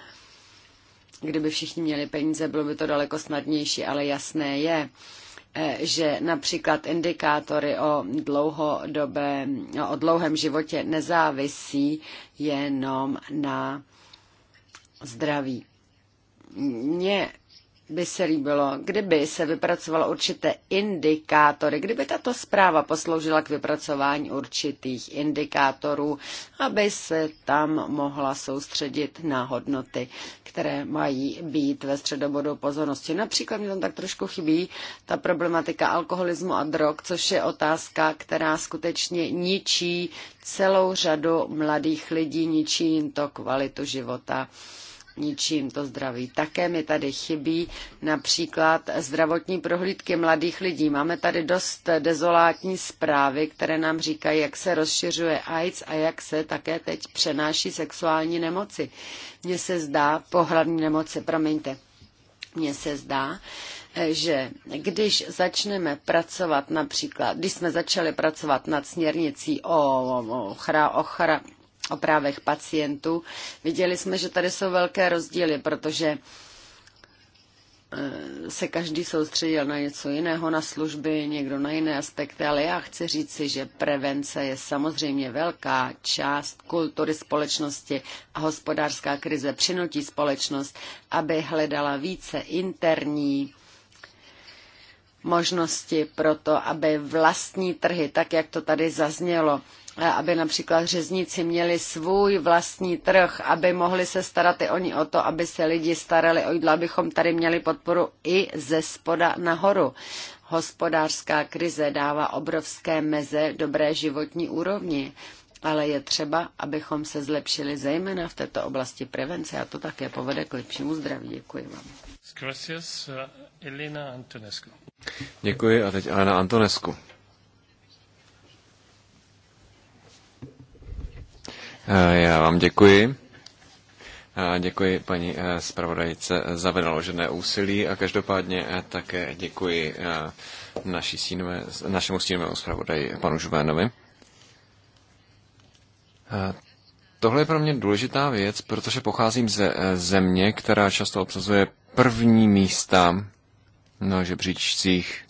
Kdyby všichni měli peníze, bylo by to daleko snadnější, ale jasné je, Eh, že například indikátory o, dlouhodobém, o dlouhém životě nezávisí jenom na zdraví. Mě by se líbilo, kdyby se vypracovalo určité indikátory, kdyby tato zpráva posloužila k vypracování určitých indikátorů, aby se tam mohla soustředit na hodnoty, které mají být ve středobodu pozornosti. Například mi tam tak trošku chybí ta problematika alkoholismu a drog, což je otázka, která skutečně ničí celou řadu mladých lidí, ničí jim to kvalitu života ničím to zdraví. Také mi tady chybí například zdravotní prohlídky mladých lidí. Máme tady dost dezolátní zprávy, které nám říkají, jak se rozšiřuje AIDS a jak se také teď přenáší sexuální nemoci. Mně se zdá, pohlavní nemoci, promiňte, mně se zdá, že když začneme pracovat například, když jsme začali pracovat nad směrnicí o, o, o, o, o o o právech pacientů. Viděli jsme, že tady jsou velké rozdíly, protože e, se každý soustředil na něco jiného, na služby, někdo na jiné aspekty, ale já chci říci, že prevence je samozřejmě velká část kultury společnosti a hospodářská krize přinutí společnost, aby hledala více interní možnosti pro to, aby vlastní trhy, tak jak to tady zaznělo, aby například řezníci měli svůj vlastní trh, aby mohli se starat i oni o to, aby se lidi starali o jídlo, abychom tady měli podporu i ze spoda nahoru. Hospodářská krize dává obrovské meze dobré životní úrovni, ale je třeba, abychom se zlepšili zejména v této oblasti prevence a to také povede k lepšímu zdraví. Děkuji vám. Gracias, eh, Elena Antonescu. Děkuji a teď Elena Antonescu. Eh, já vám děkuji. Eh, děkuji paní eh, zpravodajce za vynaložené úsilí a každopádně také děkuji naší sínové, našemu stínovému zpravodaji panu Žuvénovi. Tohle je pro mě důležitá věc, protože pocházím ze země, která často obsazuje první místa na žebříčcích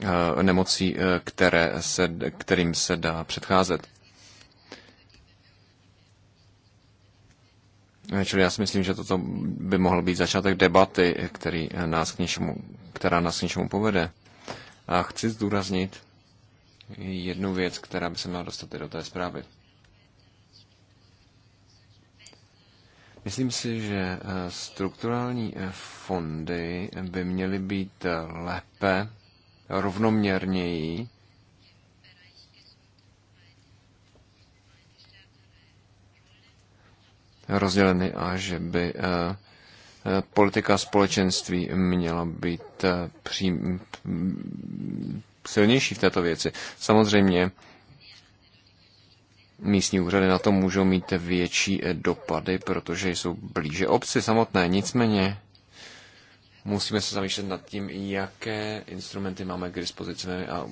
Eh, nemocí, eh, které se, kterým se dá předcházet. Eh, čili já si myslím, že toto by mohl být začátek debaty, který nás k něčemu, která nás k něčemu povede. A chci zdůraznit jednu věc, která by se měla dostat do té zprávy. Myslím si, že strukturální fondy by měly být lépe rovnoměrněji. rozděleny a že by eh, eh, politika společenství měla být eh, přím, silnější v této věci. Samozřejmě místní úřady na to můžou mít větší dopady, protože jsou blíže obci samotné. Nicméně musíme se zamýšlet nad tím, jaké instrumenty máme k dispozici a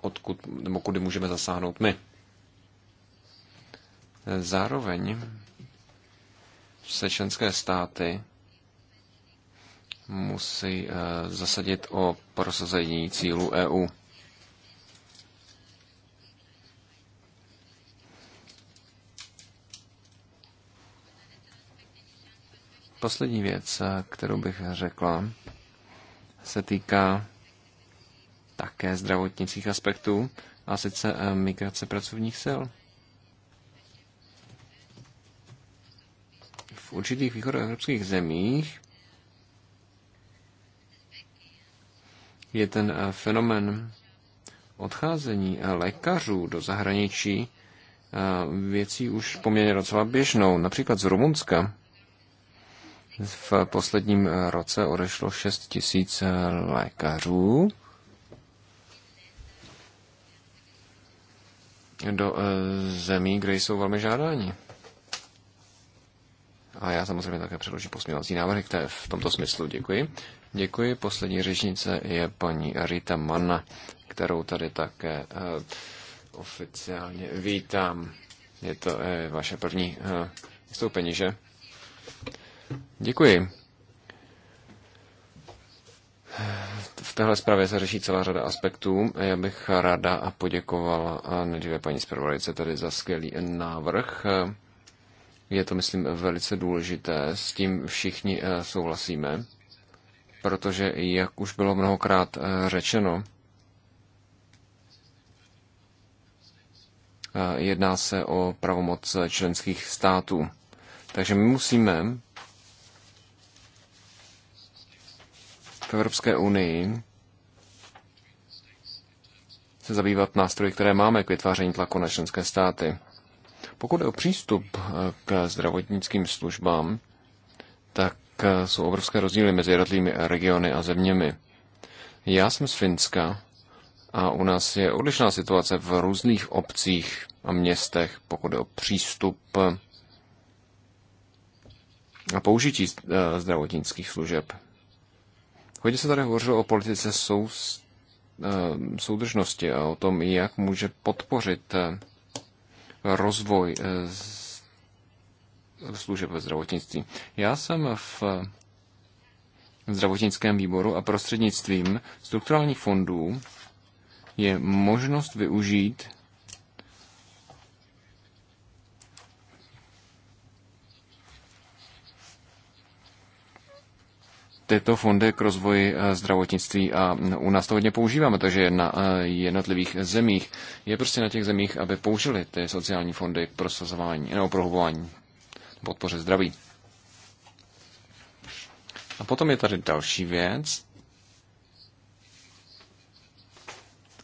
odkud, nebo kudy můžeme zasáhnout my. Zároveň se členské státy musí eh, zasadit o prosazení cílu e EU. poslední věc, kterou bych řekla, se týká také zdravotnických aspektů, a sice eh, migrace pracovních sil. V určitých východoevropských zemích je ten eh, fenomen odcházení eh, lékařů do zahraničí věcí už poměrně docela běžnou. Například z Rumunska v posledním roce odešlo 6 tisíc lékařů do eh, zemí, kde jsou velmi žádáni. A já samozřejmě také předložím posměvací návrhy které v tomto smyslu. Děkuji. Děkuji. Poslední řečnice je paní Rita Manna, kterou tady také eh, oficiálně vítám. Je to eh, vaše první vystoupení, že? Děkuji. V téhle zprávě se řeší celá řada aspektů. Já bych ráda a poděkovala nejdříve paní zpravodajce tady za skvělý návrh. Je to, myslím, velice důležité. S tím všichni eh, souhlasíme, protože, jak už bylo mnohokrát eh, řečeno, eh, jedná se o pravomoc členských států. Takže my musíme v Evropské unii se zabývat nástroji, které máme k vytváření tlaku na členské státy. Pokud je o přístup eh, k zdravotnickým službám, tak eh, jsou obrovské rozdíly mezi jednotlivými regiony a zeměmi. Já jsem z Finska a u nás je odlišná situace v různých obcích a městech, pokud je o přístup eh, a použití zdravotnických služeb. Hodně se tady hovořilo o politice sou, eh, soudržnosti a o tom, jak může podpořit eh, rozvoj eh, služeb ve zdravotnictví. Já jsem v zdravotnickém výboru a prostřednictvím strukturálních fondů je možnost využít tyto fondy k rozvoji eh, zdravotnictví a mm, u nás to hodně používáme, takže na eh, jednotlivých zemích je prostě na těch zemích, aby použili ty sociální fondy k prosazování nebo prohlubování podpoře zdraví. A potom je tady další věc.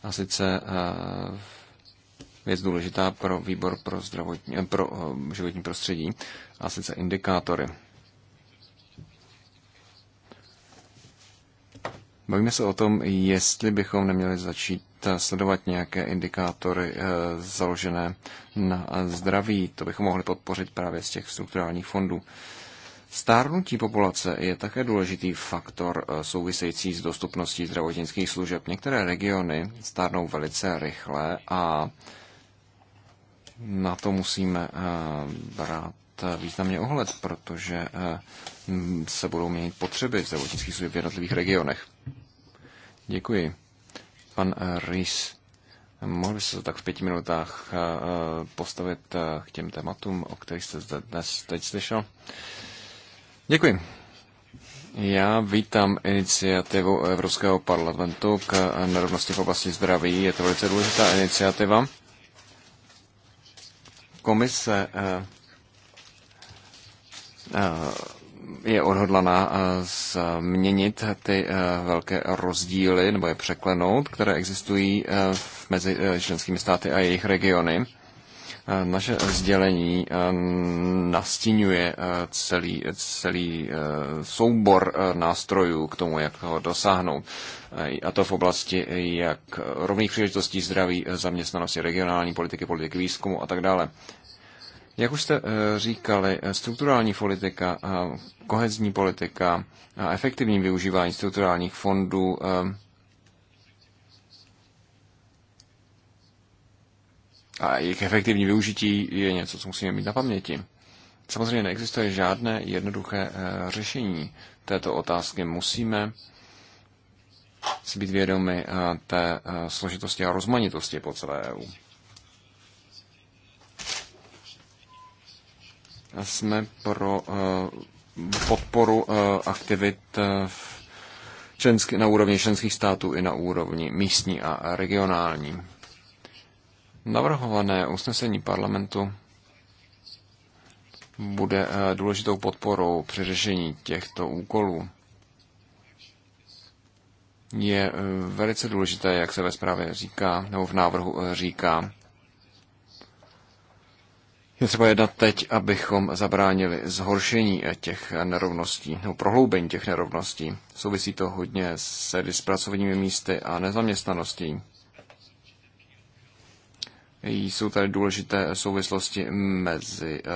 A sice eh, věc důležitá pro výbor pro, zdravotní, pro životní prostředí, a sice indikátory. Bavíme se o tom, jestli bychom neměli začít sledovat nějaké indikátory eh, založené na zdraví. To bychom mohli podpořit právě z těch strukturálních fondů. Stárnutí populace je také důležitý faktor eh, související s dostupností zdravotnických služeb. Některé regiony stárnou velice rychle a na to musíme eh, brát významně ohled, protože se budou měnit potřeby zdravotnických služeb v jednotlivých regionech. Děkuji. Pan eh, Rys, mohl byste se tak v pěti minutách eh, eh, postavit k těm tématům, o kterých jste zde dnes teď slyšel? Děkuji. Já vítám iniciativu Evropského parlamentu k nerovnosti v oblasti zdraví. Je to velice důležitá iniciativa. Komise je odhodlaná eh, změnit ty eh, velké rozdíly nebo je překlenout, které existují eh, mezi členskými státy a jejich regiony. Naše sdělení nastínuje celý, celý soubor nástrojů k tomu, jak ho dosáhnout. A to v oblasti jak rovných příležitostí zdraví, zaměstnanosti, regionální politiky, politiky výzkumu a tak dále. Jak už jste eh, říkali, eh, strukturální politika, kohezní politika a efektivní využívání strukturálních fondů eh, a jejich efektivní využití je něco, co musíme mít na paměti. Samozřejmě neexistuje žádné jednoduché řešení této otázky. Musíme si být vědomi té složitosti a rozmanitosti po celé EU. jsme pro eh, podporu eh, aktivit eh, čensky, na úrovni členských států i na úrovni místní a regionální. Navrhované usnesení parlamentu bude důležitou podporou při řešení těchto úkolů. Je velice důležité, jak se ve zprávě říká, nebo v návrhu říká, je třeba jednat teď, abychom zabránili zhoršení těch nerovností, nebo prohloubení těch nerovností. Souvisí to hodně s pracovními místy a nezaměstnaností. Jsou tady důležité souvislosti mezi eh,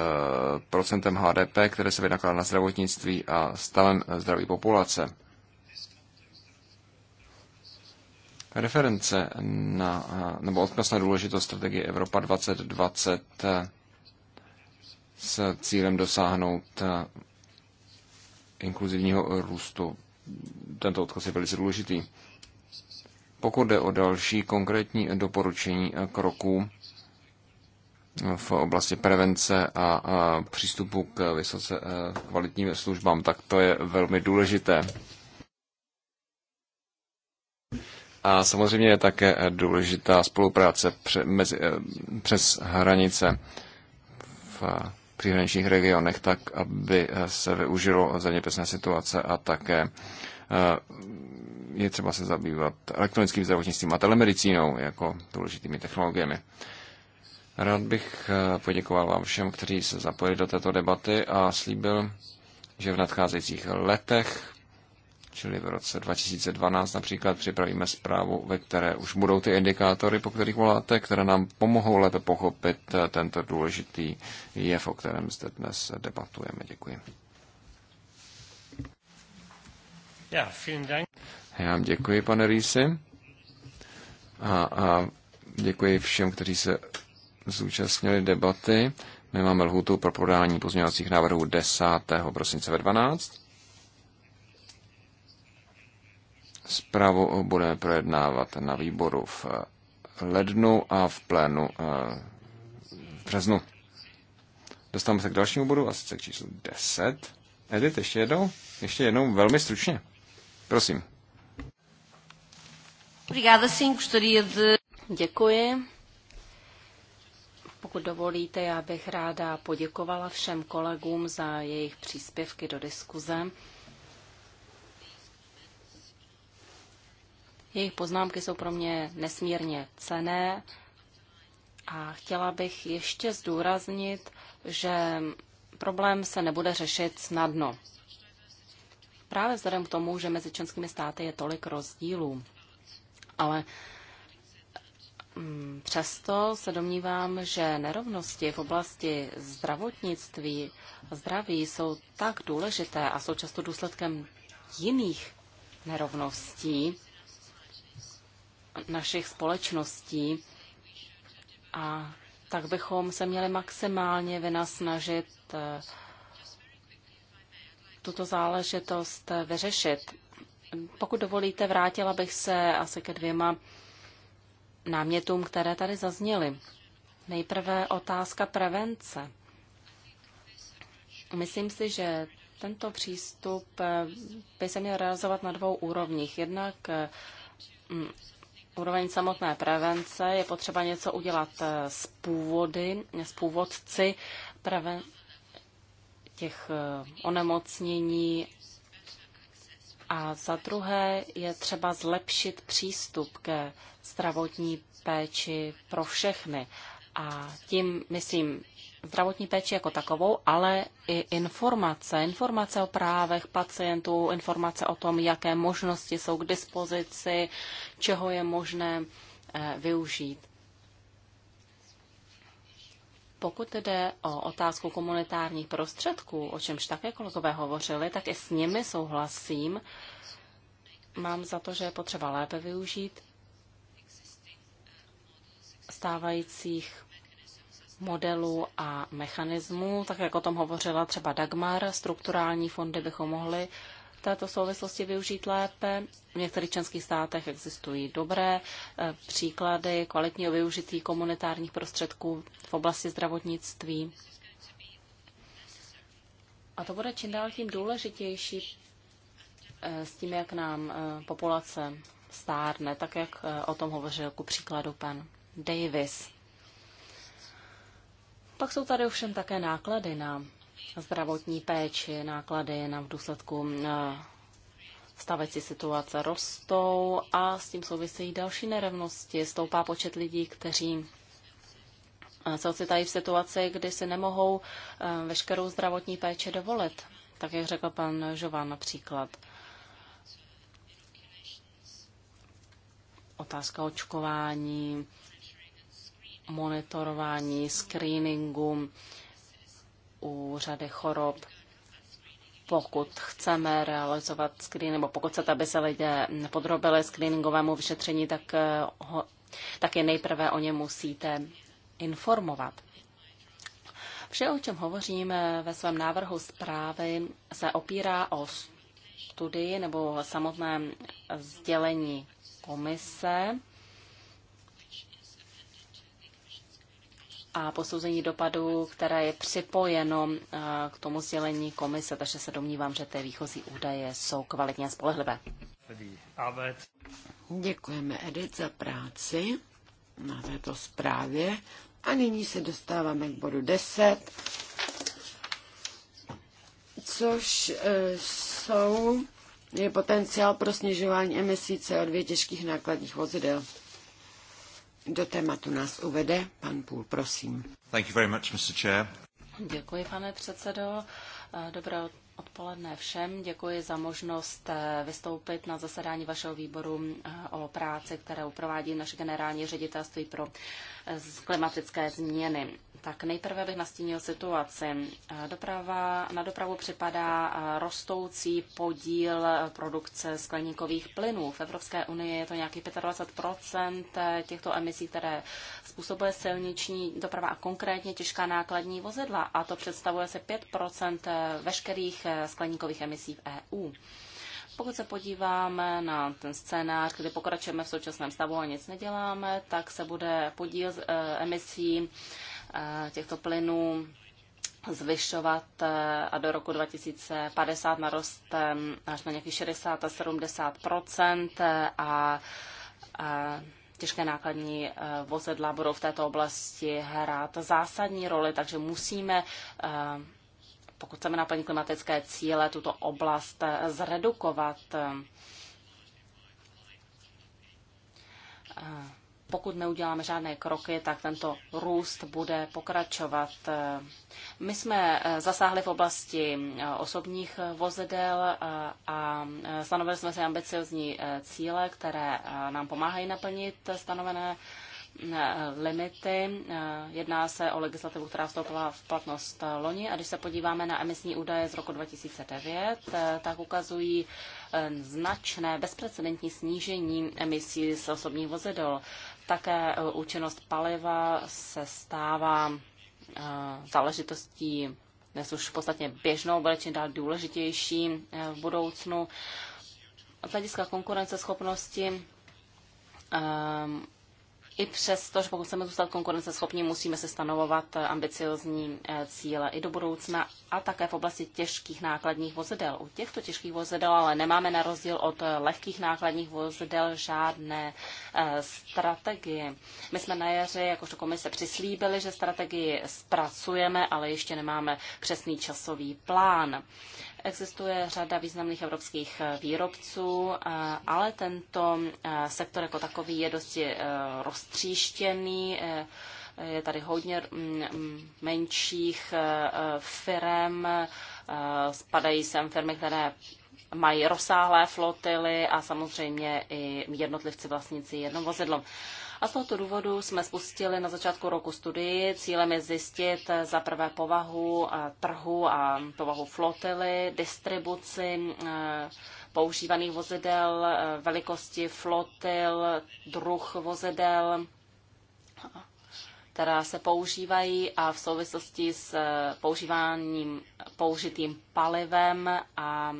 procentem HDP, které se vynakládá na zdravotnictví a stavem zdraví populace. Reference na, eh, nebo odkaz na důležitost strategie Evropa 2020 s cílem dosáhnout eh, inkluzivního růstu. Tento odkaz je velice důležitý. Pokud jde o další konkrétní doporučení kroků v oblasti prevence a přístupu k vysoce eh, kvalitním službám, tak to je velmi důležité. A samozřejmě je také důležitá spolupráce pře, mezi, eh, přes hranice v příhraničních regionech, tak aby eh, se využilo zeměpisné situace a také eh, je třeba se zabývat elektronickým zdravotnictvím a telemedicínou jako důležitými technologiemi. Rád bych eh, poděkoval vám všem, kteří se zapojili do této debaty a slíbil, že v nadcházejících letech Čili v roce 2012 například připravíme zprávu, ve které už budou ty indikátory, po kterých voláte, které nám pomohou lépe pochopit eh, tento důležitý jev, o kterém zde dnes debatujeme. Děkuji. Já vám děkuji, pane Rýsi. A, a děkuji všem, kteří se zúčastnili debaty. My máme lhutu pro podání pozměňovacích návrhů 10. prosince ve 12. Zprávu budeme projednávat na výboru v lednu a v plénu eh, v březnu. Dostáváme se k dalšímu bodu, a sice k číslu 10. Edit, ještě jednou? Ještě jednou, velmi stručně. Prosím. Děkuji. Pokud dovolíte, já bych ráda poděkovala všem kolegům za jejich příspěvky do diskuze. Jejich poznámky jsou pro mě nesmírně cené a chtěla bych ještě zdůraznit, že problém se nebude řešit snadno. Právě vzhledem k tomu, že mezi členskými státy je tolik rozdílů. Ale mm, Přesto se domnívám, že nerovnosti v oblasti zdravotnictví a zdraví jsou tak důležité a jsou často důsledkem jiných nerovností, našich společností a tak bychom se měli maximálně vynasnažit eh, tuto záležitost eh, vyřešit. Pokud dovolíte, vrátila bych se asi ke dvěma námětům, které tady zazněly. Nejprve otázka prevence. Myslím si, že tento přístup eh, by se měl realizovat na dvou úrovních. Jednak úroveň samotné prevence je potřeba něco udělat eh, s původy, s původci preven- těch eh, onemocnění. A za druhé je třeba zlepšit přístup ke zdravotní péči pro všechny. A tím myslím zdravotní péči jako takovou, ale i informace. Informace o právech pacientů, informace o tom, jaké možnosti jsou k dispozici, čeho je možné eh, využít. Pokud jde o otázku komunitárních prostředků, o čemž také kolegové hovořili, tak i s nimi souhlasím. Mám za to, že je potřeba lépe využít stávajících modelů a mechanismů, tak jak o tom hovořila třeba Dagmar, strukturální fondy bychom mohli v této souvislosti využít lépe. V některých členských státech existují dobré eh, příklady kvalitního využití komunitárních prostředků v oblasti zdravotnictví. A to bude čím dál tím důležitější eh, s tím, jak nám eh, populace stárne, tak jak o tom hovořil ku příkladu pan Davis. Pak jsou tady ovšem také náklady na zdravotní péči, náklady na v důsledku stavecí situace rostou a s tím souvisejí další nerovnosti. Stoupá počet lidí, kteří eh, se ocitají v situaci, kdy si nemohou eh, veškerou zdravotní péči dovolit. Tak jak řekl pan Žován například. Otázka očkování, monitorování, screeningu u řady chorob. Pokud chceme realizovat screen, nebo pokud chcete, aby se lidé podrobili screeningovému vyšetření, tak, eh, ho, tak je nejprve o ně musíte informovat. Vše, o čem hovořím ve svém návrhu zprávy, se opírá o studii nebo samotné sdělení komise a posouzení dopadů, které je připojeno eh, k tomu sdělení komise, takže se domnívám, že ty výchozí údaje jsou kvalitně a spolehlivé. Děkujeme Edith za práci na této zprávě a nyní se dostáváme k bodu 10, což eh, jsou, je potenciál pro snižování emisí CO2 těžkých nákladních vozidel. Do tématu nás uvede pan Půl, prosím. Thank you very much, Mr. Chair. Děkuji, pane předsedo. Dobré odpoledne všem. Děkuji za možnost eh, vystoupit na zasedání vašeho výboru eh, o práci, kterou provádí naše generální ředitelství pro eh, klimatické změny. Tak nejprve bych nastínil situaci. Doprava, na dopravu připadá rostoucí podíl produkce skleníkových plynů. V Evropské unii je to nějaký 25 těchto emisí, které způsobuje silniční doprava a konkrétně těžká nákladní vozidla. A to představuje se 5 veškerých skleníkových emisí v EU. Pokud se podíváme na ten scénář, kdy pokračujeme v současném stavu a nic neděláme, tak se bude podíl eh, emisí eh, těchto plynů zvyšovat eh, a do roku 2050 naroste až na nějakých 60 a 70 a, a těžké nákladní vozidla budou v této oblasti hrát zásadní roli, takže musíme pokud chceme naplnit klimatické cíle, tuto oblast eh, zredukovat. Eh, pokud neuděláme žádné kroky, tak tento růst bude pokračovat. My jsme eh, zasáhli v oblasti osobních vozidel a stanovili jsme si ambiciozní cíle, které nám pomáhají naplnit stanovené Eh, limity. Eh, jedná se o legislativu, která vstoupila v platnost eh, loni. A když se podíváme na emisní údaje z roku 2009, tak ukazují značné bezprecedentní snížení emisí z osobních vozidel. Také účinnost paliva se stává záležitostí dnes už v podstatě běžnou, bude čím dál důležitější v budoucnu. Z hlediska konkurenceschopnosti i přesto, že pokud chceme zůstat konkurenceschopní, musíme se stanovovat eh, ambiciozní eh, cíle i do budoucna a také v oblasti těžkých nákladních vozidel. U těchto těžkých vozidel ale nemáme na rozdíl od eh, lehkých nákladních vozidel žádné strategie. My jsme na jaře jakožto komise přislíbili, že strategii zpracujeme, ale ještě nemáme přesný časový plán. Existuje řada významných evropských eh, výrobců, eh, ale tento eh, sektor jako takový je dosti roztříštěný. Je tady hodně mm, mm, menších firm, spadají sem firmy, které mají rozsáhlé flotily a samozřejmě i jednotlivci vlastníci jedno vozidlo. A z tohoto důvodu jsme spustili na začátku roku studii. Cílem je zjistit eh, za prvé povahu eh, trhu a povahu flotily, distribuci eh, používaných vozidel, velikosti flotil, druh vozidel, která se používají a v souvislosti s používáním použitým palivem a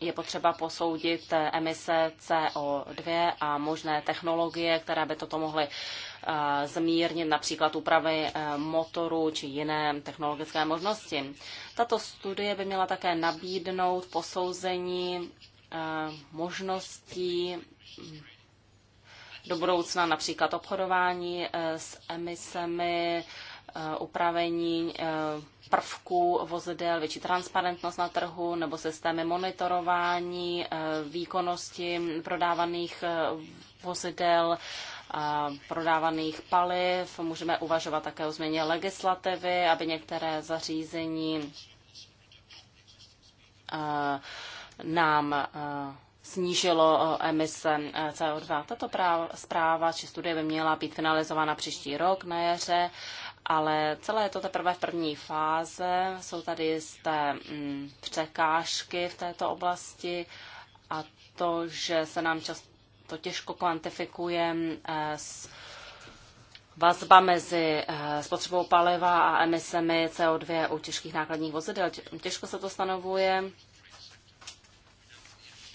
je potřeba posoudit eh, emise CO2 a možné technologie, které by toto mohly eh, zmírnit, například úpravy eh, motoru či jiné technologické možnosti. Tato studie by měla také nabídnout posouzení možností mm, do budoucna například obchodování s emisemi, Eh, upravení eh, prvků vozidel, větší transparentnost na trhu nebo systémy monitorování eh, výkonnosti prodávaných vozidel, prodávaných paliv. Můžeme uvažovat také o změně legislativy, aby některé zařízení nám snížilo emise CO2. Tato zpráva či studie by měla být finalizována příští rok na jaře ale celé je to teprve v první fáze. Jsou tady jisté mm, překážky v této oblasti a to, že se nám často těžko kvantifikuje mm, eh, s vazba mezi eh, spotřebou paliva a emisemi CO2 u těžkých nákladních vozidel. Těžko se to stanovuje.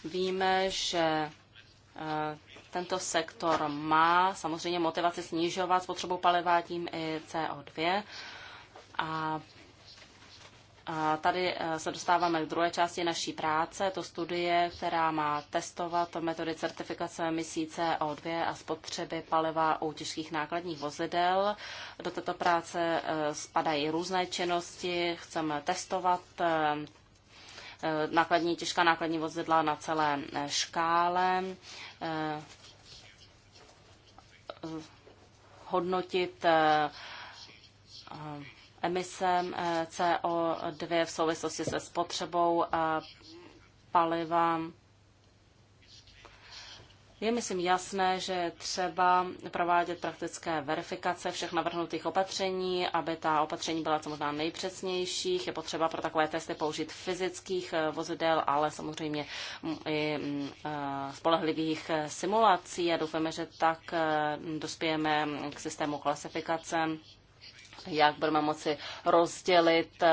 Víme, že eh, tento sektor má samozřejmě motivaci snižovat spotřebu paliva tím i CO2. A a tady e, se dostáváme k druhé části naší práce, to studie, která má testovat metody certifikace emisí CO2 a spotřeby paliva u těžkých nákladních vozidel. Do této práce e, spadají různé činnosti, chceme testovat e, nákladní, těžká nákladní vozidla na celé škále hodnotit eh, eh, emisem eh, CO2 v souvislosti se spotřebou paliva je myslím jasné, že je třeba provádět praktické verifikace všech navrhnutých opatření, aby ta opatření byla co možná nejpřesnějších. Je potřeba pro takové testy použít fyzických eh, vozidel, ale samozřejmě mm, i mm, eh, spolehlivých eh, simulací a doufáme, že tak dospějeme k systému klasifikace, jak budeme moci rozdělit uh,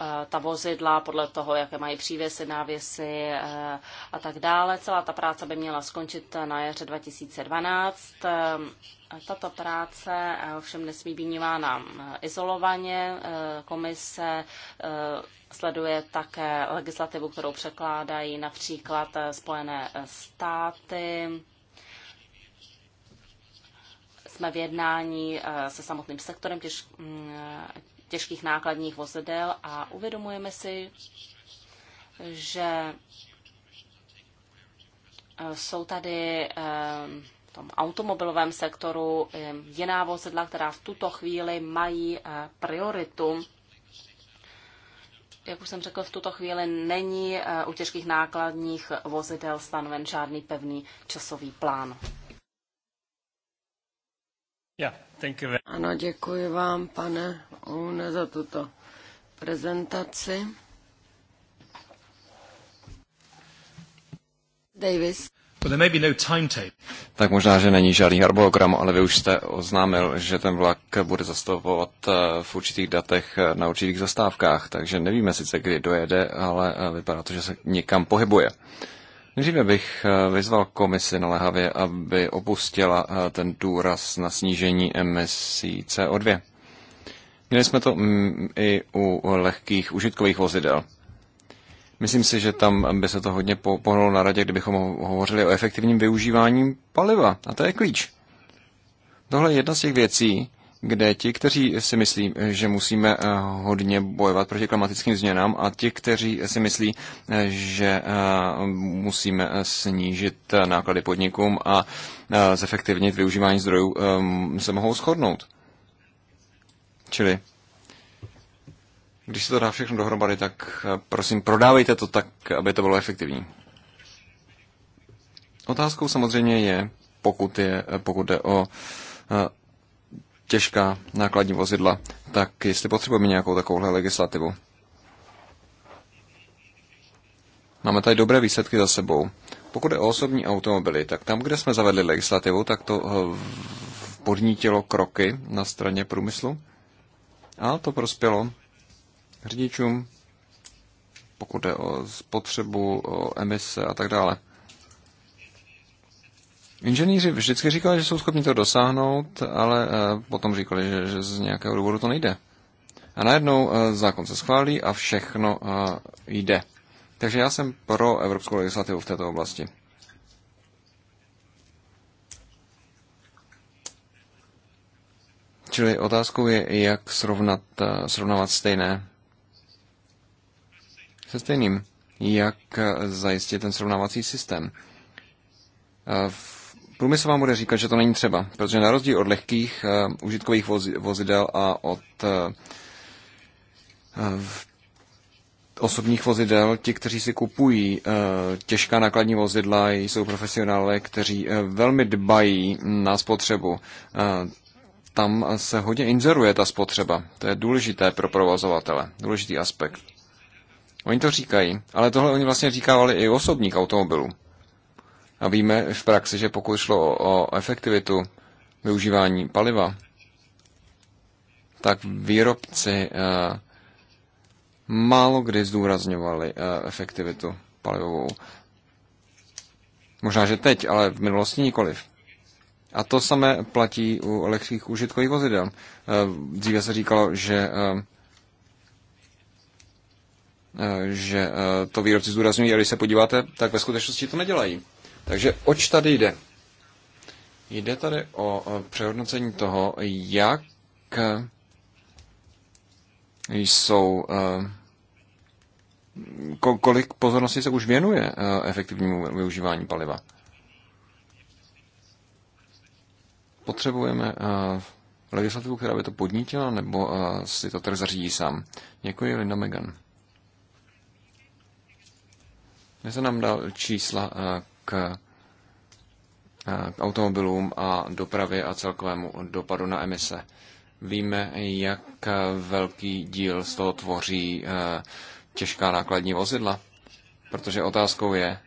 Eh, ta vozidla podle toho, jaké mají přívěsy, návěsy eh, a tak dále. Celá ta práce by měla skončit na jaře 2012. Eh, tato práce ovšem nesmí být vnímána izolovaně. Komise sleduje také legislativu, kterou překládají například Spojené státy, jsme v jednání se samotným sektorem těž, mm, těžkých nákladních vozidel a uvědomujeme si, že eh, jsou tady eh, v tom automobilovém sektoru eh, jiná vozidla, která v tuto chvíli mají prioritu. Jak už jsem řekl, v tuto chvíli není u těžkých nákladních vozidel stanoven žádný pevný časový plán. Ano, děkuji vám, pane Oune, za tuto prezentaci. Davis. No tak možná, že není žádný harmonogram, ale vy už jste oznámil, že ten vlak bude zastavovat eh, v určitých datech eh, na určitých zastávkách, takže nevíme sice, kdy dojede, ale eh, vypadá to, že se někam pohybuje. Nejdříve bych eh, vyzval komisi na Lehavě, aby opustila eh, ten důraz na snížení emisí CO2. Měli jsme to mm, i u lehkých užitkových vozidel. Myslím si, že tam by se to hodně pohnulo na radě, kdybychom hovořili o efektivním využívání paliva. A to je klíč. Tohle je jedna z těch věcí, kde ti, kteří si myslí, že musíme eh, hodně bojovat proti klimatickým změnám a ti, kteří si myslí, eh, že eh, musíme snížit náklady podnikům a zefektivnit využívání zdrojů, se mohou shodnout. Čili když se to dá všechno dohromady, tak prosím, prodávejte to tak, aby to bylo efektivní. Otázkou samozřejmě je, pokud, je, pokud jde o těžká nákladní vozidla, tak jestli potřebujeme nějakou takovouhle legislativu. Máme tady dobré výsledky za sebou. Pokud je o osobní automobily, tak tam, kde jsme zavedli legislativu, tak to eh, podnítilo kroky na straně průmyslu a to prospělo řidičům, pokud je o spotřebu, o emise a tak dále. Inženýři vždycky říkali, že jsou schopni to dosáhnout, ale eh, potom říkali, že, že z nějakého důvodu to nejde. A najednou eh, zákon se schválí a všechno eh, jde. Takže já jsem pro evropskou legislativu v této oblasti. Čili otázkou je, jak srovnat, srovnávat stejné se stejným. Jak zajistit ten srovnávací systém. V Průmysl vám bude říkat, že to není třeba, protože na rozdíl od lehkých uh, užitkových vozidel a od uh, osobních vozidel, ti, kteří si kupují uh, těžká nákladní vozidla, jsou profesionále, kteří uh, velmi dbají na spotřebu. Uh, tam se hodně inzeruje ta spotřeba. To je důležité pro provozovatele, důležitý aspekt. Oni to říkají, ale tohle oni vlastně říkávali i osobních automobilů. A víme v praxi, že pokud šlo o efektivitu využívání paliva, tak výrobci eh, málo kdy zdůrazňovali eh, efektivitu palivovou. Možná, že teď, ale v minulosti nikoliv. A to samé platí u elektrických užitkových vozidel. Eh, dříve se říkalo, že že to výrobci zdůrazňují, a když se podíváte, tak ve skutečnosti to nedělají. Takže oč tady jde? Jde tady o přehodnocení toho, jak jsou eh, kolik pozornosti se už věnuje eh, efektivnímu využívání paliva. Potřebujeme eh, legislativu, která by to podnítila, nebo si to trh zařídí sám. Děkuji, Linda Megan. Dnes se nám dal čísla k, eh, k automobilům a dopravě a celkovému dopadu na emise. Víme, jak velký díl z toho tvoří eh, těžká nákladní vozidla, protože otázkou je,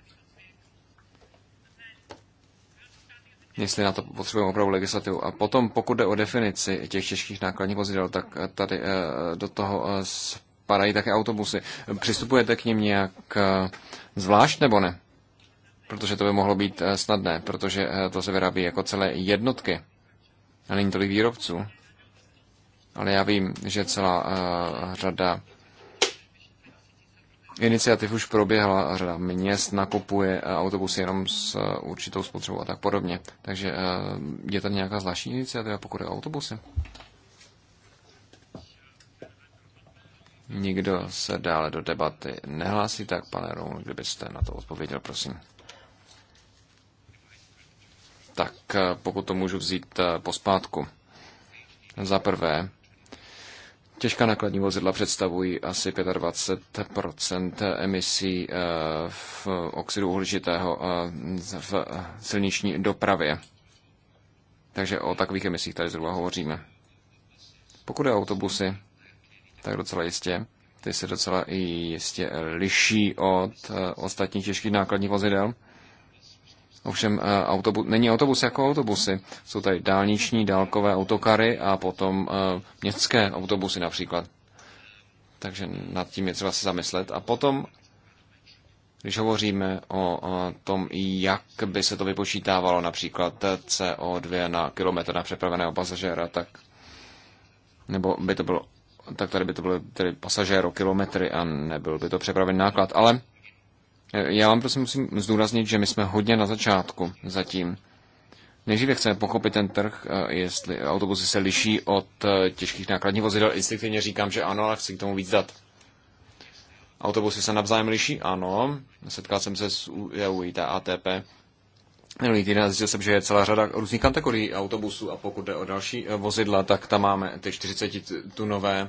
jestli na to potřebujeme opravdu legislativu. A potom, pokud jde o definici těch těžkých nákladních vozidel, tak eh, tady do toho spadají také autobusy. Přistupujete k nim nějak zvlášť nebo ne? protože to by mohlo být eh, snadné, protože eh, to se vyrábí jako celé jednotky. A není tolik výrobců. Ale já vím, že celá eh, řada iniciativ už proběhla, řada měst nakupuje autobusy jenom s určitou spotřebou a tak podobně. Takže je tady nějaká zvláštní iniciativa, pokud je autobusy? Nikdo se dále do debaty nehlásí, tak pane Roun, kdybyste na to odpověděl, prosím tak eh, pokud to můžu vzít eh, pospátku. Za prvé, těžká nákladní vozidla představují asi 25 emisí eh, v oxidu uhličitého v silniční dopravě. Takže o takových emisích tady zhruba hovoříme. Pokud je autobusy, tak docela jistě. Ty se docela i jistě liší od ostatních těžkých nákladních vozidel. Ovšem eh, autobu, není autobus jako autobusy. Jsou tady dálniční, dálkové autokary a potom eh, městské autobusy například. Takže nad tím je třeba se zamyslet. A potom, když hovoříme o tom, jak by se to vypočítávalo například CO2 na kilometr na přepraveného pasažéra, tak nebo by to bylo tak tady by to byly tedy pasažéro kilometry a nebyl by to přepravený náklad. Ale já vám prosím musím zdůraznit, že my jsme hodně na začátku zatím. Nejdříve chceme pochopit ten trh, eh, jestli autobusy se liší od eh, těžkých nákladních vozidel. Instinktivně říkám, že ano, ale chci k tomu víc dát. Autobusy se navzájem liší? Ano. Setkal jsem se s UIT ATP. Minulý týden zjistil jsem, že je celá řada různých kategorií autobusů a pokud jde o další eh, vozidla, tak tam máme ty 40-tunové,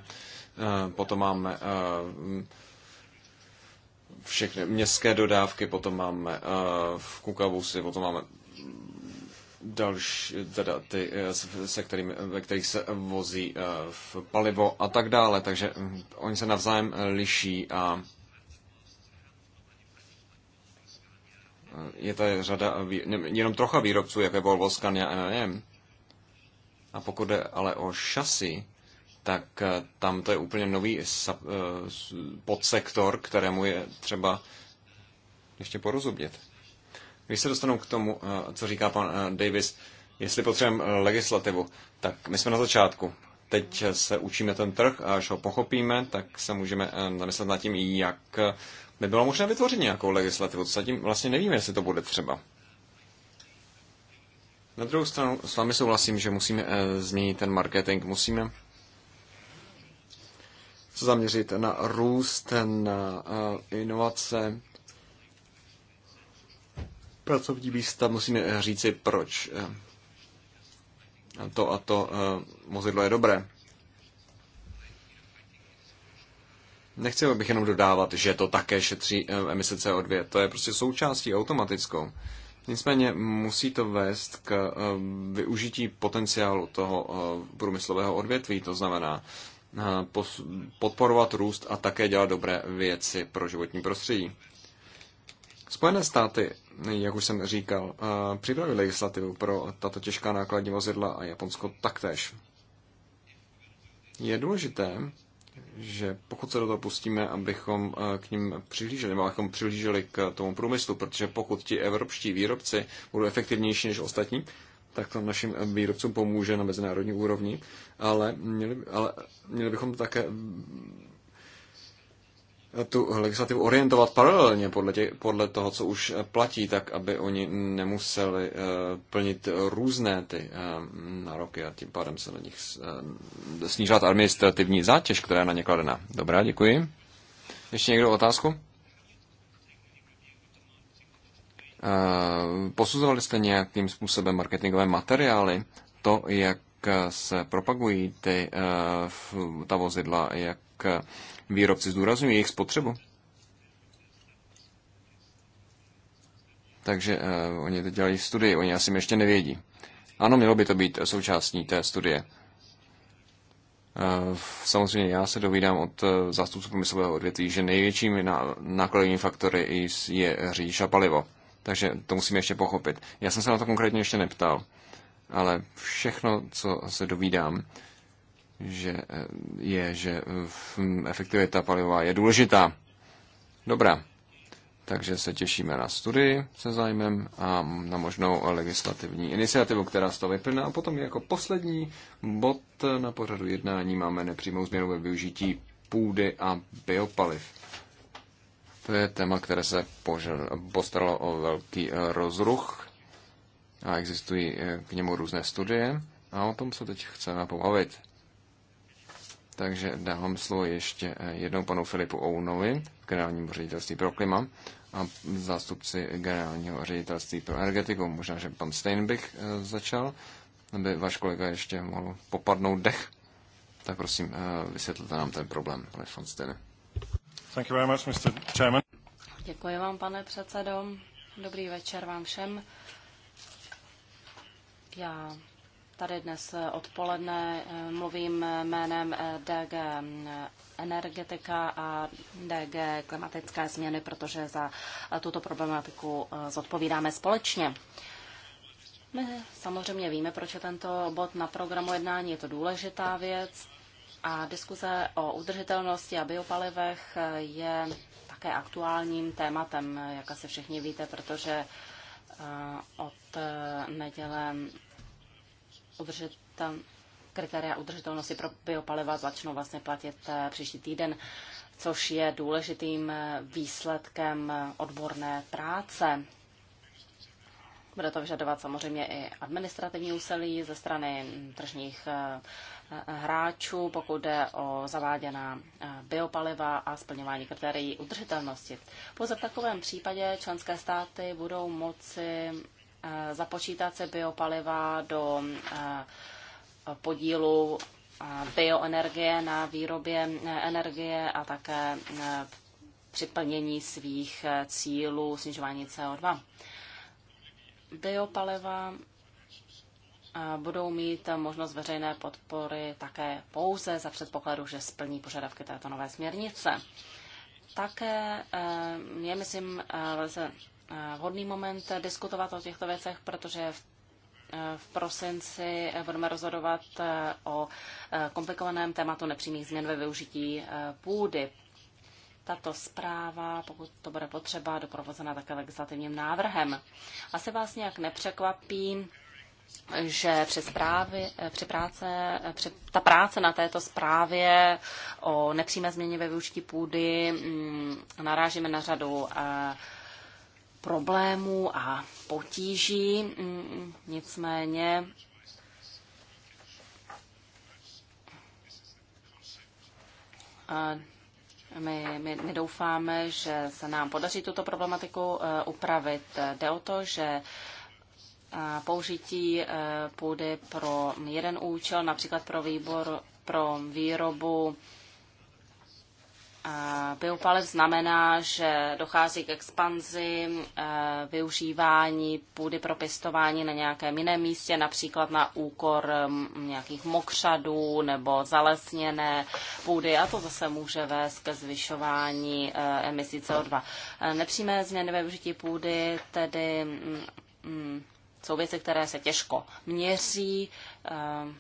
potom máme všechny městské dodávky, potom máme eh, v Kukavusi, potom máme další, teda ty, eh, se kterými, ve kterých se vozí eh, v palivo a tak dále. Takže hm, oni se navzájem liší a je tady řada, jenom trocha výrobců, jako je Volvo, Scania M&M A pokud jde ale o šasy, tak eh, tam to je úplně nový eh, podsektor, kterému je třeba ještě porozumět. Když se dostanu k tomu, eh, co říká pan Davis, jestli potřebujeme legislativu, tak my jsme na začátku. Teď se učíme ten trh a až ho pochopíme, tak se můžeme zamyslet nad tím, jak by bylo možné vytvořit nějakou legislativu. Zatím vlastně nevíme, jestli to bude třeba. Na druhou stranu s vámi souhlasím, že musíme změnit ten marketing. Musíme se zaměřit na růst, na eh, inovace, pracovní místa, musíme eh, říci, proč eh, to a to vozidlo je dobré. Nechci bych jenom dodávat, že to také šetří emise CO2. To je prostě součástí automatickou. Nicméně musí to vést k využití potenciálu toho průmyslového odvětví. To znamená, Eh, podporovat růst a také dělat dobré věci pro životní prostředí. Spojené státy, jak už jsem říkal, eh, připravili legislativu pro tato těžká nákladní vozidla a Japonsko taktéž. Je důležité, že pokud se do toho pustíme, abychom eh, k ním přihlíželi, nebo abychom přihlíželi k tomu průmyslu, protože pokud ti evropští výrobci budou efektivnější než ostatní, tak to našim výrobcům pomůže na mezinárodní úrovni, ale měli, ale měli bychom také tu legislativu orientovat paralelně podle, tě, podle toho, co už platí, tak aby oni nemuseli eh, plnit různé ty eh, nároky a tím pádem se na nich eh, snížila administrativní zátěž, která je na ně kladena. Dobrá, děkuji. Ještě někdo otázku? Eh, posuzovali jste nějakým způsobem marketingové materiály, to, jak se propagují ty, eh, ta vozidla, jak výrobci zdůrazňují jejich spotřebu? Takže uh, oni to dělají studii, oni asi ještě nevědí. Ano, mělo by to být součástí té studie. Uh, samozřejmě já se dovídám od uh, zástupců průmyslového odvětví, že největšími ná, nákladovými faktory je říš a palivo. Takže to musíme ještě pochopit. Já jsem se na to konkrétně ještě neptal, ale všechno, co se dovídám, že eh, je, že eh, efektivita palivová je důležitá. Dobrá. Takže se těšíme na studii se zájmem a na možnou legislativní iniciativu, která z toho vyplná. A potom jako poslední bod na pořadu jednání máme nepřímou změnu ve využití půdy a biopaliv. To je téma, které se postaralo o velký eh, rozruch a existují eh, k němu různé studie a o tom se teď chceme pobavit. Takže dávám slovo ještě eh, jednou panu Filipu Ounovi v generálním ředitelství pro klima a zástupci generálního ředitelství pro energetiku. Možná, že pan Steinbich začal, aby váš kolega ještě mohl popadnout dech. Tak prosím, vysvětlete nám ten problém, pane Fonstene. Thank you very much, Mr. Chairman. Děkuji vám, pane předsedo. Dobrý večer vám všem. Já tady dnes odpoledne eh, mluvím jménem eh, DG eh, energetika a DG klimatické změny, protože za tuto problematiku zodpovídáme společně. My samozřejmě víme, proč je tento bod na programu jednání. Je to důležitá věc. A diskuze o udržitelnosti a biopalivech je také aktuálním tématem, jak asi všichni víte, protože eh, od eh, neděle udržitel, kritéria udržitelnosti pro biopaliva začnou vlastně platit eh, příští týden, což je důležitým výsledkem odborné práce. Bude to vyžadovat samozřejmě i administrativní úsilí ze strany tržních hráčů, pokud jde o zaváděná eh, biopaliva a splňování kritérií udržitelnosti. Pouze v takovém případě členské státy budou moci eh, započítat se biopaliva do eh, podílu bioenergie na výrobě energie a také při plnění svých cílů snižování CO2. Biopaliva budou mít možnost veřejné podpory také pouze za předpokladu, že splní požadavky této nové směrnice. Také eh, je, myslím, eh, velice eh, vhodný moment diskutovat o těchto věcech, protože v v prosinci budeme rozhodovat o komplikovaném tématu nepřímých změn ve využití půdy. Tato zpráva, pokud to bude potřeba, doprovozená také legislativním návrhem. Asi vás nějak nepřekvapí, že při, zprávy, při práce, při, ta práce na této zprávě o nepřímé změně ve využití půdy m, mm, narážíme na řadu a, eh, problémů a potíží. M, mm, nicméně a, eh, my, my, my doufáme, že se nám podaří tuto problematiku eh, upravit. Jde o to, že použití e, půdy pro jeden účel, například pro výbor pro výrobu biopaliv znamená, že dochází k expanzi e, využívání půdy pro pěstování na nějakém jiném místě, například na úkor nějakých mokřadů nebo zalesněné půdy a to zase může vést ke zvyšování e, emisí CO2. Nepřímé změny ve využití půdy tedy jsou věci, které se těžko měří. Ehm,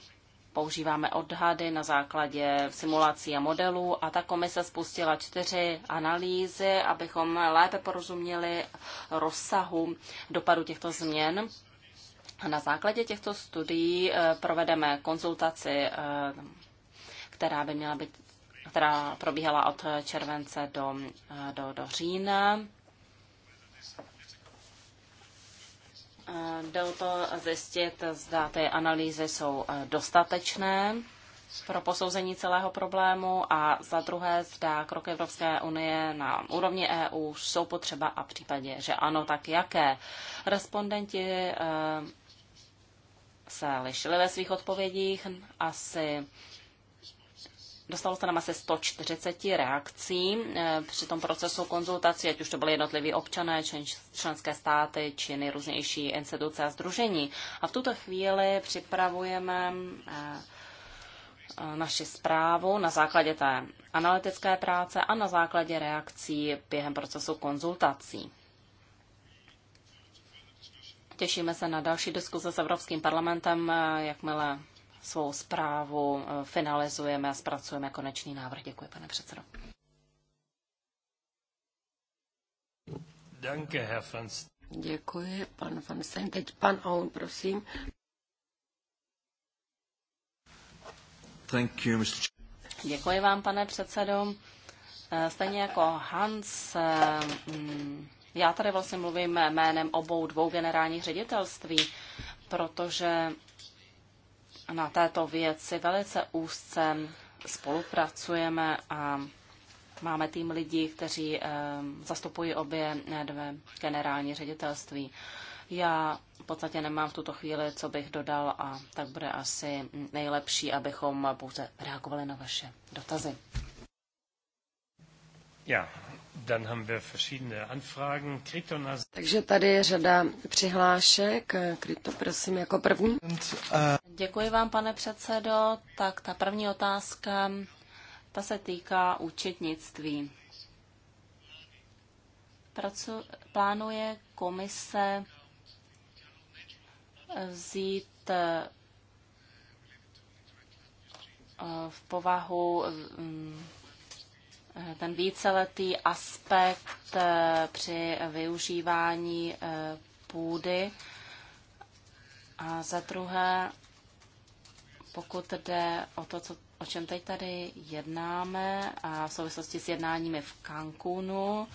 používáme odhady na základě simulací a modelů a ta komise spustila čtyři analýzy, abychom lépe porozuměli rozsahu dopadu těchto změn. A na základě těchto studií eh, provedeme konzultaci, eh, která by měla být která probíhala od července do, eh, do, do října. Jde eh, o to zjistit, zda ty analýzy jsou eh, dostatečné pro posouzení celého problému a za druhé, zda kroky Evropské unie na úrovni EU jsou potřeba a v případě, že ano, tak jaké. Respondenti eh, se lišili ve svých odpovědích. Asi Dostalo se nám asi 140 reakcí eh, při tom procesu konzultací, ať už to byly jednotliví občané, členské státy či nejrůznější instituce a združení. A v tuto chvíli připravujeme eh, eh, naši zprávu na základě té analytické práce a na základě reakcí během procesu konzultací. Těšíme se na další diskuze s Evropským parlamentem, jakmile svou zprávu eh, finalizujeme a zpracujeme konečný návrh. Děkuji, pane předsedo. Danke, Herr van Děkuji, pan van Stein. Teď pan Aoun, prosím. Thank you, Mr. Děkuji vám, pane předsedo. Eh, stejně jako Hans, eh, mm, já tady vlastně mluvím jménem obou dvou generálních ředitelství, protože na této věci velice úzce spolupracujeme a máme tým lidí, kteří ehm, zastupují obě eh, dvě generální ředitelství. Já v podstatě nemám v tuto chvíli, co bych dodal a tak bude asi nejlepší, abychom pouze reagovali na vaše dotazy. Ja, dann haben wir verschiedene Anfragen. Takže tady je řada přihlášek. Kryto, prosím, jako první. And, uh... Děkuji vám, pane předsedo. Tak ta první otázka, ta se týká účetnictví. Pracu, plánuje komise vzít eh, v povahu mm, ten víceletý aspekt eh, při využívání eh, půdy. A za druhé, pokud jde o to, co, o čem teď tady jednáme a v souvislosti s jednáními v Cancúnu,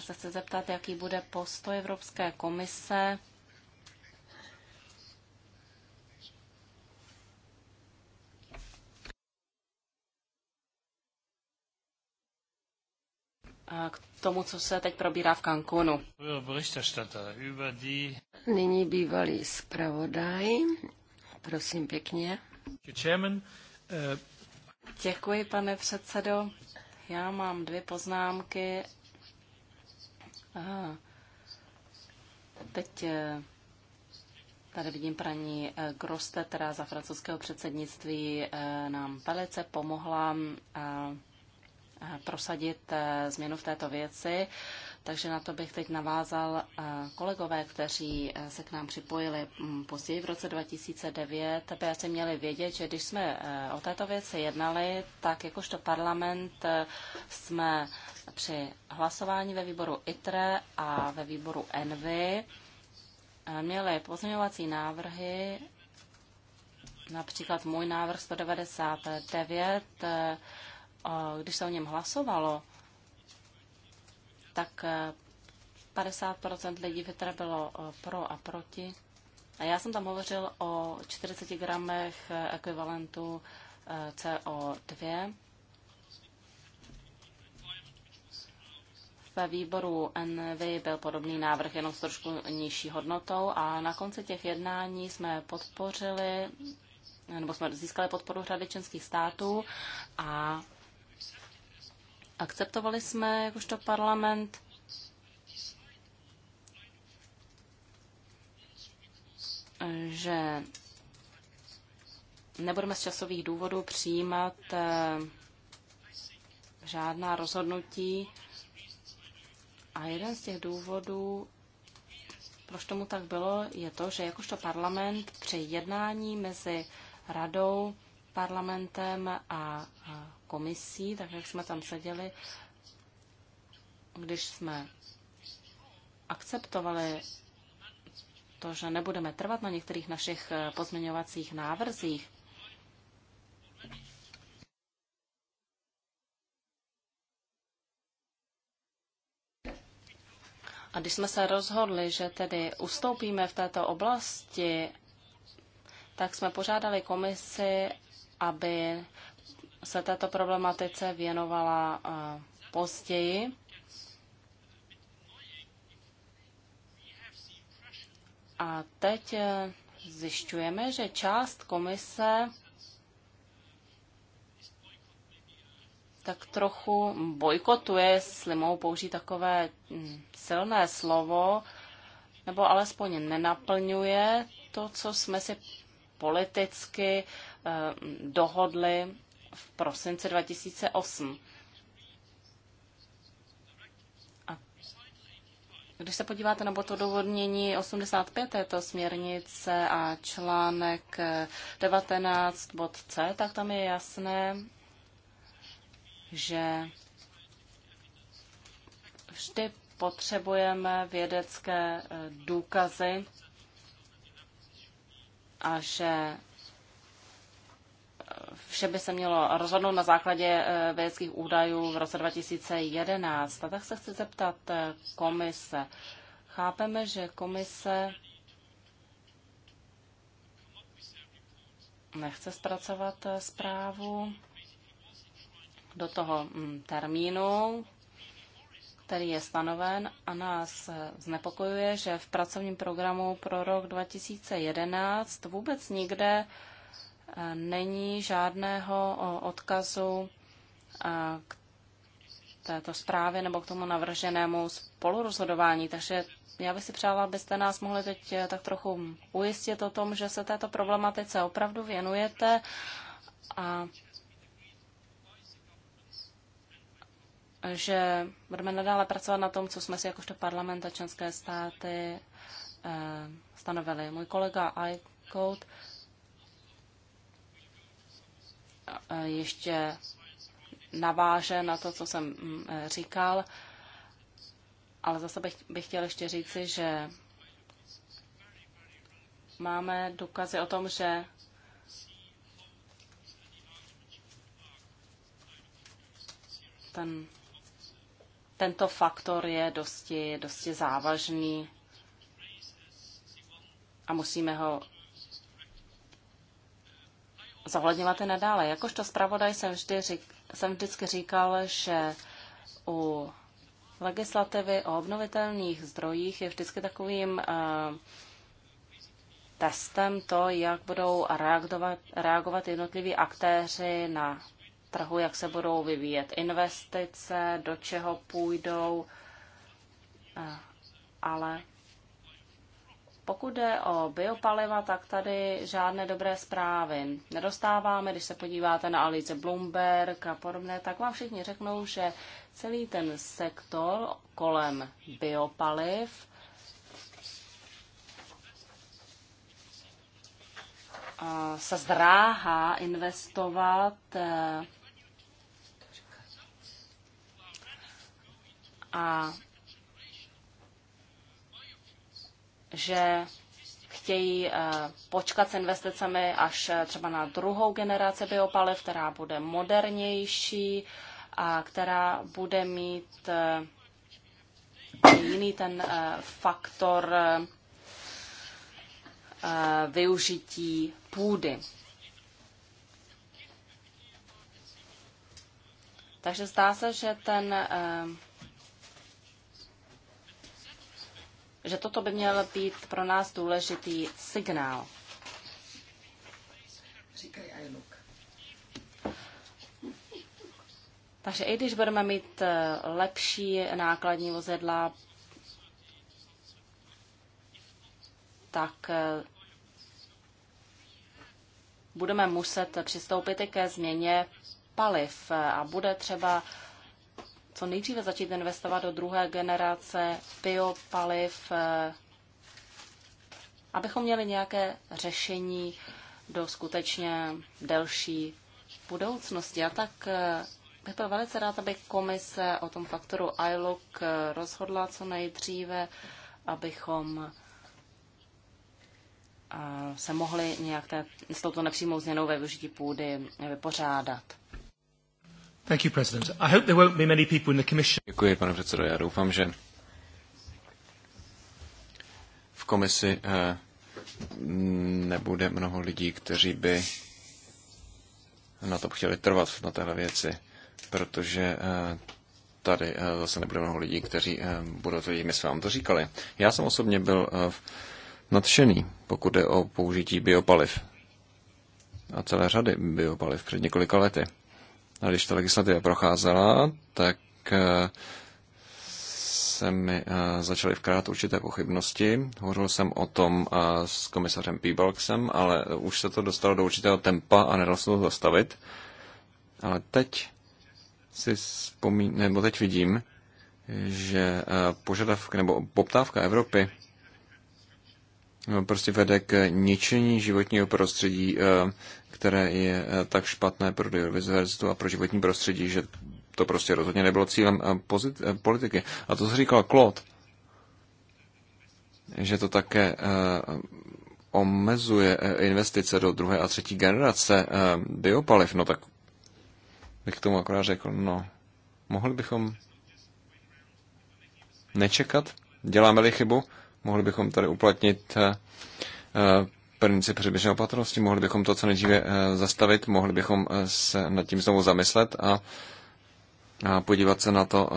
se chci zeptat, jaký bude postoj Evropské komise k tomu, co se teď probírá v Cancúnu? Nyní bývalý zpravodaj Prosím pěkně. Eh, děkuji, pane předsedo. Já mám dvě poznámky. Aha. Teď eh, tady vidím paní eh, Groste, která za francouzského předsednictví nám velice pomohla prosadit změnu v této věci. Takže na to bych teď navázal eh, kolegové, kteří eh, se k nám připojili mm, později v roce 2009, aby asi měli vědět, že když jsme eh, o této věci jednali, tak jakožto parlament jsme při hlasování ve výboru ITRE a ve výboru ENVY měli pozměňovací návrhy, například můj návrh 199, když se o něm hlasovalo, tak 50% eh, lidí vytrabilo eh, pro a proti. A já jsem tam hovořil o 40 gramech eh, ekvivalentu CO2. Ve výboru NV byl podobný návrh jenom s trošku nižší hodnotou a na konci těch jednání jsme podpořili, nebo jsme získali podporu řady členských států a akceptovali jsme jakožto parlament že nebudeme z časových důvodů přijímat eh, žádná rozhodnutí. A jeden z těch důvodů, proč tomu tak bylo, je to, že jakožto parlament při jednání mezi radou parlamentem a komisí, tak jak jsme tam seděli, když jsme akceptovali to, že nebudeme trvat na některých našich eh, pozměňovacích návrzích, A když jsme se rozhodli, že tedy ustoupíme v této oblasti, tak jsme požádali komisi, aby se této problematice věnovala eh, později. A teď eh, zjišťujeme, že část komise tak trochu bojkotuje, jestli mohu použít takové hm, silné slovo, nebo alespoň nenaplňuje to, co jsme si politicky eh, dohodli v prosinci 2008. A když se podíváte na to odůvodnění 85 této směrnice a článek 19 eh, bod C, tak tam je jasné, že vždy potřebujeme vědecké eh, důkazy a že eh, vše by se mělo rozhodnout na základě eh, vědeckých údajů v roce 2011. A tak se chci zeptat eh, komise. Chápeme, že komise nechce zpracovat zprávu do toho mm, termínu, který je stanoven a nás znepokojuje, že v pracovním programu pro rok 2011 vůbec nikde eh, není žádného odkazu eh, k této zprávě nebo k tomu navrženému spolurozhodování. Takže já bych si přála, abyste nás mohli teď eh, tak trochu ujistit o tom, že se této problematice opravdu věnujete a že budeme nadále pracovat na tom, co jsme si jakožto parlament a členské státy eh, stanovili. Můj kolega iCode eh, ještě naváže na to, co jsem mm, eh, říkal, ale zase bych, bych chtěl ještě říci, že máme důkazy o tom, že ten tento faktor je dosti, dosti závažný a musíme ho zohledňovat i nadále. Jakožto zpravodaj jsem, vždy řík, jsem vždycky říkal, že u legislativy o obnovitelných zdrojích je vždycky takovým uh, testem to, jak budou reagovat, reagovat jednotliví aktéři na trhu, jak se budou vyvíjet investice, do čeho půjdou, eh, ale pokud jde o biopaliva, tak tady žádné dobré zprávy nedostáváme. Když se podíváte na Alice Bloomberg a podobné, tak vám všichni řeknou, že celý ten sektor kolem biopaliv eh, se zdráhá investovat eh, a že chtějí eh, počkat s investicemi až eh, třeba na druhou generaci biopaliv, která bude modernější a která bude mít eh, jiný ten faktor využití půdy. Takže zdá se, že ten že toto by měl být pro nás důležitý signál. Takže i když budeme mít eh, lepší nákladní vozidla, tak eh, budeme muset přistoupit i ke změně paliv eh, a bude třeba co nejdříve začít investovat do druhé generace biopaliv, eh, abychom měli nějaké řešení do skutečně delší budoucnosti. A tak eh, bych byl velice rád, aby komise o tom faktoru ILOC eh, rozhodla co nejdříve, abychom se mohli nějak té, s touto nepřímou změnou ve využití půdy vypořádat. Thank you, President. I hope there won't be many people in the commission. Děkuji, pane předsedo. Já doufám, že v komisi eh, nebude mnoho lidí, kteří by na to chtěli trvat, na téhle věci, protože eh, tady eh, zase nebude mnoho lidí, kteří budou to jimi vám to říkali. Já jsem osobně byl nadšený, pokud je o použití biopaliv a celé řady biopaliv před několika lety. A když ta legislativa procházela, tak eh, se mi eh, začaly vkrát určité pochybnosti. Hovořil jsem o tom eh, s komisařem Peebalksem, ale už se to dostalo do určitého tempa a nedal se to zastavit. Ale teď si vzpomín, nebo teď vidím, že požadavk nebo poptávka Evropy No, prostě vede k ničení životního prostředí, eh, které je eh, tak špatné pro biodiverzitu a pro životní prostředí, že to prostě rozhodně nebylo cílem eh, politiky. A to, co říkal Claude, že to také omezuje investice do druhé a třetí generace biopaliv, no tak bych k tomu akorát řekl, no, mohli bychom nečekat, děláme-li chybu, Mohli bychom tady uplatnit eh, eh, princip předběžné opatrnosti, mohli bychom to co nejdříve eh, zastavit, mohli bychom se nad tím znovu zamyslet a, a podívat se na to,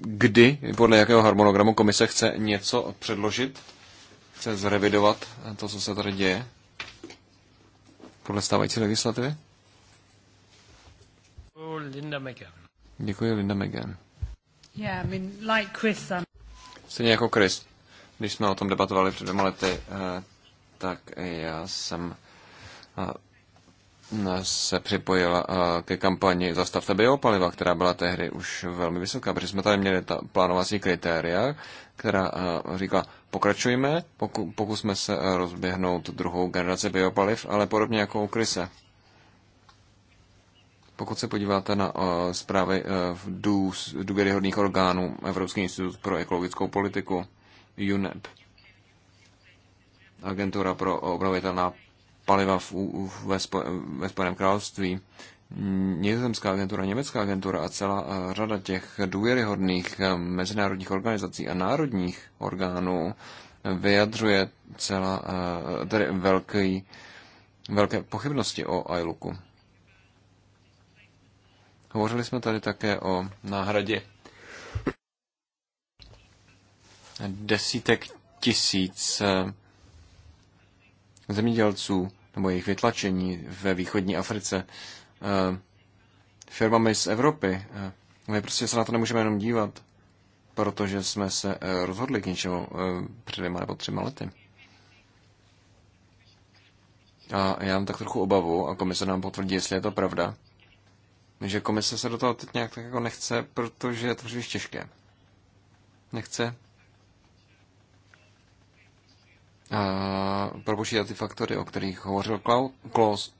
kdy, podle jakého harmonogramu komise chce něco předložit, chce zrevidovat to, co se tady děje podle stávající legislativy. Linda Megan. Děkuji, Linda Megan. Chris, um, Stejně jako Chris, když jsme o tom debatovali před dvěma lety, eh, tak já jsem eh, se připojil eh, ke kampani Zastavte biopaliva, která byla tehdy už velmi vysoká, protože jsme tady měli ta plánovací kritéria, která říkala, pokračujme, pokusme se rozběhnout druhou generaci biopaliv, ale podobně jako u Krise. Pokud se podíváte na eh, zprávy eh, v důvěryhodných orgánů Evropský institut pro ekologickou politiku, UNEP, Agentura pro obnovitelná paliva v, ve, spo, ve Spojeném království, Nizozemská agentura, Německá agentura a celá eh, řada těch důvěryhodných mezinárodních organizací a národních orgánů vyjadřuje celá, tedy velký, velké pochybnosti o ILUKu. Hovořili jsme tady také o náhradě desítek tisíc eh, zemědělců nebo jejich vytlačení ve východní Africe eh, firmami z Evropy. Eh, my prostě se na to nemůžeme jenom dívat, protože jsme se rozhodli k něčemu před dvěma nebo třema lety. A já mám tak trochu obavu, a komise nám potvrdí, jestli je to pravda, že komise se do toho teď nějak tak jako nechce, protože je to příliš těžké. Nechce a propočítat ty faktory, o kterých hovořil Klaus.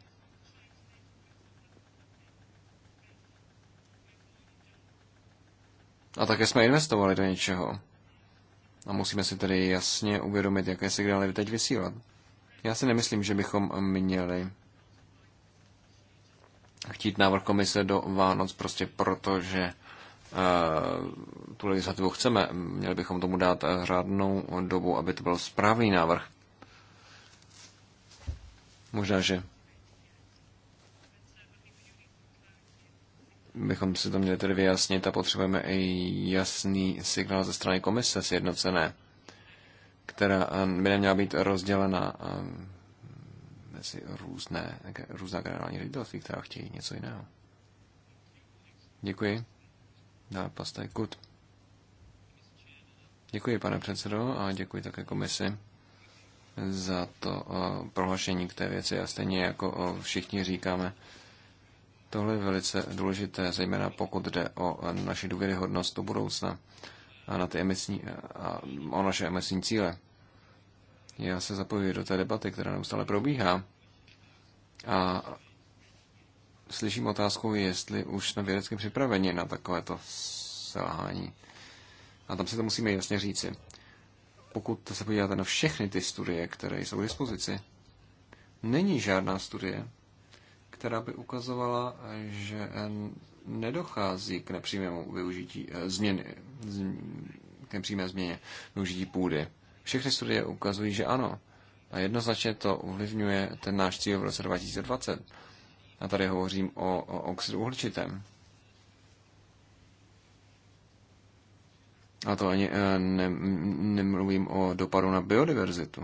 A také jsme investovali do něčeho. A musíme si tedy jasně uvědomit, jaké signály teď vysílat. Já si nemyslím, že bychom měli chtít návrh komise do Vánoc prostě proto, že eh, tu legislativu chceme. Měli bychom tomu dát eh, řádnou dobu, aby to byl správný návrh. Možná, že bychom si to měli tedy vyjasnit a potřebujeme i jasný signál ze strany komise sjednocené, která eh, by neměla být rozdělena mezi různé, různá generální ředitelství, která chtějí něco jiného. Děkuji. Dá pastaj kut. Děkuji, pane předsedo, a děkuji také komisi za to eh, prohlášení k té věci. A stejně jako eh, všichni říkáme, tohle je velice důležité, zejména pokud jde o eh, naši důvěryhodnost do budoucna a, na ty emisní, a o naše emisní cíle. Já se zapojuji do té debaty, která neustále probíhá. A slyším otázku, jestli už jsme vědecky připraveni na takovéto selhání. A tam si to musíme jasně říci. Pokud se podíváte na všechny ty studie, které jsou k dispozici, není žádná studie, která by ukazovala, že nedochází k nepřímému využití eh, změny, k nepřímé změně využití půdy. Všechny studie ukazují, že ano. A jednoznačně to ovlivňuje ten náš cíl v roce 2020. A tady hovořím o, o oxidu uhličitém. A to ani eh, ne, nemluvím o dopadu na biodiverzitu.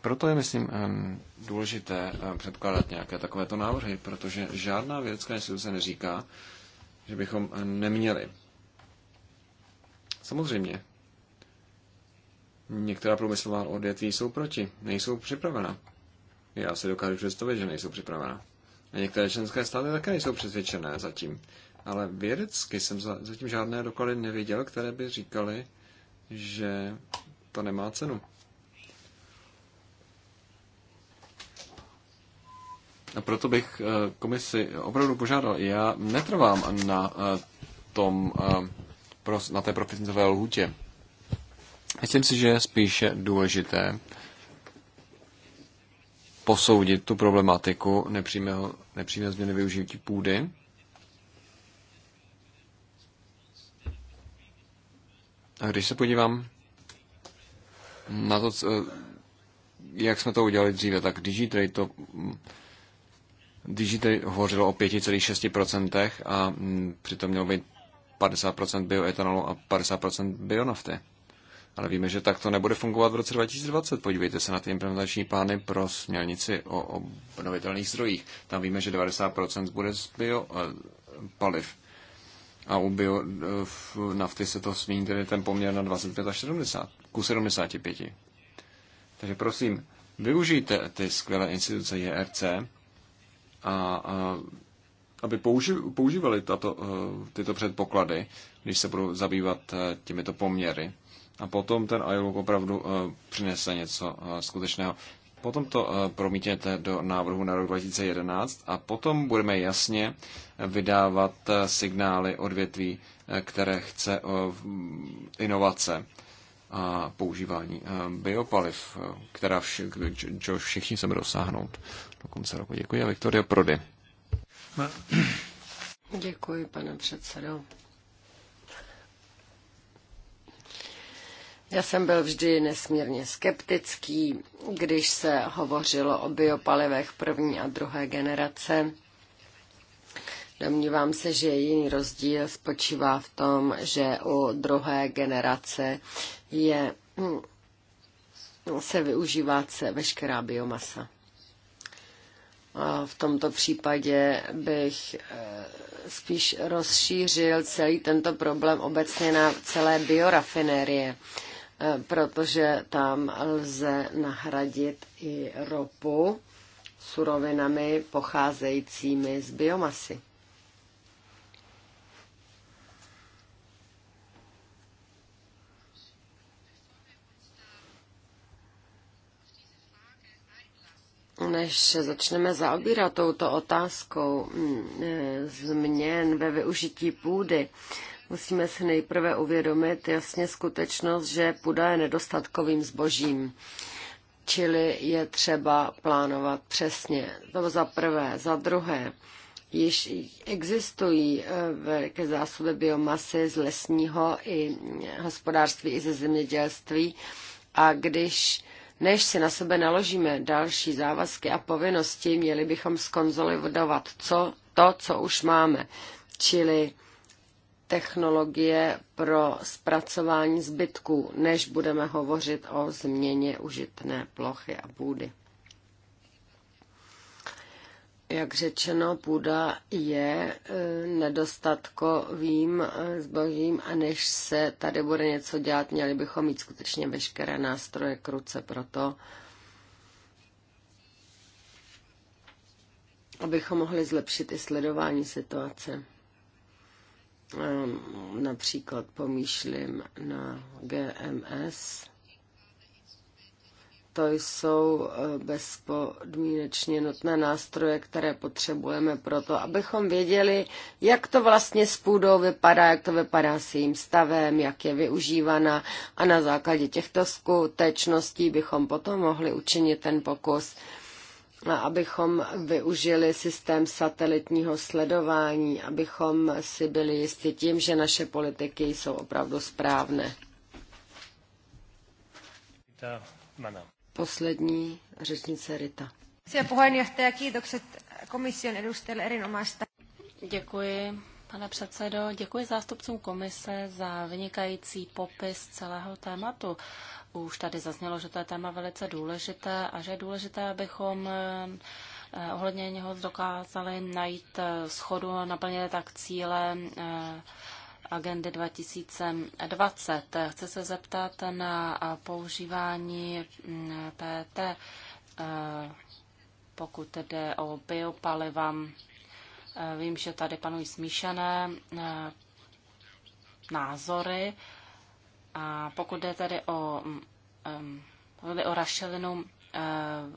Proto je, myslím, eh, důležité eh, předkládat nějaké takovéto návrhy, protože žádná vědecká instituce neříká, že bychom neměli Samozřejmě. Některá průmyslová odvětví jsou proti, nejsou připravena. Já si dokážu představit, že nejsou připravena. A některé členské státy také nejsou přesvědčené zatím. Ale vědecky jsem za, zatím žádné doklady neviděl, které by říkali, že to nemá cenu. A proto bych eh, komisi opravdu požádal. Já netrvám na eh, tom eh, pro, na té profincové lhutě. Myslím si, že je spíše důležité posoudit tu problematiku nepřímého, nepřímé změny využití půdy. A když se podívám na to, jak jsme to udělali dříve, tak DigiTrade to DigiTrade hovořilo o 5,6% a přitom mělo být 50% bioetanolu a 50% bionafty. Ale víme, že tak to nebude fungovat v roce 2020. Podívejte se na ty implementační plány pro směrnici o obnovitelných zdrojích. Tam víme, že 90% bude z biopaliv. Eh, a u bio v eh, nafty se to změní tedy ten poměr na 25 až 70, ku 75. Takže prosím, využijte ty skvělé instituce JRC a, a aby použi, používali tato, eh, tyto předpoklady, když se budou zabývat eh, těmito poměry. A potom ten ILOG opravdu eh, přinese něco skutečného. Potom to promítněte do návrhu na rok 2011 a potom budeme jasně vydávat signály odvětví, které chce inovace a používání biopaliv, která vš- čeho všichni se budou sáhnout do konce roku. Děkuji a Viktoria Prody. Děkuji, pane předsedo. Já jsem byl vždy nesmírně skeptický, když se hovořilo o biopalivech první a druhé generace. Domnívám se, že jediný rozdíl spočívá v tom, že u druhé generace je, se využívá se veškerá biomasa v tomto případě bych eh, spíš rozšířil celý tento problém obecně na celé biorafinérie, eh, protože tam lze nahradit i ropu surovinami pocházejícími z biomasy. než se začneme zaobírat touto otázkou mm, eh, změn ve využití půdy, musíme si nejprve uvědomit jasně skutečnost, že půda je nedostatkovým zbožím. Čili je třeba plánovat přesně. To za prvé. Za druhé, již existují eh, velké zásoby biomasy z lesního i eh, hospodářství i ze zemědělství. A když než si na sebe naložíme další závazky a povinnosti, měli bychom skonzolidovat co, to, co už máme, čili technologie pro zpracování zbytků, než budeme hovořit o změně užitné plochy a půdy. Jak řečeno, půda je e, nedostatkovým e, zbožím a než se tady bude něco dělat, měli bychom mít skutečně veškeré nástroje k ruce pro to, abychom mohli zlepšit i sledování situace. Ehm, například pomýšlím na GMS, to jsou eh, bezpodmínečně nutné nástroje, které potřebujeme pro to, abychom věděli, jak to vlastně s půdou vypadá, jak to vypadá s jejím stavem, jak je využívána a na základě těchto skutečností bychom potom mohli učinit ten pokus, abychom využili systém satelitního sledování, abychom si byli jistí tím, že naše politiky jsou opravdu správné. Manam. Poslední řečnice Rita. Děkuji, pane předsedo. Děkuji zástupcům komise za vynikající popis celého tématu. Už tady zaznělo, že to je téma velice důležité a že je důležité, abychom eh, ohledně něho dokázali najít eh, schodu a naplnit tak cíle eh, agendy 2020. Chce se zeptat na používání mm, PT, eh, pokud jde o biopaliva. Eh, vím, že tady panují smíšené eh, názory. A pokud jde tedy o, mm, o rašelinu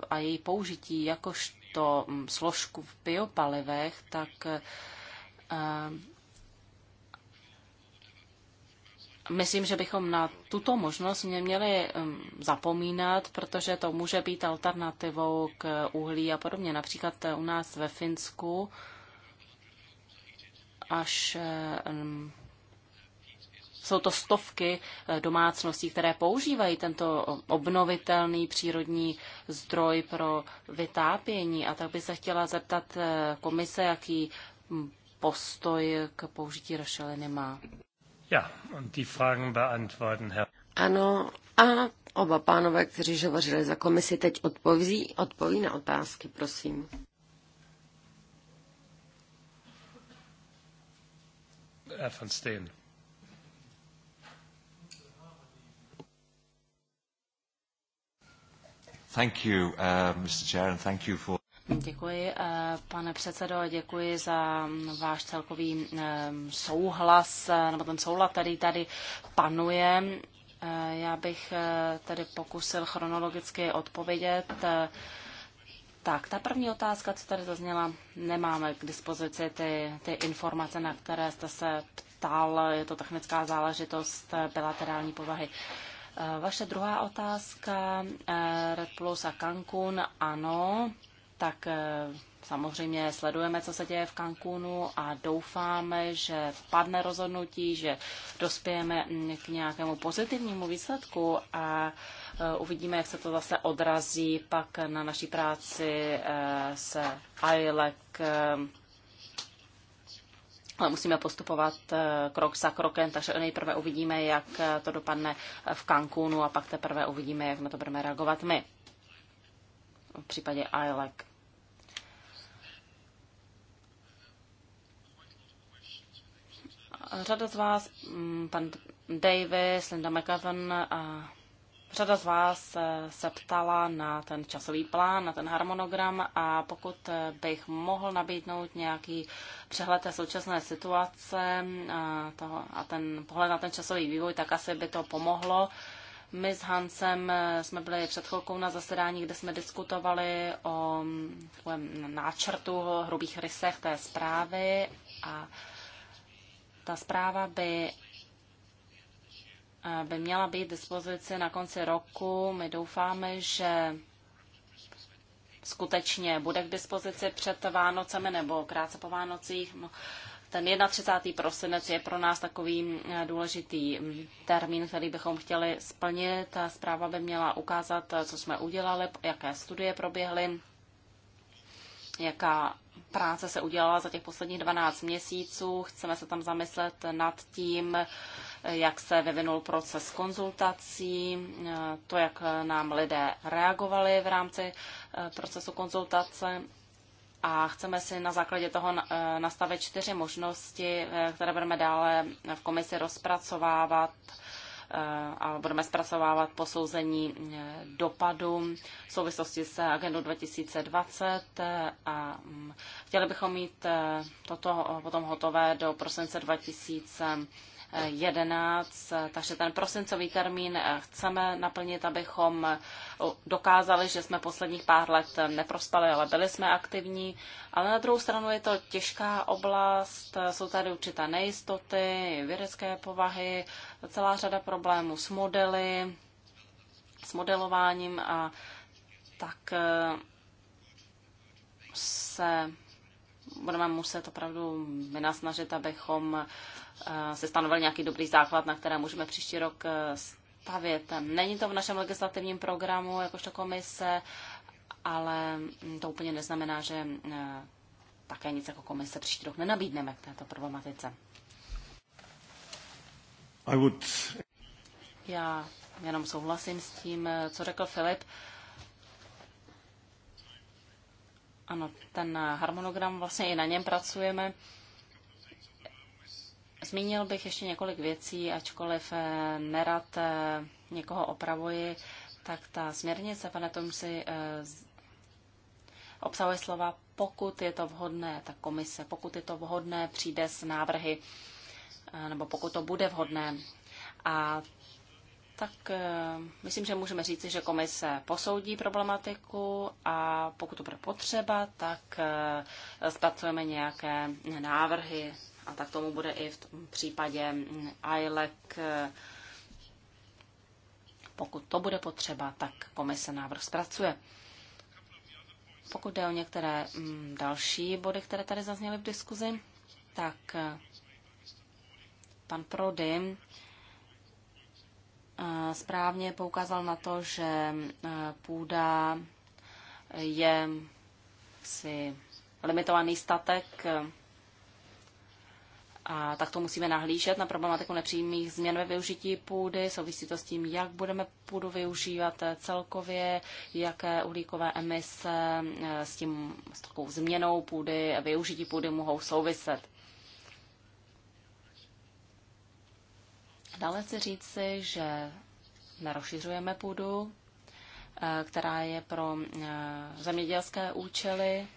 a její použití jakožto mm, složku v biopalivech, tak myslím, že bychom na tuto možnost neměli um, zapomínat, protože to může být alternativou k uhlí a podobně. Například eh, u nás ve Finsku až eh, um, jsou to stovky eh, domácností, které používají tento obnovitelný přírodní zdroj pro vytápění. A tak by se chtěla zeptat komise, jaký hm, postoj k použití rašeliny má. Ja, und die Fragen beantworten, Herr. Ano, a oba pánové, kteří hovořili za komisi, teď odpoví, odpoví na otázky, prosím. Herr van Steen. Thank you, uh, Mr. Chair, and thank you for... Děkuji, eh, pane předsedo, děkuji za váš celkový eh, souhlas, eh, nebo ten soulad, který tady panuje. Já bych tady pokusil chronologicky odpovědět. Tak, ta první otázka, co tady zazněla, nemáme k dispozici ty, ty informace, na které jste se ptal. Je to technická záležitost bilaterální povahy. Vaše druhá otázka, Red Plus a Cancun, ano, tak eh, samozřejmě sledujeme, co se děje v Cancúnu a doufáme, že padne rozhodnutí, že dospějeme k nějakému pozitivnímu výsledku a eh, uvidíme, jak se to zase odrazí pak na naší práci eh, se ILEC ale musíme postupovat krok za krokem, takže nejprve uvidíme, jak to dopadne v Cancúnu a pak teprve uvidíme, jak na to budeme reagovat my v případě ILEC. řada z vás, mm, pan Davis, Linda McEwen a řada z vás se ptala na ten časový plán, na ten harmonogram a pokud bych mohl nabídnout nějaký přehled té současné situace a, toho, a ten pohled na ten časový vývoj, tak asi by to pomohlo. My s Hansem jsme byli před chvilkou na zasedání, kde jsme diskutovali o mm, náčrtu, hrubých rysech té zprávy a ta zpráva by, eh, by měla být dispozici na konci roku. My doufáme, že skutečně bude k dispozici před Vánocemi nebo krátce po Vánocích. No, ten 31. prosinec je pro nás takový eh, důležitý mm, termín, který bychom chtěli splnit. Ta zpráva by měla ukázat, eh, co jsme udělali, jaké studie proběhly, jaká práce se udělala za těch posledních 12 měsíců. Chceme se tam zamyslet nad tím, jak se vyvinul proces konzultací, to, jak nám lidé reagovali v rámci eh, procesu konzultace. A chceme si na základě toho eh, nastavit čtyři možnosti, eh, které budeme dále v komisi rozpracovávat a budeme zpracovávat posouzení eh, dopadu v souvislosti s agendou 2020 eh, a mm, chtěli bychom mít eh, toto potom hotové do prosince 2020 11, takže ten prosincový termín chceme naplnit, abychom dokázali, že jsme posledních pár let neprospali, ale byli jsme aktivní. Ale na druhou stranu je to těžká oblast, jsou tady určité nejistoty, vědecké povahy, celá řada problémů s modely, s modelováním a tak eh, se budeme muset opravdu vynasnažit, abychom Eh, se stanovil nějaký dobrý základ, na které můžeme příští rok eh, stavět. Není to v našem legislativním programu jakožto komise, ale mm, to úplně neznamená, že eh, také nic jako komise příští rok nenabídneme k této problematice. I would... Já jenom souhlasím s tím, co řekl Filip. Ano, ten harmonogram vlastně i na něm pracujeme. Zmínil bych ještě několik věcí, ačkoliv eh, nerad eh, někoho opravuji, tak ta směrnice, pane si eh, obsahuje slova pokud je to vhodné, ta komise, pokud je to vhodné, přijde s návrhy, nebo pokud to bude vhodné. A tak myslím, že můžeme říci, že komise posoudí problematiku a pokud to bude potřeba, tak zpracujeme nějaké návrhy a tak tomu bude i v případě ILEC. Pokud to bude potřeba, tak komise návrh zpracuje. Pokud jde o některé mm, další body, které tady zazněly v diskuzi, tak eh, pan Prody eh, správně poukázal na to, že eh, půda je si limitovaný statek, a tak to musíme nahlížet na problematiku nepřímých změn ve využití půdy. Souvisí to s tím, jak budeme půdu využívat celkově, jaké uhlíkové emise eh, s, tím, s takovou změnou půdy, využití půdy mohou souviset. Dále chci si, že nerozšiřujeme půdu, eh, která je pro eh, zemědělské účely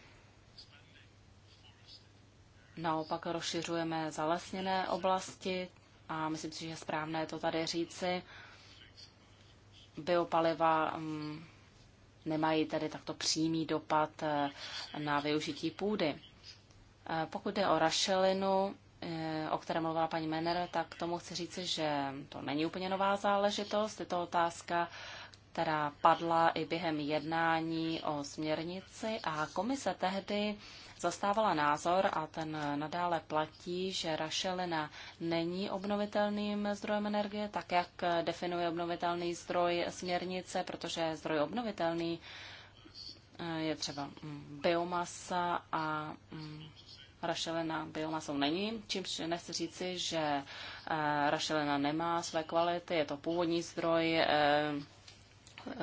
naopak rozšiřujeme zalesněné oblasti a myslím si, že je správné to tady říci. Biopaliva mm, nemají tedy takto přímý dopad eh, na využití půdy. Eh, pokud jde o rašelinu, eh, o které mluvila paní Menner, tak tomu chci říci, že to není úplně nová záležitost. Je to otázka, která padla i během jednání o směrnici a komise tehdy zastávala názor a ten nadále platí, že rašelina není obnovitelným zdrojem energie, tak jak definuje obnovitelný zdroj směrnice, protože zdroj obnovitelný eh, je třeba mm, biomasa a mm, rašelina biomasou není, čímž nechci říci, že eh, rašelina nemá své kvality, je to původní zdroj eh,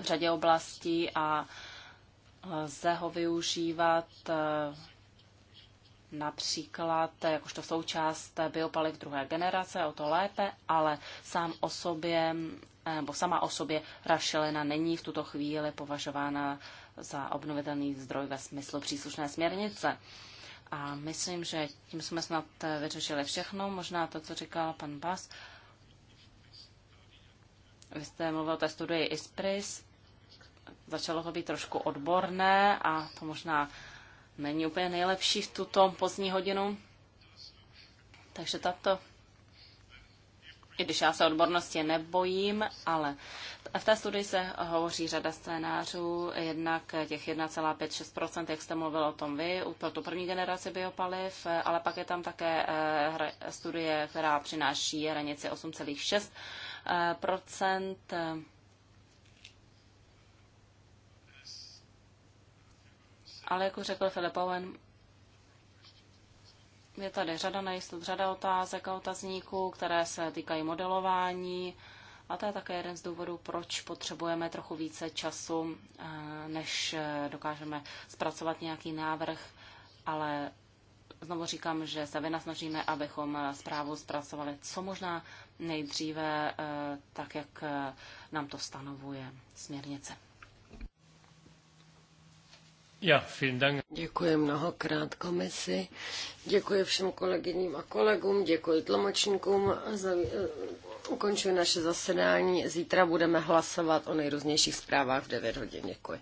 v řadě oblastí a lze ho využívat například jakožto součást biopaliv druhé generace, o to lépe, ale sám o sobě, nebo sama o sobě rašelina není v tuto chvíli považována za obnovitelný zdroj ve smyslu příslušné směrnice. A myslím, že tím jsme snad vyřešili všechno, možná to, co říkal pan Bas. Vy jste mluvil o té studii ISPRIS, začalo to být trošku odborné a to možná není úplně nejlepší v tuto pozdní hodinu. Takže takto, i když já se odbornosti nebojím, ale v té studii se hovoří řada scénářů, jednak těch 1,56%, jak jste mluvil o tom vy, pro tu první generaci biopaliv, ale pak je tam také eh, studie, která přináší hranici 8,6%. ale jako řekl Filip Owen, je tady řada nejistot, řada otázek a otazníků, které se týkají modelování a to je také jeden z důvodů, proč potřebujeme trochu více času, eh, než eh, dokážeme zpracovat nějaký návrh, ale znovu říkám, že se vynasnažíme, abychom eh, zprávu zpracovali co možná nejdříve, tak jak nám to stanovuje směrnice. Děkuji mnohokrát komisi, děkuji všem kolegyním a kolegům, děkuji tlumočníkům. Eh, ukončuji naše zasedání. Zítra budeme hlasovat o nejrůznějších zprávách v 9 hodin. Děkuji.